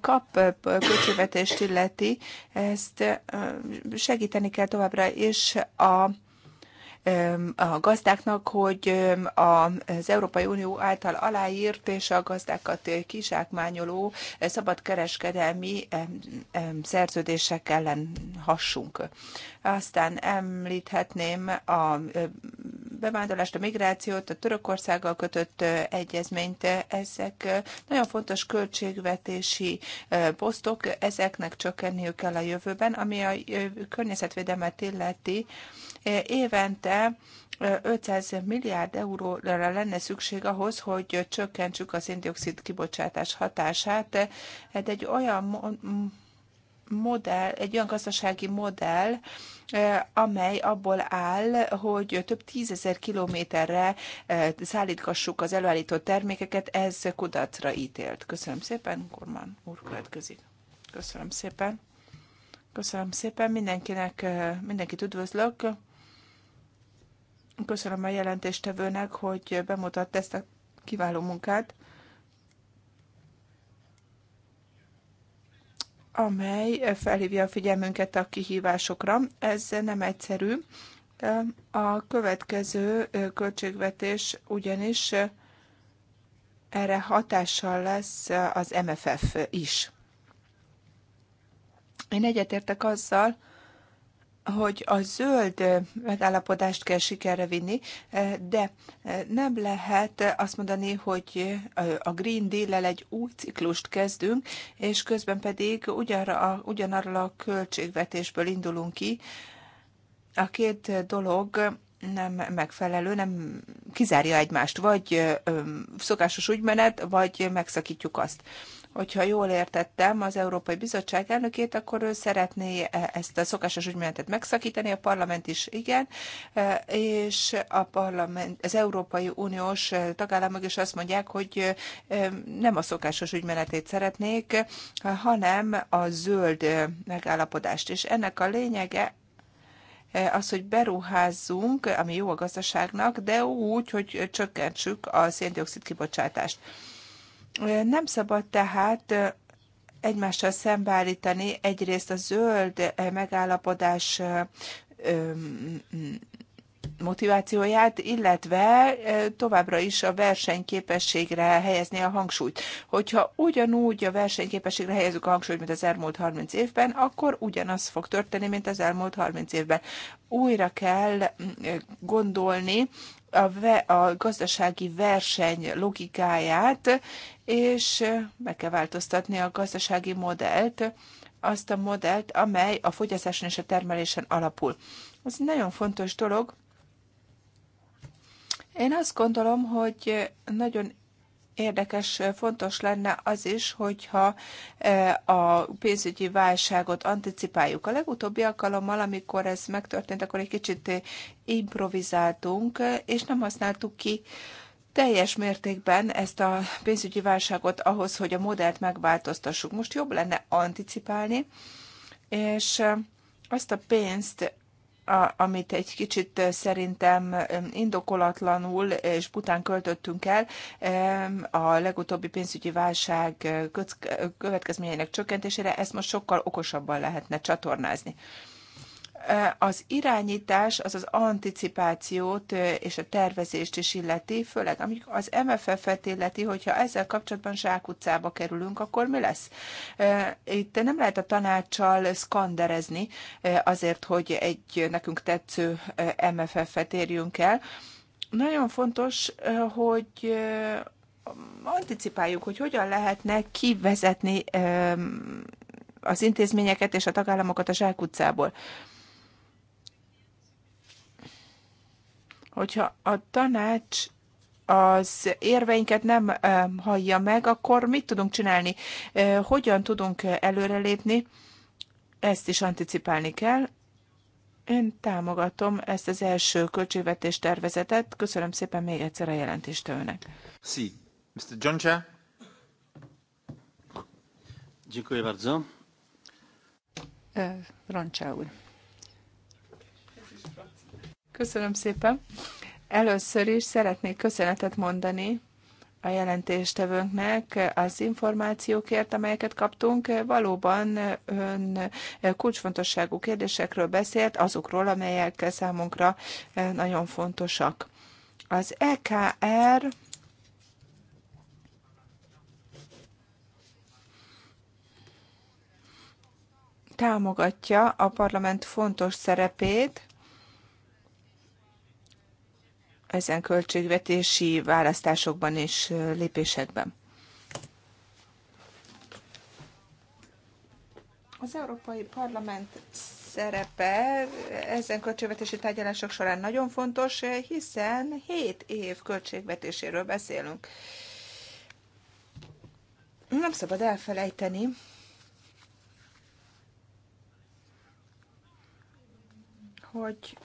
kap költségvetést illeti, ezt segíteni kell továbbra is a a gazdáknak, hogy az Európai Unió által aláírt és a gazdákat kizsákmányoló szabadkereskedelmi szerződések ellen hassunk. Aztán említhetném a bevándorlást, a migrációt, a Törökországgal kötött egyezményt. Ezek nagyon fontos költségvetési posztok, ezeknek csökkenniük kell a jövőben, ami a környezetvédelmet illeti. Évente évente 500 milliárd euróra lenne szükség ahhoz, hogy csökkentsük a széndiokszid kibocsátás hatását. Ez hát egy olyan modell, egy olyan gazdasági modell, amely abból áll, hogy több tízezer kilométerre szállítgassuk az előállított termékeket, ez kudarcra ítélt. Köszönöm szépen, Kormán. úr következik. Köszönöm szépen. Köszönöm szépen mindenkinek, mindenkit üdvözlök. Köszönöm a jelentéstevőnek, hogy bemutatta ezt a kiváló munkát, amely felhívja a figyelmünket a kihívásokra. Ez nem egyszerű. A következő költségvetés ugyanis erre hatással lesz az MFF is. Én egyetértek azzal, hogy a zöld megállapodást kell sikerre vinni, de nem lehet azt mondani, hogy a Green Deal-el egy új ciklust kezdünk, és közben pedig ugyanarra ugyanarról a költségvetésből indulunk ki. A két dolog nem megfelelő, nem kizárja egymást, vagy szokásos ügymenet, vagy megszakítjuk azt hogyha jól értettem az Európai Bizottság elnökét, akkor ő szeretné ezt a szokásos ügymenetet megszakítani, a parlament is igen, e, és a parlament, az Európai Uniós tagállamok is azt mondják, hogy e, nem a szokásos ügymenetét szeretnék, hanem a zöld megállapodást. És ennek a lényege e, az, hogy beruházzunk, ami jó a gazdaságnak, de úgy, hogy csökkentsük a széndiokszid kibocsátást. Nem szabad tehát egymással szembeállítani egyrészt a zöld megállapodás motivációját, illetve továbbra is a versenyképességre helyezni a hangsúlyt. Hogyha ugyanúgy a versenyképességre helyezzük a hangsúlyt, mint az elmúlt 30 évben, akkor ugyanaz fog történni, mint az elmúlt 30 évben. Újra kell gondolni a, ve, a gazdasági verseny logikáját, és meg kell változtatni a gazdasági modellt, azt a modellt, amely a fogyasztáson és a termelésen alapul. Ez egy nagyon fontos dolog. Én azt gondolom, hogy nagyon érdekes, fontos lenne az is, hogyha a pénzügyi válságot anticipáljuk. A legutóbbi alkalommal, amikor ez megtörtént, akkor egy kicsit improvizáltunk, és nem használtuk ki teljes mértékben ezt a pénzügyi válságot ahhoz, hogy a modellt megváltoztassuk. Most jobb lenne anticipálni, és azt a pénzt, a, amit egy kicsit szerintem indokolatlanul és bután költöttünk el, a legutóbbi pénzügyi válság következményeinek csökkentésére, ezt most sokkal okosabban lehetne csatornázni az irányítás az az anticipációt és a tervezést is illeti, főleg amik az MFF-et illeti, hogyha ezzel kapcsolatban zsákutcába kerülünk, akkor mi lesz? Itt nem lehet a tanácssal szkanderezni azért, hogy egy nekünk tetsző MFF-et érjünk el. Nagyon fontos, hogy anticipáljuk, hogy hogyan lehetne kivezetni az intézményeket és a tagállamokat a zsákutcából. utcából hogyha a tanács az érveinket nem hallja meg, akkor mit tudunk csinálni? Hogyan tudunk előrelépni? Ezt is anticipálni kell. Én támogatom ezt az első költségvetés tervezetet. Köszönöm szépen még egyszer a önnek. Sí. Mr. Johncha. Dziękuję bardzo. Roncsa úr. Köszönöm szépen. Először is szeretnék köszönetet mondani a jelentéstevőnknek az információkért, amelyeket kaptunk. Valóban ön kulcsfontosságú kérdésekről beszélt, azokról, amelyek számunkra nagyon fontosak. Az EKR támogatja a parlament fontos szerepét, ezen költségvetési választásokban és lépésekben. Az Európai Parlament szerepe ezen költségvetési tárgyalások során nagyon fontos, hiszen 7 év költségvetéséről beszélünk. Nem szabad elfelejteni, hogy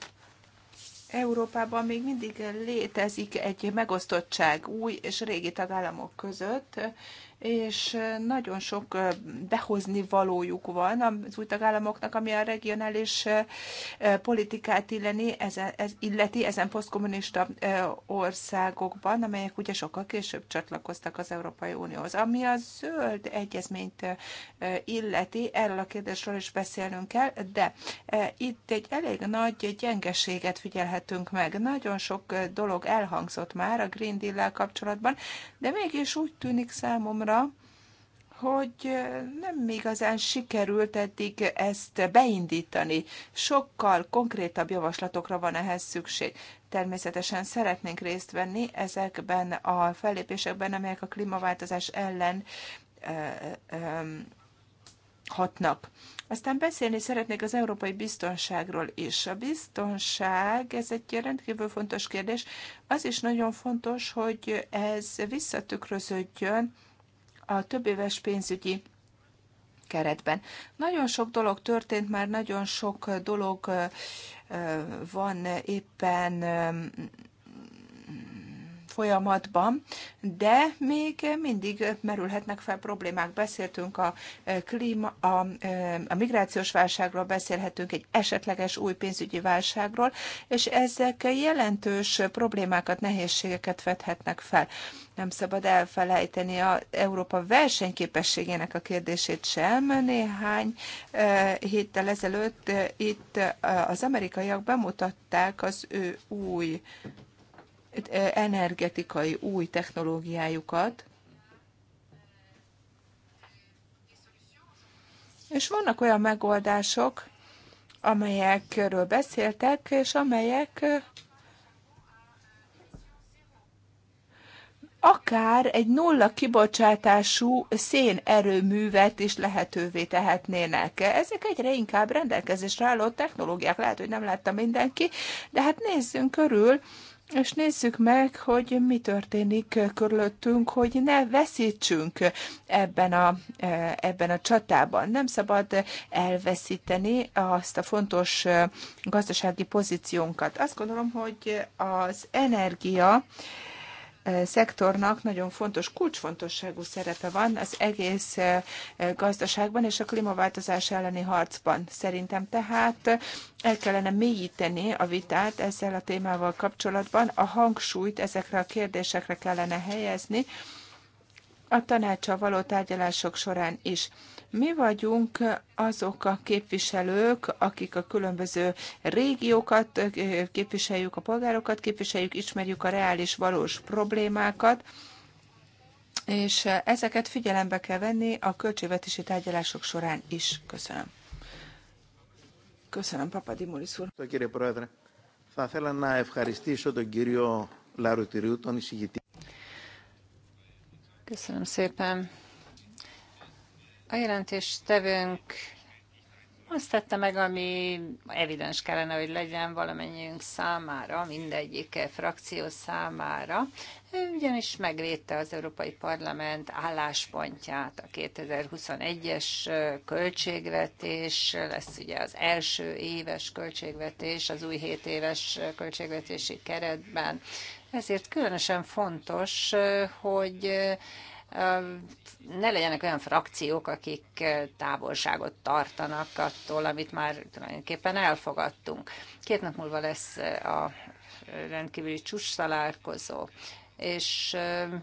Európában még mindig létezik egy megosztottság új és régi tagállamok között, és nagyon sok behozni valójuk van az új tagállamoknak, ami a regionális politikát illeni, ez, ez illeti ezen posztkommunista országokban, amelyek ugye sokkal később csatlakoztak az Európai Unióhoz. Ami a zöld egyezményt illeti, erről a kérdésről is beszélnünk kell, de itt egy elég nagy gyengeséget figyelhetünk meg. Nagyon sok dolog elhangzott már a Green Deal-lel kapcsolatban, de mégis úgy tűnik számomra, számomra, hogy nem igazán sikerült eddig ezt beindítani. Sokkal konkrétabb javaslatokra van ehhez szükség. Természetesen szeretnénk részt venni ezekben a fellépésekben, amelyek a klímaváltozás ellen hatnak. Aztán beszélni szeretnék az európai biztonságról is. A biztonság, ez egy rendkívül fontos kérdés. Az is nagyon fontos, hogy ez visszatükröződjön a éves pénzügyi keretben. Nagyon sok dolog történt, már nagyon sok dolog van éppen folyamatban, de még mindig merülhetnek fel problémák. Beszéltünk a, e, klíma, a, e, a migrációs válságról, beszélhetünk egy esetleges új pénzügyi válságról, és ezek jelentős problémákat, nehézségeket vethetnek fel. Nem szabad elfelejteni a Európa versenyképességének a kérdését sem. Néhány e, héttel ezelőtt itt az amerikaiak bemutatták az ő új energetikai új technológiájukat, és vannak olyan megoldások, amelyekről beszéltek, és amelyek akár egy nulla kibocsátású szénerőművet is lehetővé tehetnének. Ezek egyre inkább rendelkezésre álló technológiák, lehet, hogy nem látta mindenki, de hát nézzünk körül, és nézzük meg, hogy mi történik körülöttünk, hogy ne veszítsünk ebben a, e, ebben a csatában. Nem szabad elveszíteni azt a fontos e, gazdasági pozíciónkat. Azt gondolom, hogy az energia, szektornak nagyon fontos, kulcsfontosságú szerepe van az egész gazdaságban és a klímaváltozás elleni harcban. Szerintem tehát el kellene mélyíteni a vitát ezzel a témával kapcsolatban, a hangsúlyt ezekre a kérdésekre kellene helyezni, a tanácsa való tárgyalások során is. Mi vagyunk azok a képviselők, akik a különböző régiókat eh, képviseljük, a polgárokat képviseljük, ismerjük a reális, valós problémákat, és ezeket figyelembe kell venni a költségvetési tárgyalások során is. Köszönöm. Köszönöm, Dimulis úr. Szóval, szóval Köszönöm szépen. A jelentéstevőnk azt tette meg, ami evidens kellene, hogy legyen valamennyiünk számára, mindegyik frakció számára, ugyanis megvédte az Európai Parlament álláspontját a 2021-es költségvetés, lesz ugye az első éves költségvetés, az új 7 éves költségvetési keretben. Ezért különösen fontos, hogy ne legyenek olyan frakciók, akik távolságot tartanak attól, amit már tulajdonképpen elfogadtunk. Két nap múlva lesz a rendkívüli csúcs találkozó és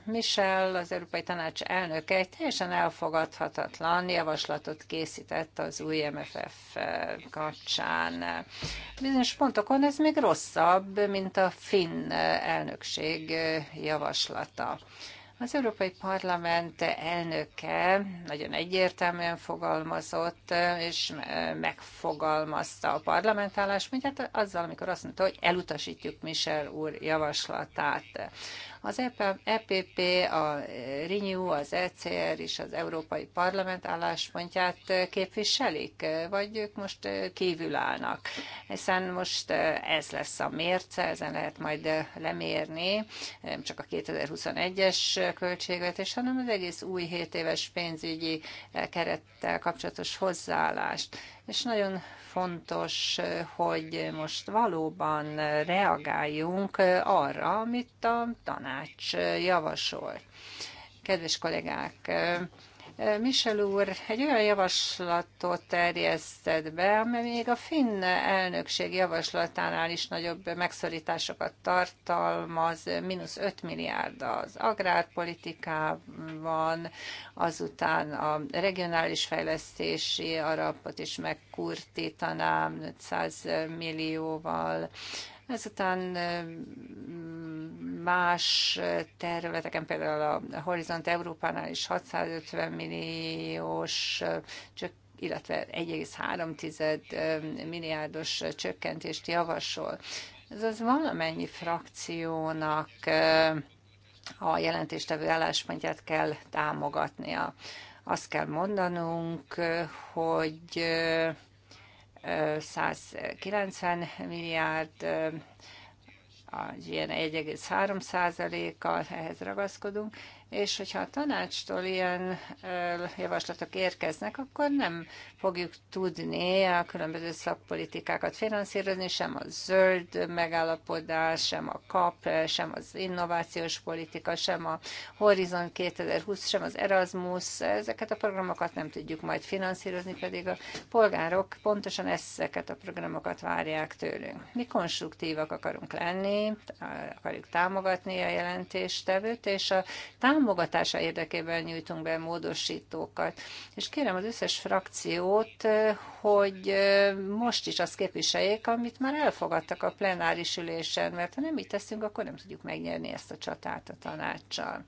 Michel, az Európai Tanács elnöke egy teljesen elfogadhatatlan javaslatot készített az új MFF kapcsán. Bizonyos pontokon ez még rosszabb, mint a finn elnökség javaslata. Az Európai Parlament elnöke nagyon egyértelműen fogalmazott, és megfogalmazta a parlament állásmódját azzal, amikor azt mondta, hogy elutasítjuk Michel úr javaslatát. Az EPP, e a Renew, az ECR és az Európai Parlament álláspontját képviselik, vagy ők most kívül állnak? Hiszen most eh, ez lesz a mérce, ezen lehet majd eh, lemérni, nem csak a 2021-es költségvetés, hanem az egész új 7 éves pénzügyi eh, kerettel kapcsolatos hozzáállást és nagyon fontos, hogy most valóban reagáljunk arra, amit a tanács javasol. Kedves kollégák, Michel úr egy olyan javaslatot terjesztett be, amely még a finn elnökség javaslatánál is nagyobb megszorításokat tartalmaz, mínusz 5 milliárd az agrárpolitikában, azután a regionális fejlesztési arapot is megkurtítanám 500 millióval, Ezután más területeken, például a Horizont Európánál is 650 milliós csök illetve 1,3 milliárdos csökkentést javasol. Ez az valamennyi frakciónak a jelentéstevő álláspontját kell támogatnia. Azt kell mondanunk, hogy 190 milliárd, a GN 1,3 százaléka, ehhez ragaszkodunk, és hogyha a tanácstól ilyen javaslatok érkeznek, akkor nem fogjuk tudni a különböző szakpolitikákat finanszírozni, sem a zöld megállapodás, sem a KAP, sem az innovációs politika, sem a Horizon 2020, sem az Erasmus, ezeket a programokat nem tudjuk majd finanszírozni, pedig a polgárok pontosan ezeket a programokat várják tőlünk. Mi konstruktívak akarunk lenni, akarjuk támogatni a jelentéstevőt, és a támogatása érdekében nyújtunk be módosítókat. És kérem az összes frakciót, eh, hogy eh, most is azt képviseljék, amit már elfogadtak a plenáris ülésen, mert ha nem így teszünk, akkor nem tudjuk megnyerni ezt a csatát a tanácssal.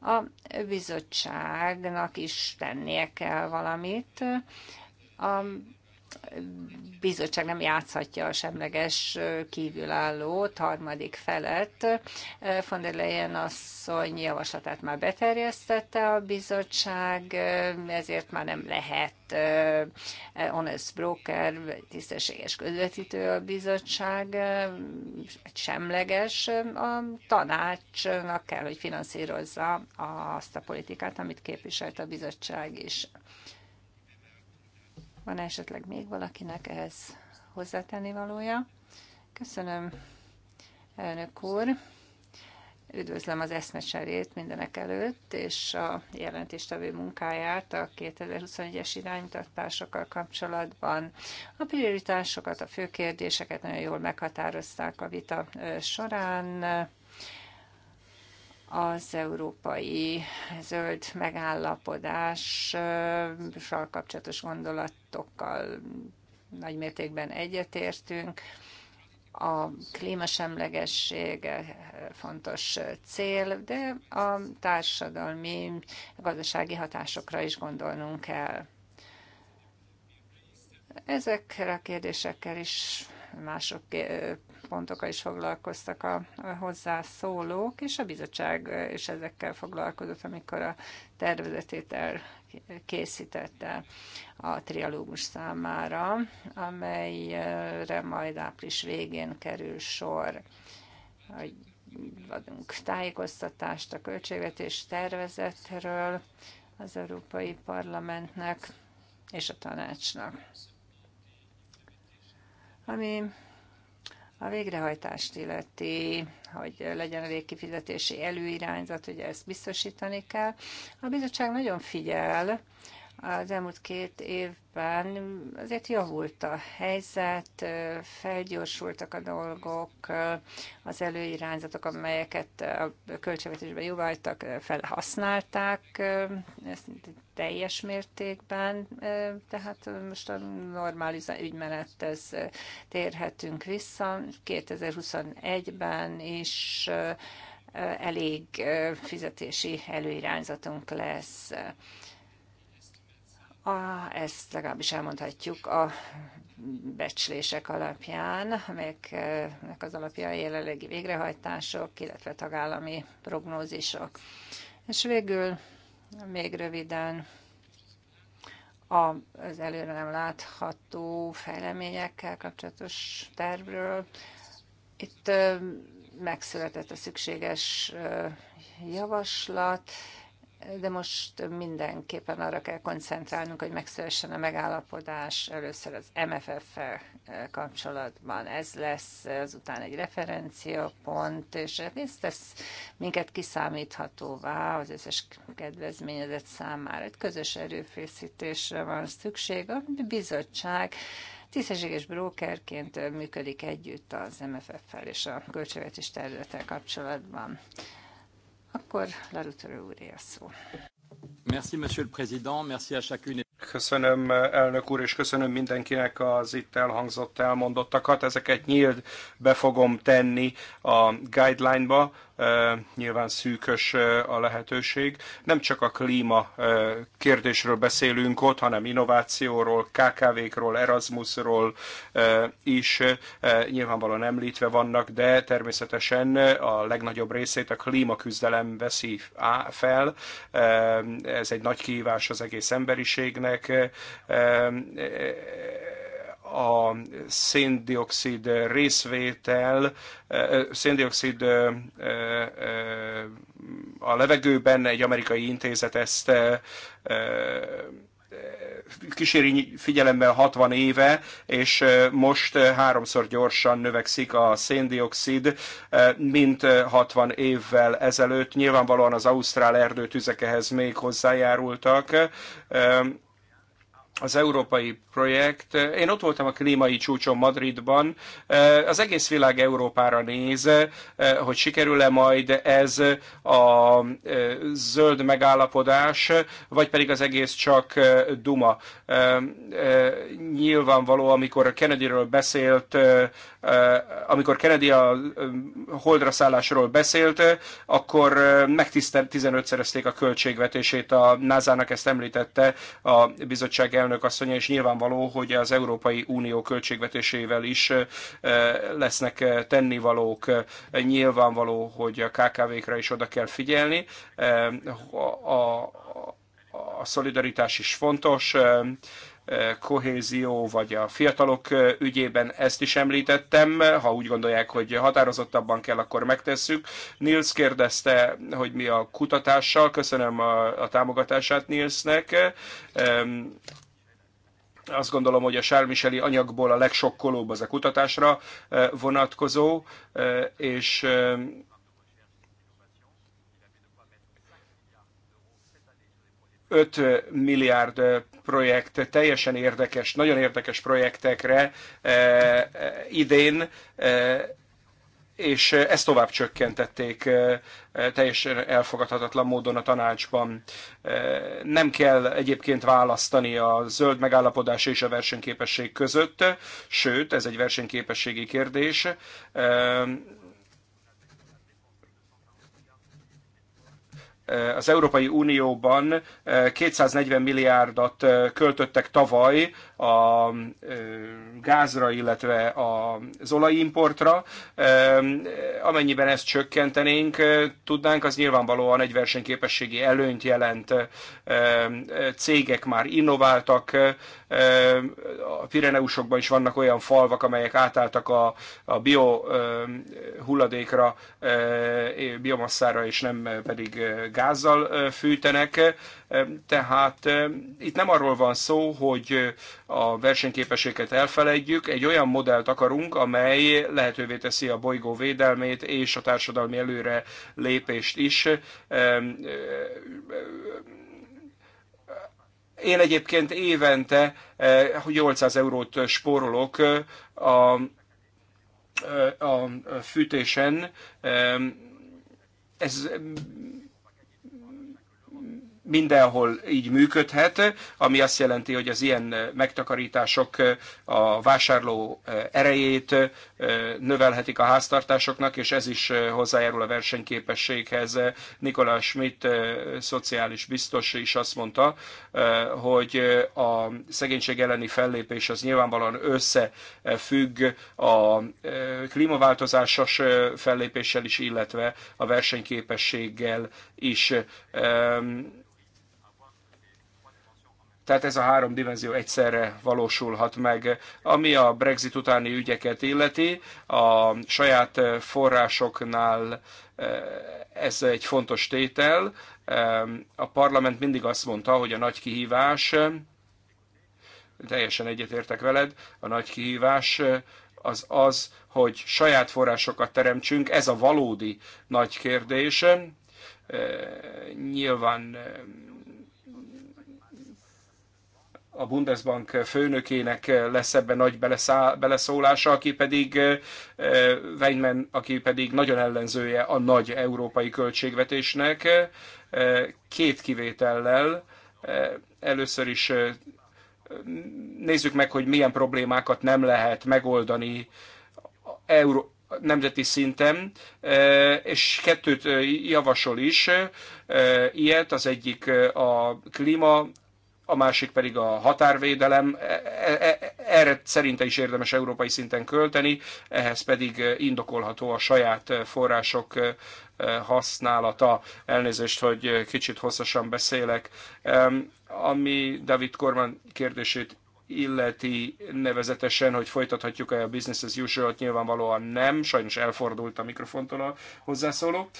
A bizottságnak is tennie kell valamit. A bizottság nem játszhatja a semleges kívülállót, harmadik felett. Von der Leyen asszony javaslatát már beterjesztette a bizottság, ezért már nem lehet honest broker, tisztességes közvetítő a bizottság, semleges. A tanácsnak kell, hogy finanszírozza azt a politikát, amit képviselt a bizottság is. Van -e esetleg még valakinek ehhez hozzátenni valója? Köszönöm, elnök úr. Üdvözlöm az eszmecserét mindenek előtt, és a jelentéstevő munkáját a 2021-es iránymutatásokkal kapcsolatban. A prioritásokat, a fő kérdéseket nagyon jól meghatározták a vita során az európai zöld megállapodással kapcsolatos gondolatokkal nagymértékben egyetértünk. A klímasemlegesség fontos cél, de a társadalmi, gazdasági hatásokra is gondolnunk kell. Ezekre a kérdésekkel is mások pontokkal is foglalkoztak a hozzászólók, és a bizottság is ezekkel foglalkozott, amikor a tervezetét készítette a trialógus számára, amelyre majd április végén kerül sor. Adunk tájékoztatást a költségvetés tervezetről az Európai Parlamentnek és a tanácsnak. Ami a végrehajtást illeti, hogy legyen elég kifizetési előirányzat, ugye ezt biztosítani kell. A bizottság nagyon figyel, az elmúlt két évben azért javult a helyzet, felgyorsultak a dolgok, az előirányzatok, amelyeket a költségvetésben jóváltak, felhasználták ezt teljes mértékben, tehát most a normális ez térhetünk vissza. 2021-ben is elég fizetési előirányzatunk lesz. A, ezt legalábbis elmondhatjuk a becslések alapján, amelyeknek az alapja a jelenlegi végrehajtások, illetve tagállami prognózisok. És végül még röviden az előre nem látható fejleményekkel kapcsolatos tervről. Itt megszületett a szükséges javaslat, de most mindenképpen arra kell koncentrálnunk, hogy megszülessen a megállapodás először az MFF-fel eh, kapcsolatban. Ez lesz azután egy referenciapont, és hát ez tesz minket kiszámíthatóvá az összes kedvezményezett számára. Egy közös erőfészítésre van szükség. A bizottság tisztességes brókerként eh, működik együtt az MFF-fel és a költségvetés területtel kapcsolatban. Akkor Larutor úré a szó. Merci, monsieur le président, merci à chacune. Köszönöm, elnök úr, és köszönöm mindenkinek az itt elhangzott, elmondottakat. Ezeket nyílt be fogom tenni a guideline-ba. Nyilván szűkös a lehetőség. Nem csak a klíma kérdésről beszélünk ott, hanem innovációról, KKV-król, Erasmusról is nyilvánvalóan említve vannak, de természetesen a legnagyobb részét a klímaküzdelem veszi fel. Ez egy nagy kihívás az egész emberiségnek emberek eh, eh, a széndiokszid részvétel, eh, széndiokszid a levegőben, egy amerikai intézet ezt kíséri figyelemmel 60 éve, és most háromszor gyorsan növekszik a széndiokszid, mint 60 évvel ezelőtt. Nyilvánvalóan az ausztrál erdőtüzek ehhez még hozzájárultak az európai projekt. Én ott voltam a klímai csúcson Madridban. Az egész világ Európára néz, hogy sikerül-e majd ez a e, zöld megállapodás, vagy pedig az egész csak e, duma. E, nyilvánvaló, amikor Kennedyről beszélt Eh, amikor Kennedy a eh, holdra szállásról beszélt, eh, akkor megtisztelt 15-szerezték a költségvetését a NASA-nak, ezt említette a bizottság elnök asszonya, és nyilvánvaló, hogy az Európai Unió költségvetésével is lesznek tennivalók. Nyilvánvaló, hogy a KKV-kra is oda kell figyelni. A, a, a szolidaritás is fontos kohézió, vagy a fiatalok ügyében ezt is említettem. Ha úgy gondolják, hogy határozottabban kell, akkor megtesszük. Nils kérdezte, hogy mi a kutatással. Köszönöm a, a támogatását Nilsnek azt gondolom, hogy a Sármiseli anyagból a legsokkolóbb az a kutatásra vonatkozó, és 5 milliárd projekt, teljesen érdekes, nagyon érdekes projektekre idén, és ezt tovább csökkentették teljesen elfogadhatatlan módon a tanácsban. Nem kell egyébként választani a zöld megállapodás és a versenyképesség között, sőt, ez egy versenyképességi kérdés az Európai Unióban 240 eh, milliárdot eh, költöttek tavaly a gázra, illetve az olajimportra. Amennyiben ezt csökkentenénk, tudnánk, az nyilvánvalóan egy versenyképességi előnyt jelent. Cégek már innováltak, a Pireneusokban is vannak olyan falvak, amelyek átálltak a, a bio hulladékra, biomasszára, és nem pedig gázzal fűtenek tehát itt nem arról van szó, hogy a versenyképességet elfelejtjük, egy olyan modellt akarunk, amely lehetővé teszi a bolygó védelmét és a társadalmi előre lépést is. Én egyébként évente 800 e, eurót spórolok a, a fűtésen. Ez mindenhol így működhet, ami azt jelenti, hogy az ilyen megtakarítások a vásárló erejét növelhetik a háztartásoknak, és ez is hozzájárul a versenyképességhez. Nikolás Schmidt, szociális biztos is azt mondta, hogy a szegénység elleni fellépés az nyilvánvalóan összefügg a klímaváltozásos fellépéssel is, illetve a versenyképességgel is. Tehát ez a három dimenzió egyszerre valósulhat meg. Ami a Brexit utáni ügyeket illeti, a saját forrásoknál ez egy fontos tétel. A parlament mindig azt mondta, hogy a nagy kihívás, teljesen egyetértek veled, a nagy kihívás az az, hogy saját forrásokat teremtsünk, ez a valódi nagy kérdés. Nyilván a Bundesbank főnökének lesz ebben nagy beleszólása, aki pedig Weinmann, aki pedig nagyon ellenzője a nagy európai költségvetésnek, két kivétellel. Először is nézzük meg, hogy milyen problémákat nem lehet megoldani euró, nemzeti szinten, és kettőt javasol is ilyet, az egyik a klíma a másik pedig a határvédelem. E, e, e, erre szerinte is érdemes európai szinten költeni, ehhez pedig indokolható a saját források használata. Elnézést, hogy kicsit hosszasan beszélek. Ami David Korman kérdését illeti nevezetesen, hogy folytathatjuk-e a business as usual-t, nyilvánvalóan nem, sajnos elfordult a mikrofontól a hozzászóló.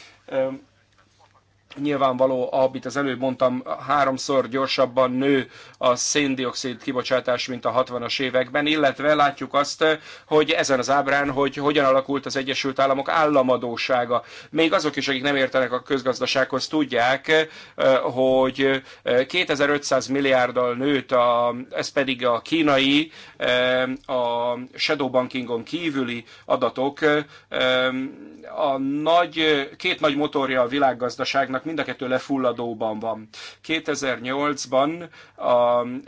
Nyilvánvaló, amit az előbb mondtam, háromszor gyorsabban nő a széndiokszid kibocsátás, mint a 60-as években, illetve látjuk azt, hogy ezen az ábrán, hogy hogyan alakult az Egyesült Államok államadósága. Még azok is, akik nem értenek a közgazdasághoz, tudják, hogy 2500 milliárddal nőtt, a, ez pedig a kínai, a shadow bankingon kívüli adatok. A nagy, két nagy motorja a világgazdaságnak, mind a kettő lefulladóban van. 2008-ban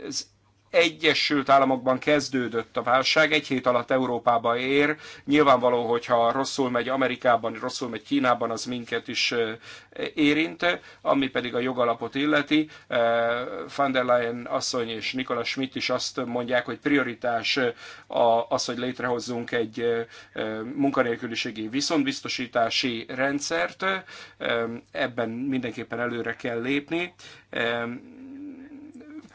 az Egyesült Államokban kezdődött a válság, egy hét alatt Európába ér. Nyilvánvaló, hogyha rosszul megy Amerikában, rosszul megy Kínában, az minket is érint, ami pedig a jogalapot illeti. Van der Leyen asszony és Nikola Schmidt is azt mondják, hogy prioritás az, hogy létrehozzunk egy munkanélküliségi viszontbiztosítási rendszert. Ebben mindenképpen előre kell lépni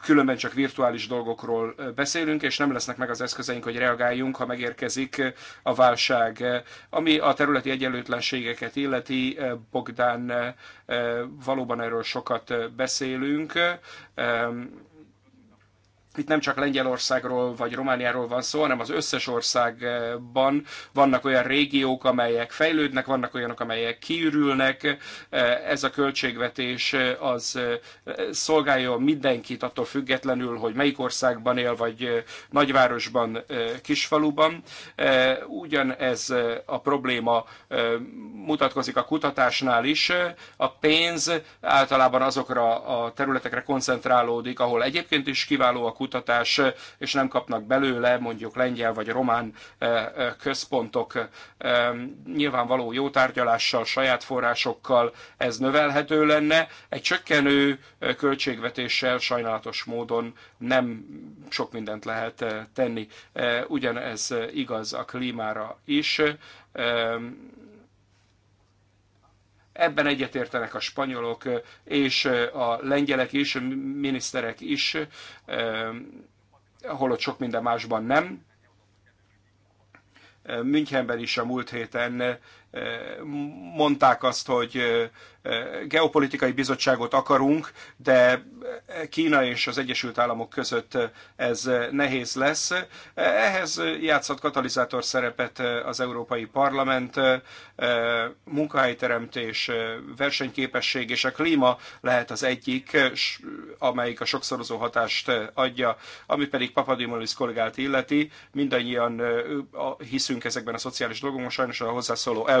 különben csak virtuális dolgokról beszélünk, és nem lesznek meg az eszközeink, hogy reagáljunk, ha megérkezik a válság. Ami a területi egyenlőtlenségeket illeti, Bogdán valóban erről sokat beszélünk itt nem csak Lengyelországról vagy Romániáról van szó, hanem az összes országban vannak olyan régiók, amelyek fejlődnek, vannak olyanok, amelyek kiürülnek. Ez a költségvetés az szolgálja mindenkit attól függetlenül, hogy melyik országban él, vagy nagyvárosban, kisfaluban. Ugyanez a probléma mutatkozik a kutatásnál is. A pénz általában azokra a területekre koncentrálódik, ahol egyébként is kiváló a kutatás, eh, és nem kapnak belőle mondjuk lengyel vagy román eh, eh, központok. Nyilvánvaló jó tárgyalással, saját forrásokkal ez növelhető lenne. Egy csökkenő költségvetéssel sajnálatos módon nem sok mindent lehet tenni. Ugyanez igaz a klímára is Ebben egyetértenek a spanyolok és a lengyelek is, a miniszterek is, holott sok minden másban nem. Münchenben is a múlt héten mondták azt, hogy geopolitikai bizottságot akarunk, de Kína és az Egyesült Államok között ez nehéz lesz. Ehhez játszott katalizátor szerepet az Európai Parlament, munkahelyteremtés, versenyképesség és a klíma lehet az egyik, amelyik a sokszorozó hatást adja, ami pedig Papadimolis kollégát illeti. Mindannyian hiszünk ezekben a szociális dolgokban, sajnos a hozzászóló el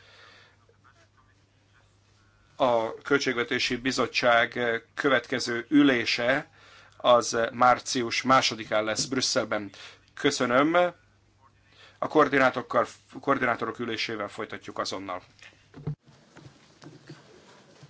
a Költségvetési Bizottság következő ülése az március másodikán lesz Brüsszelben. Köszönöm. A koordinátorok ülésével folytatjuk azonnal.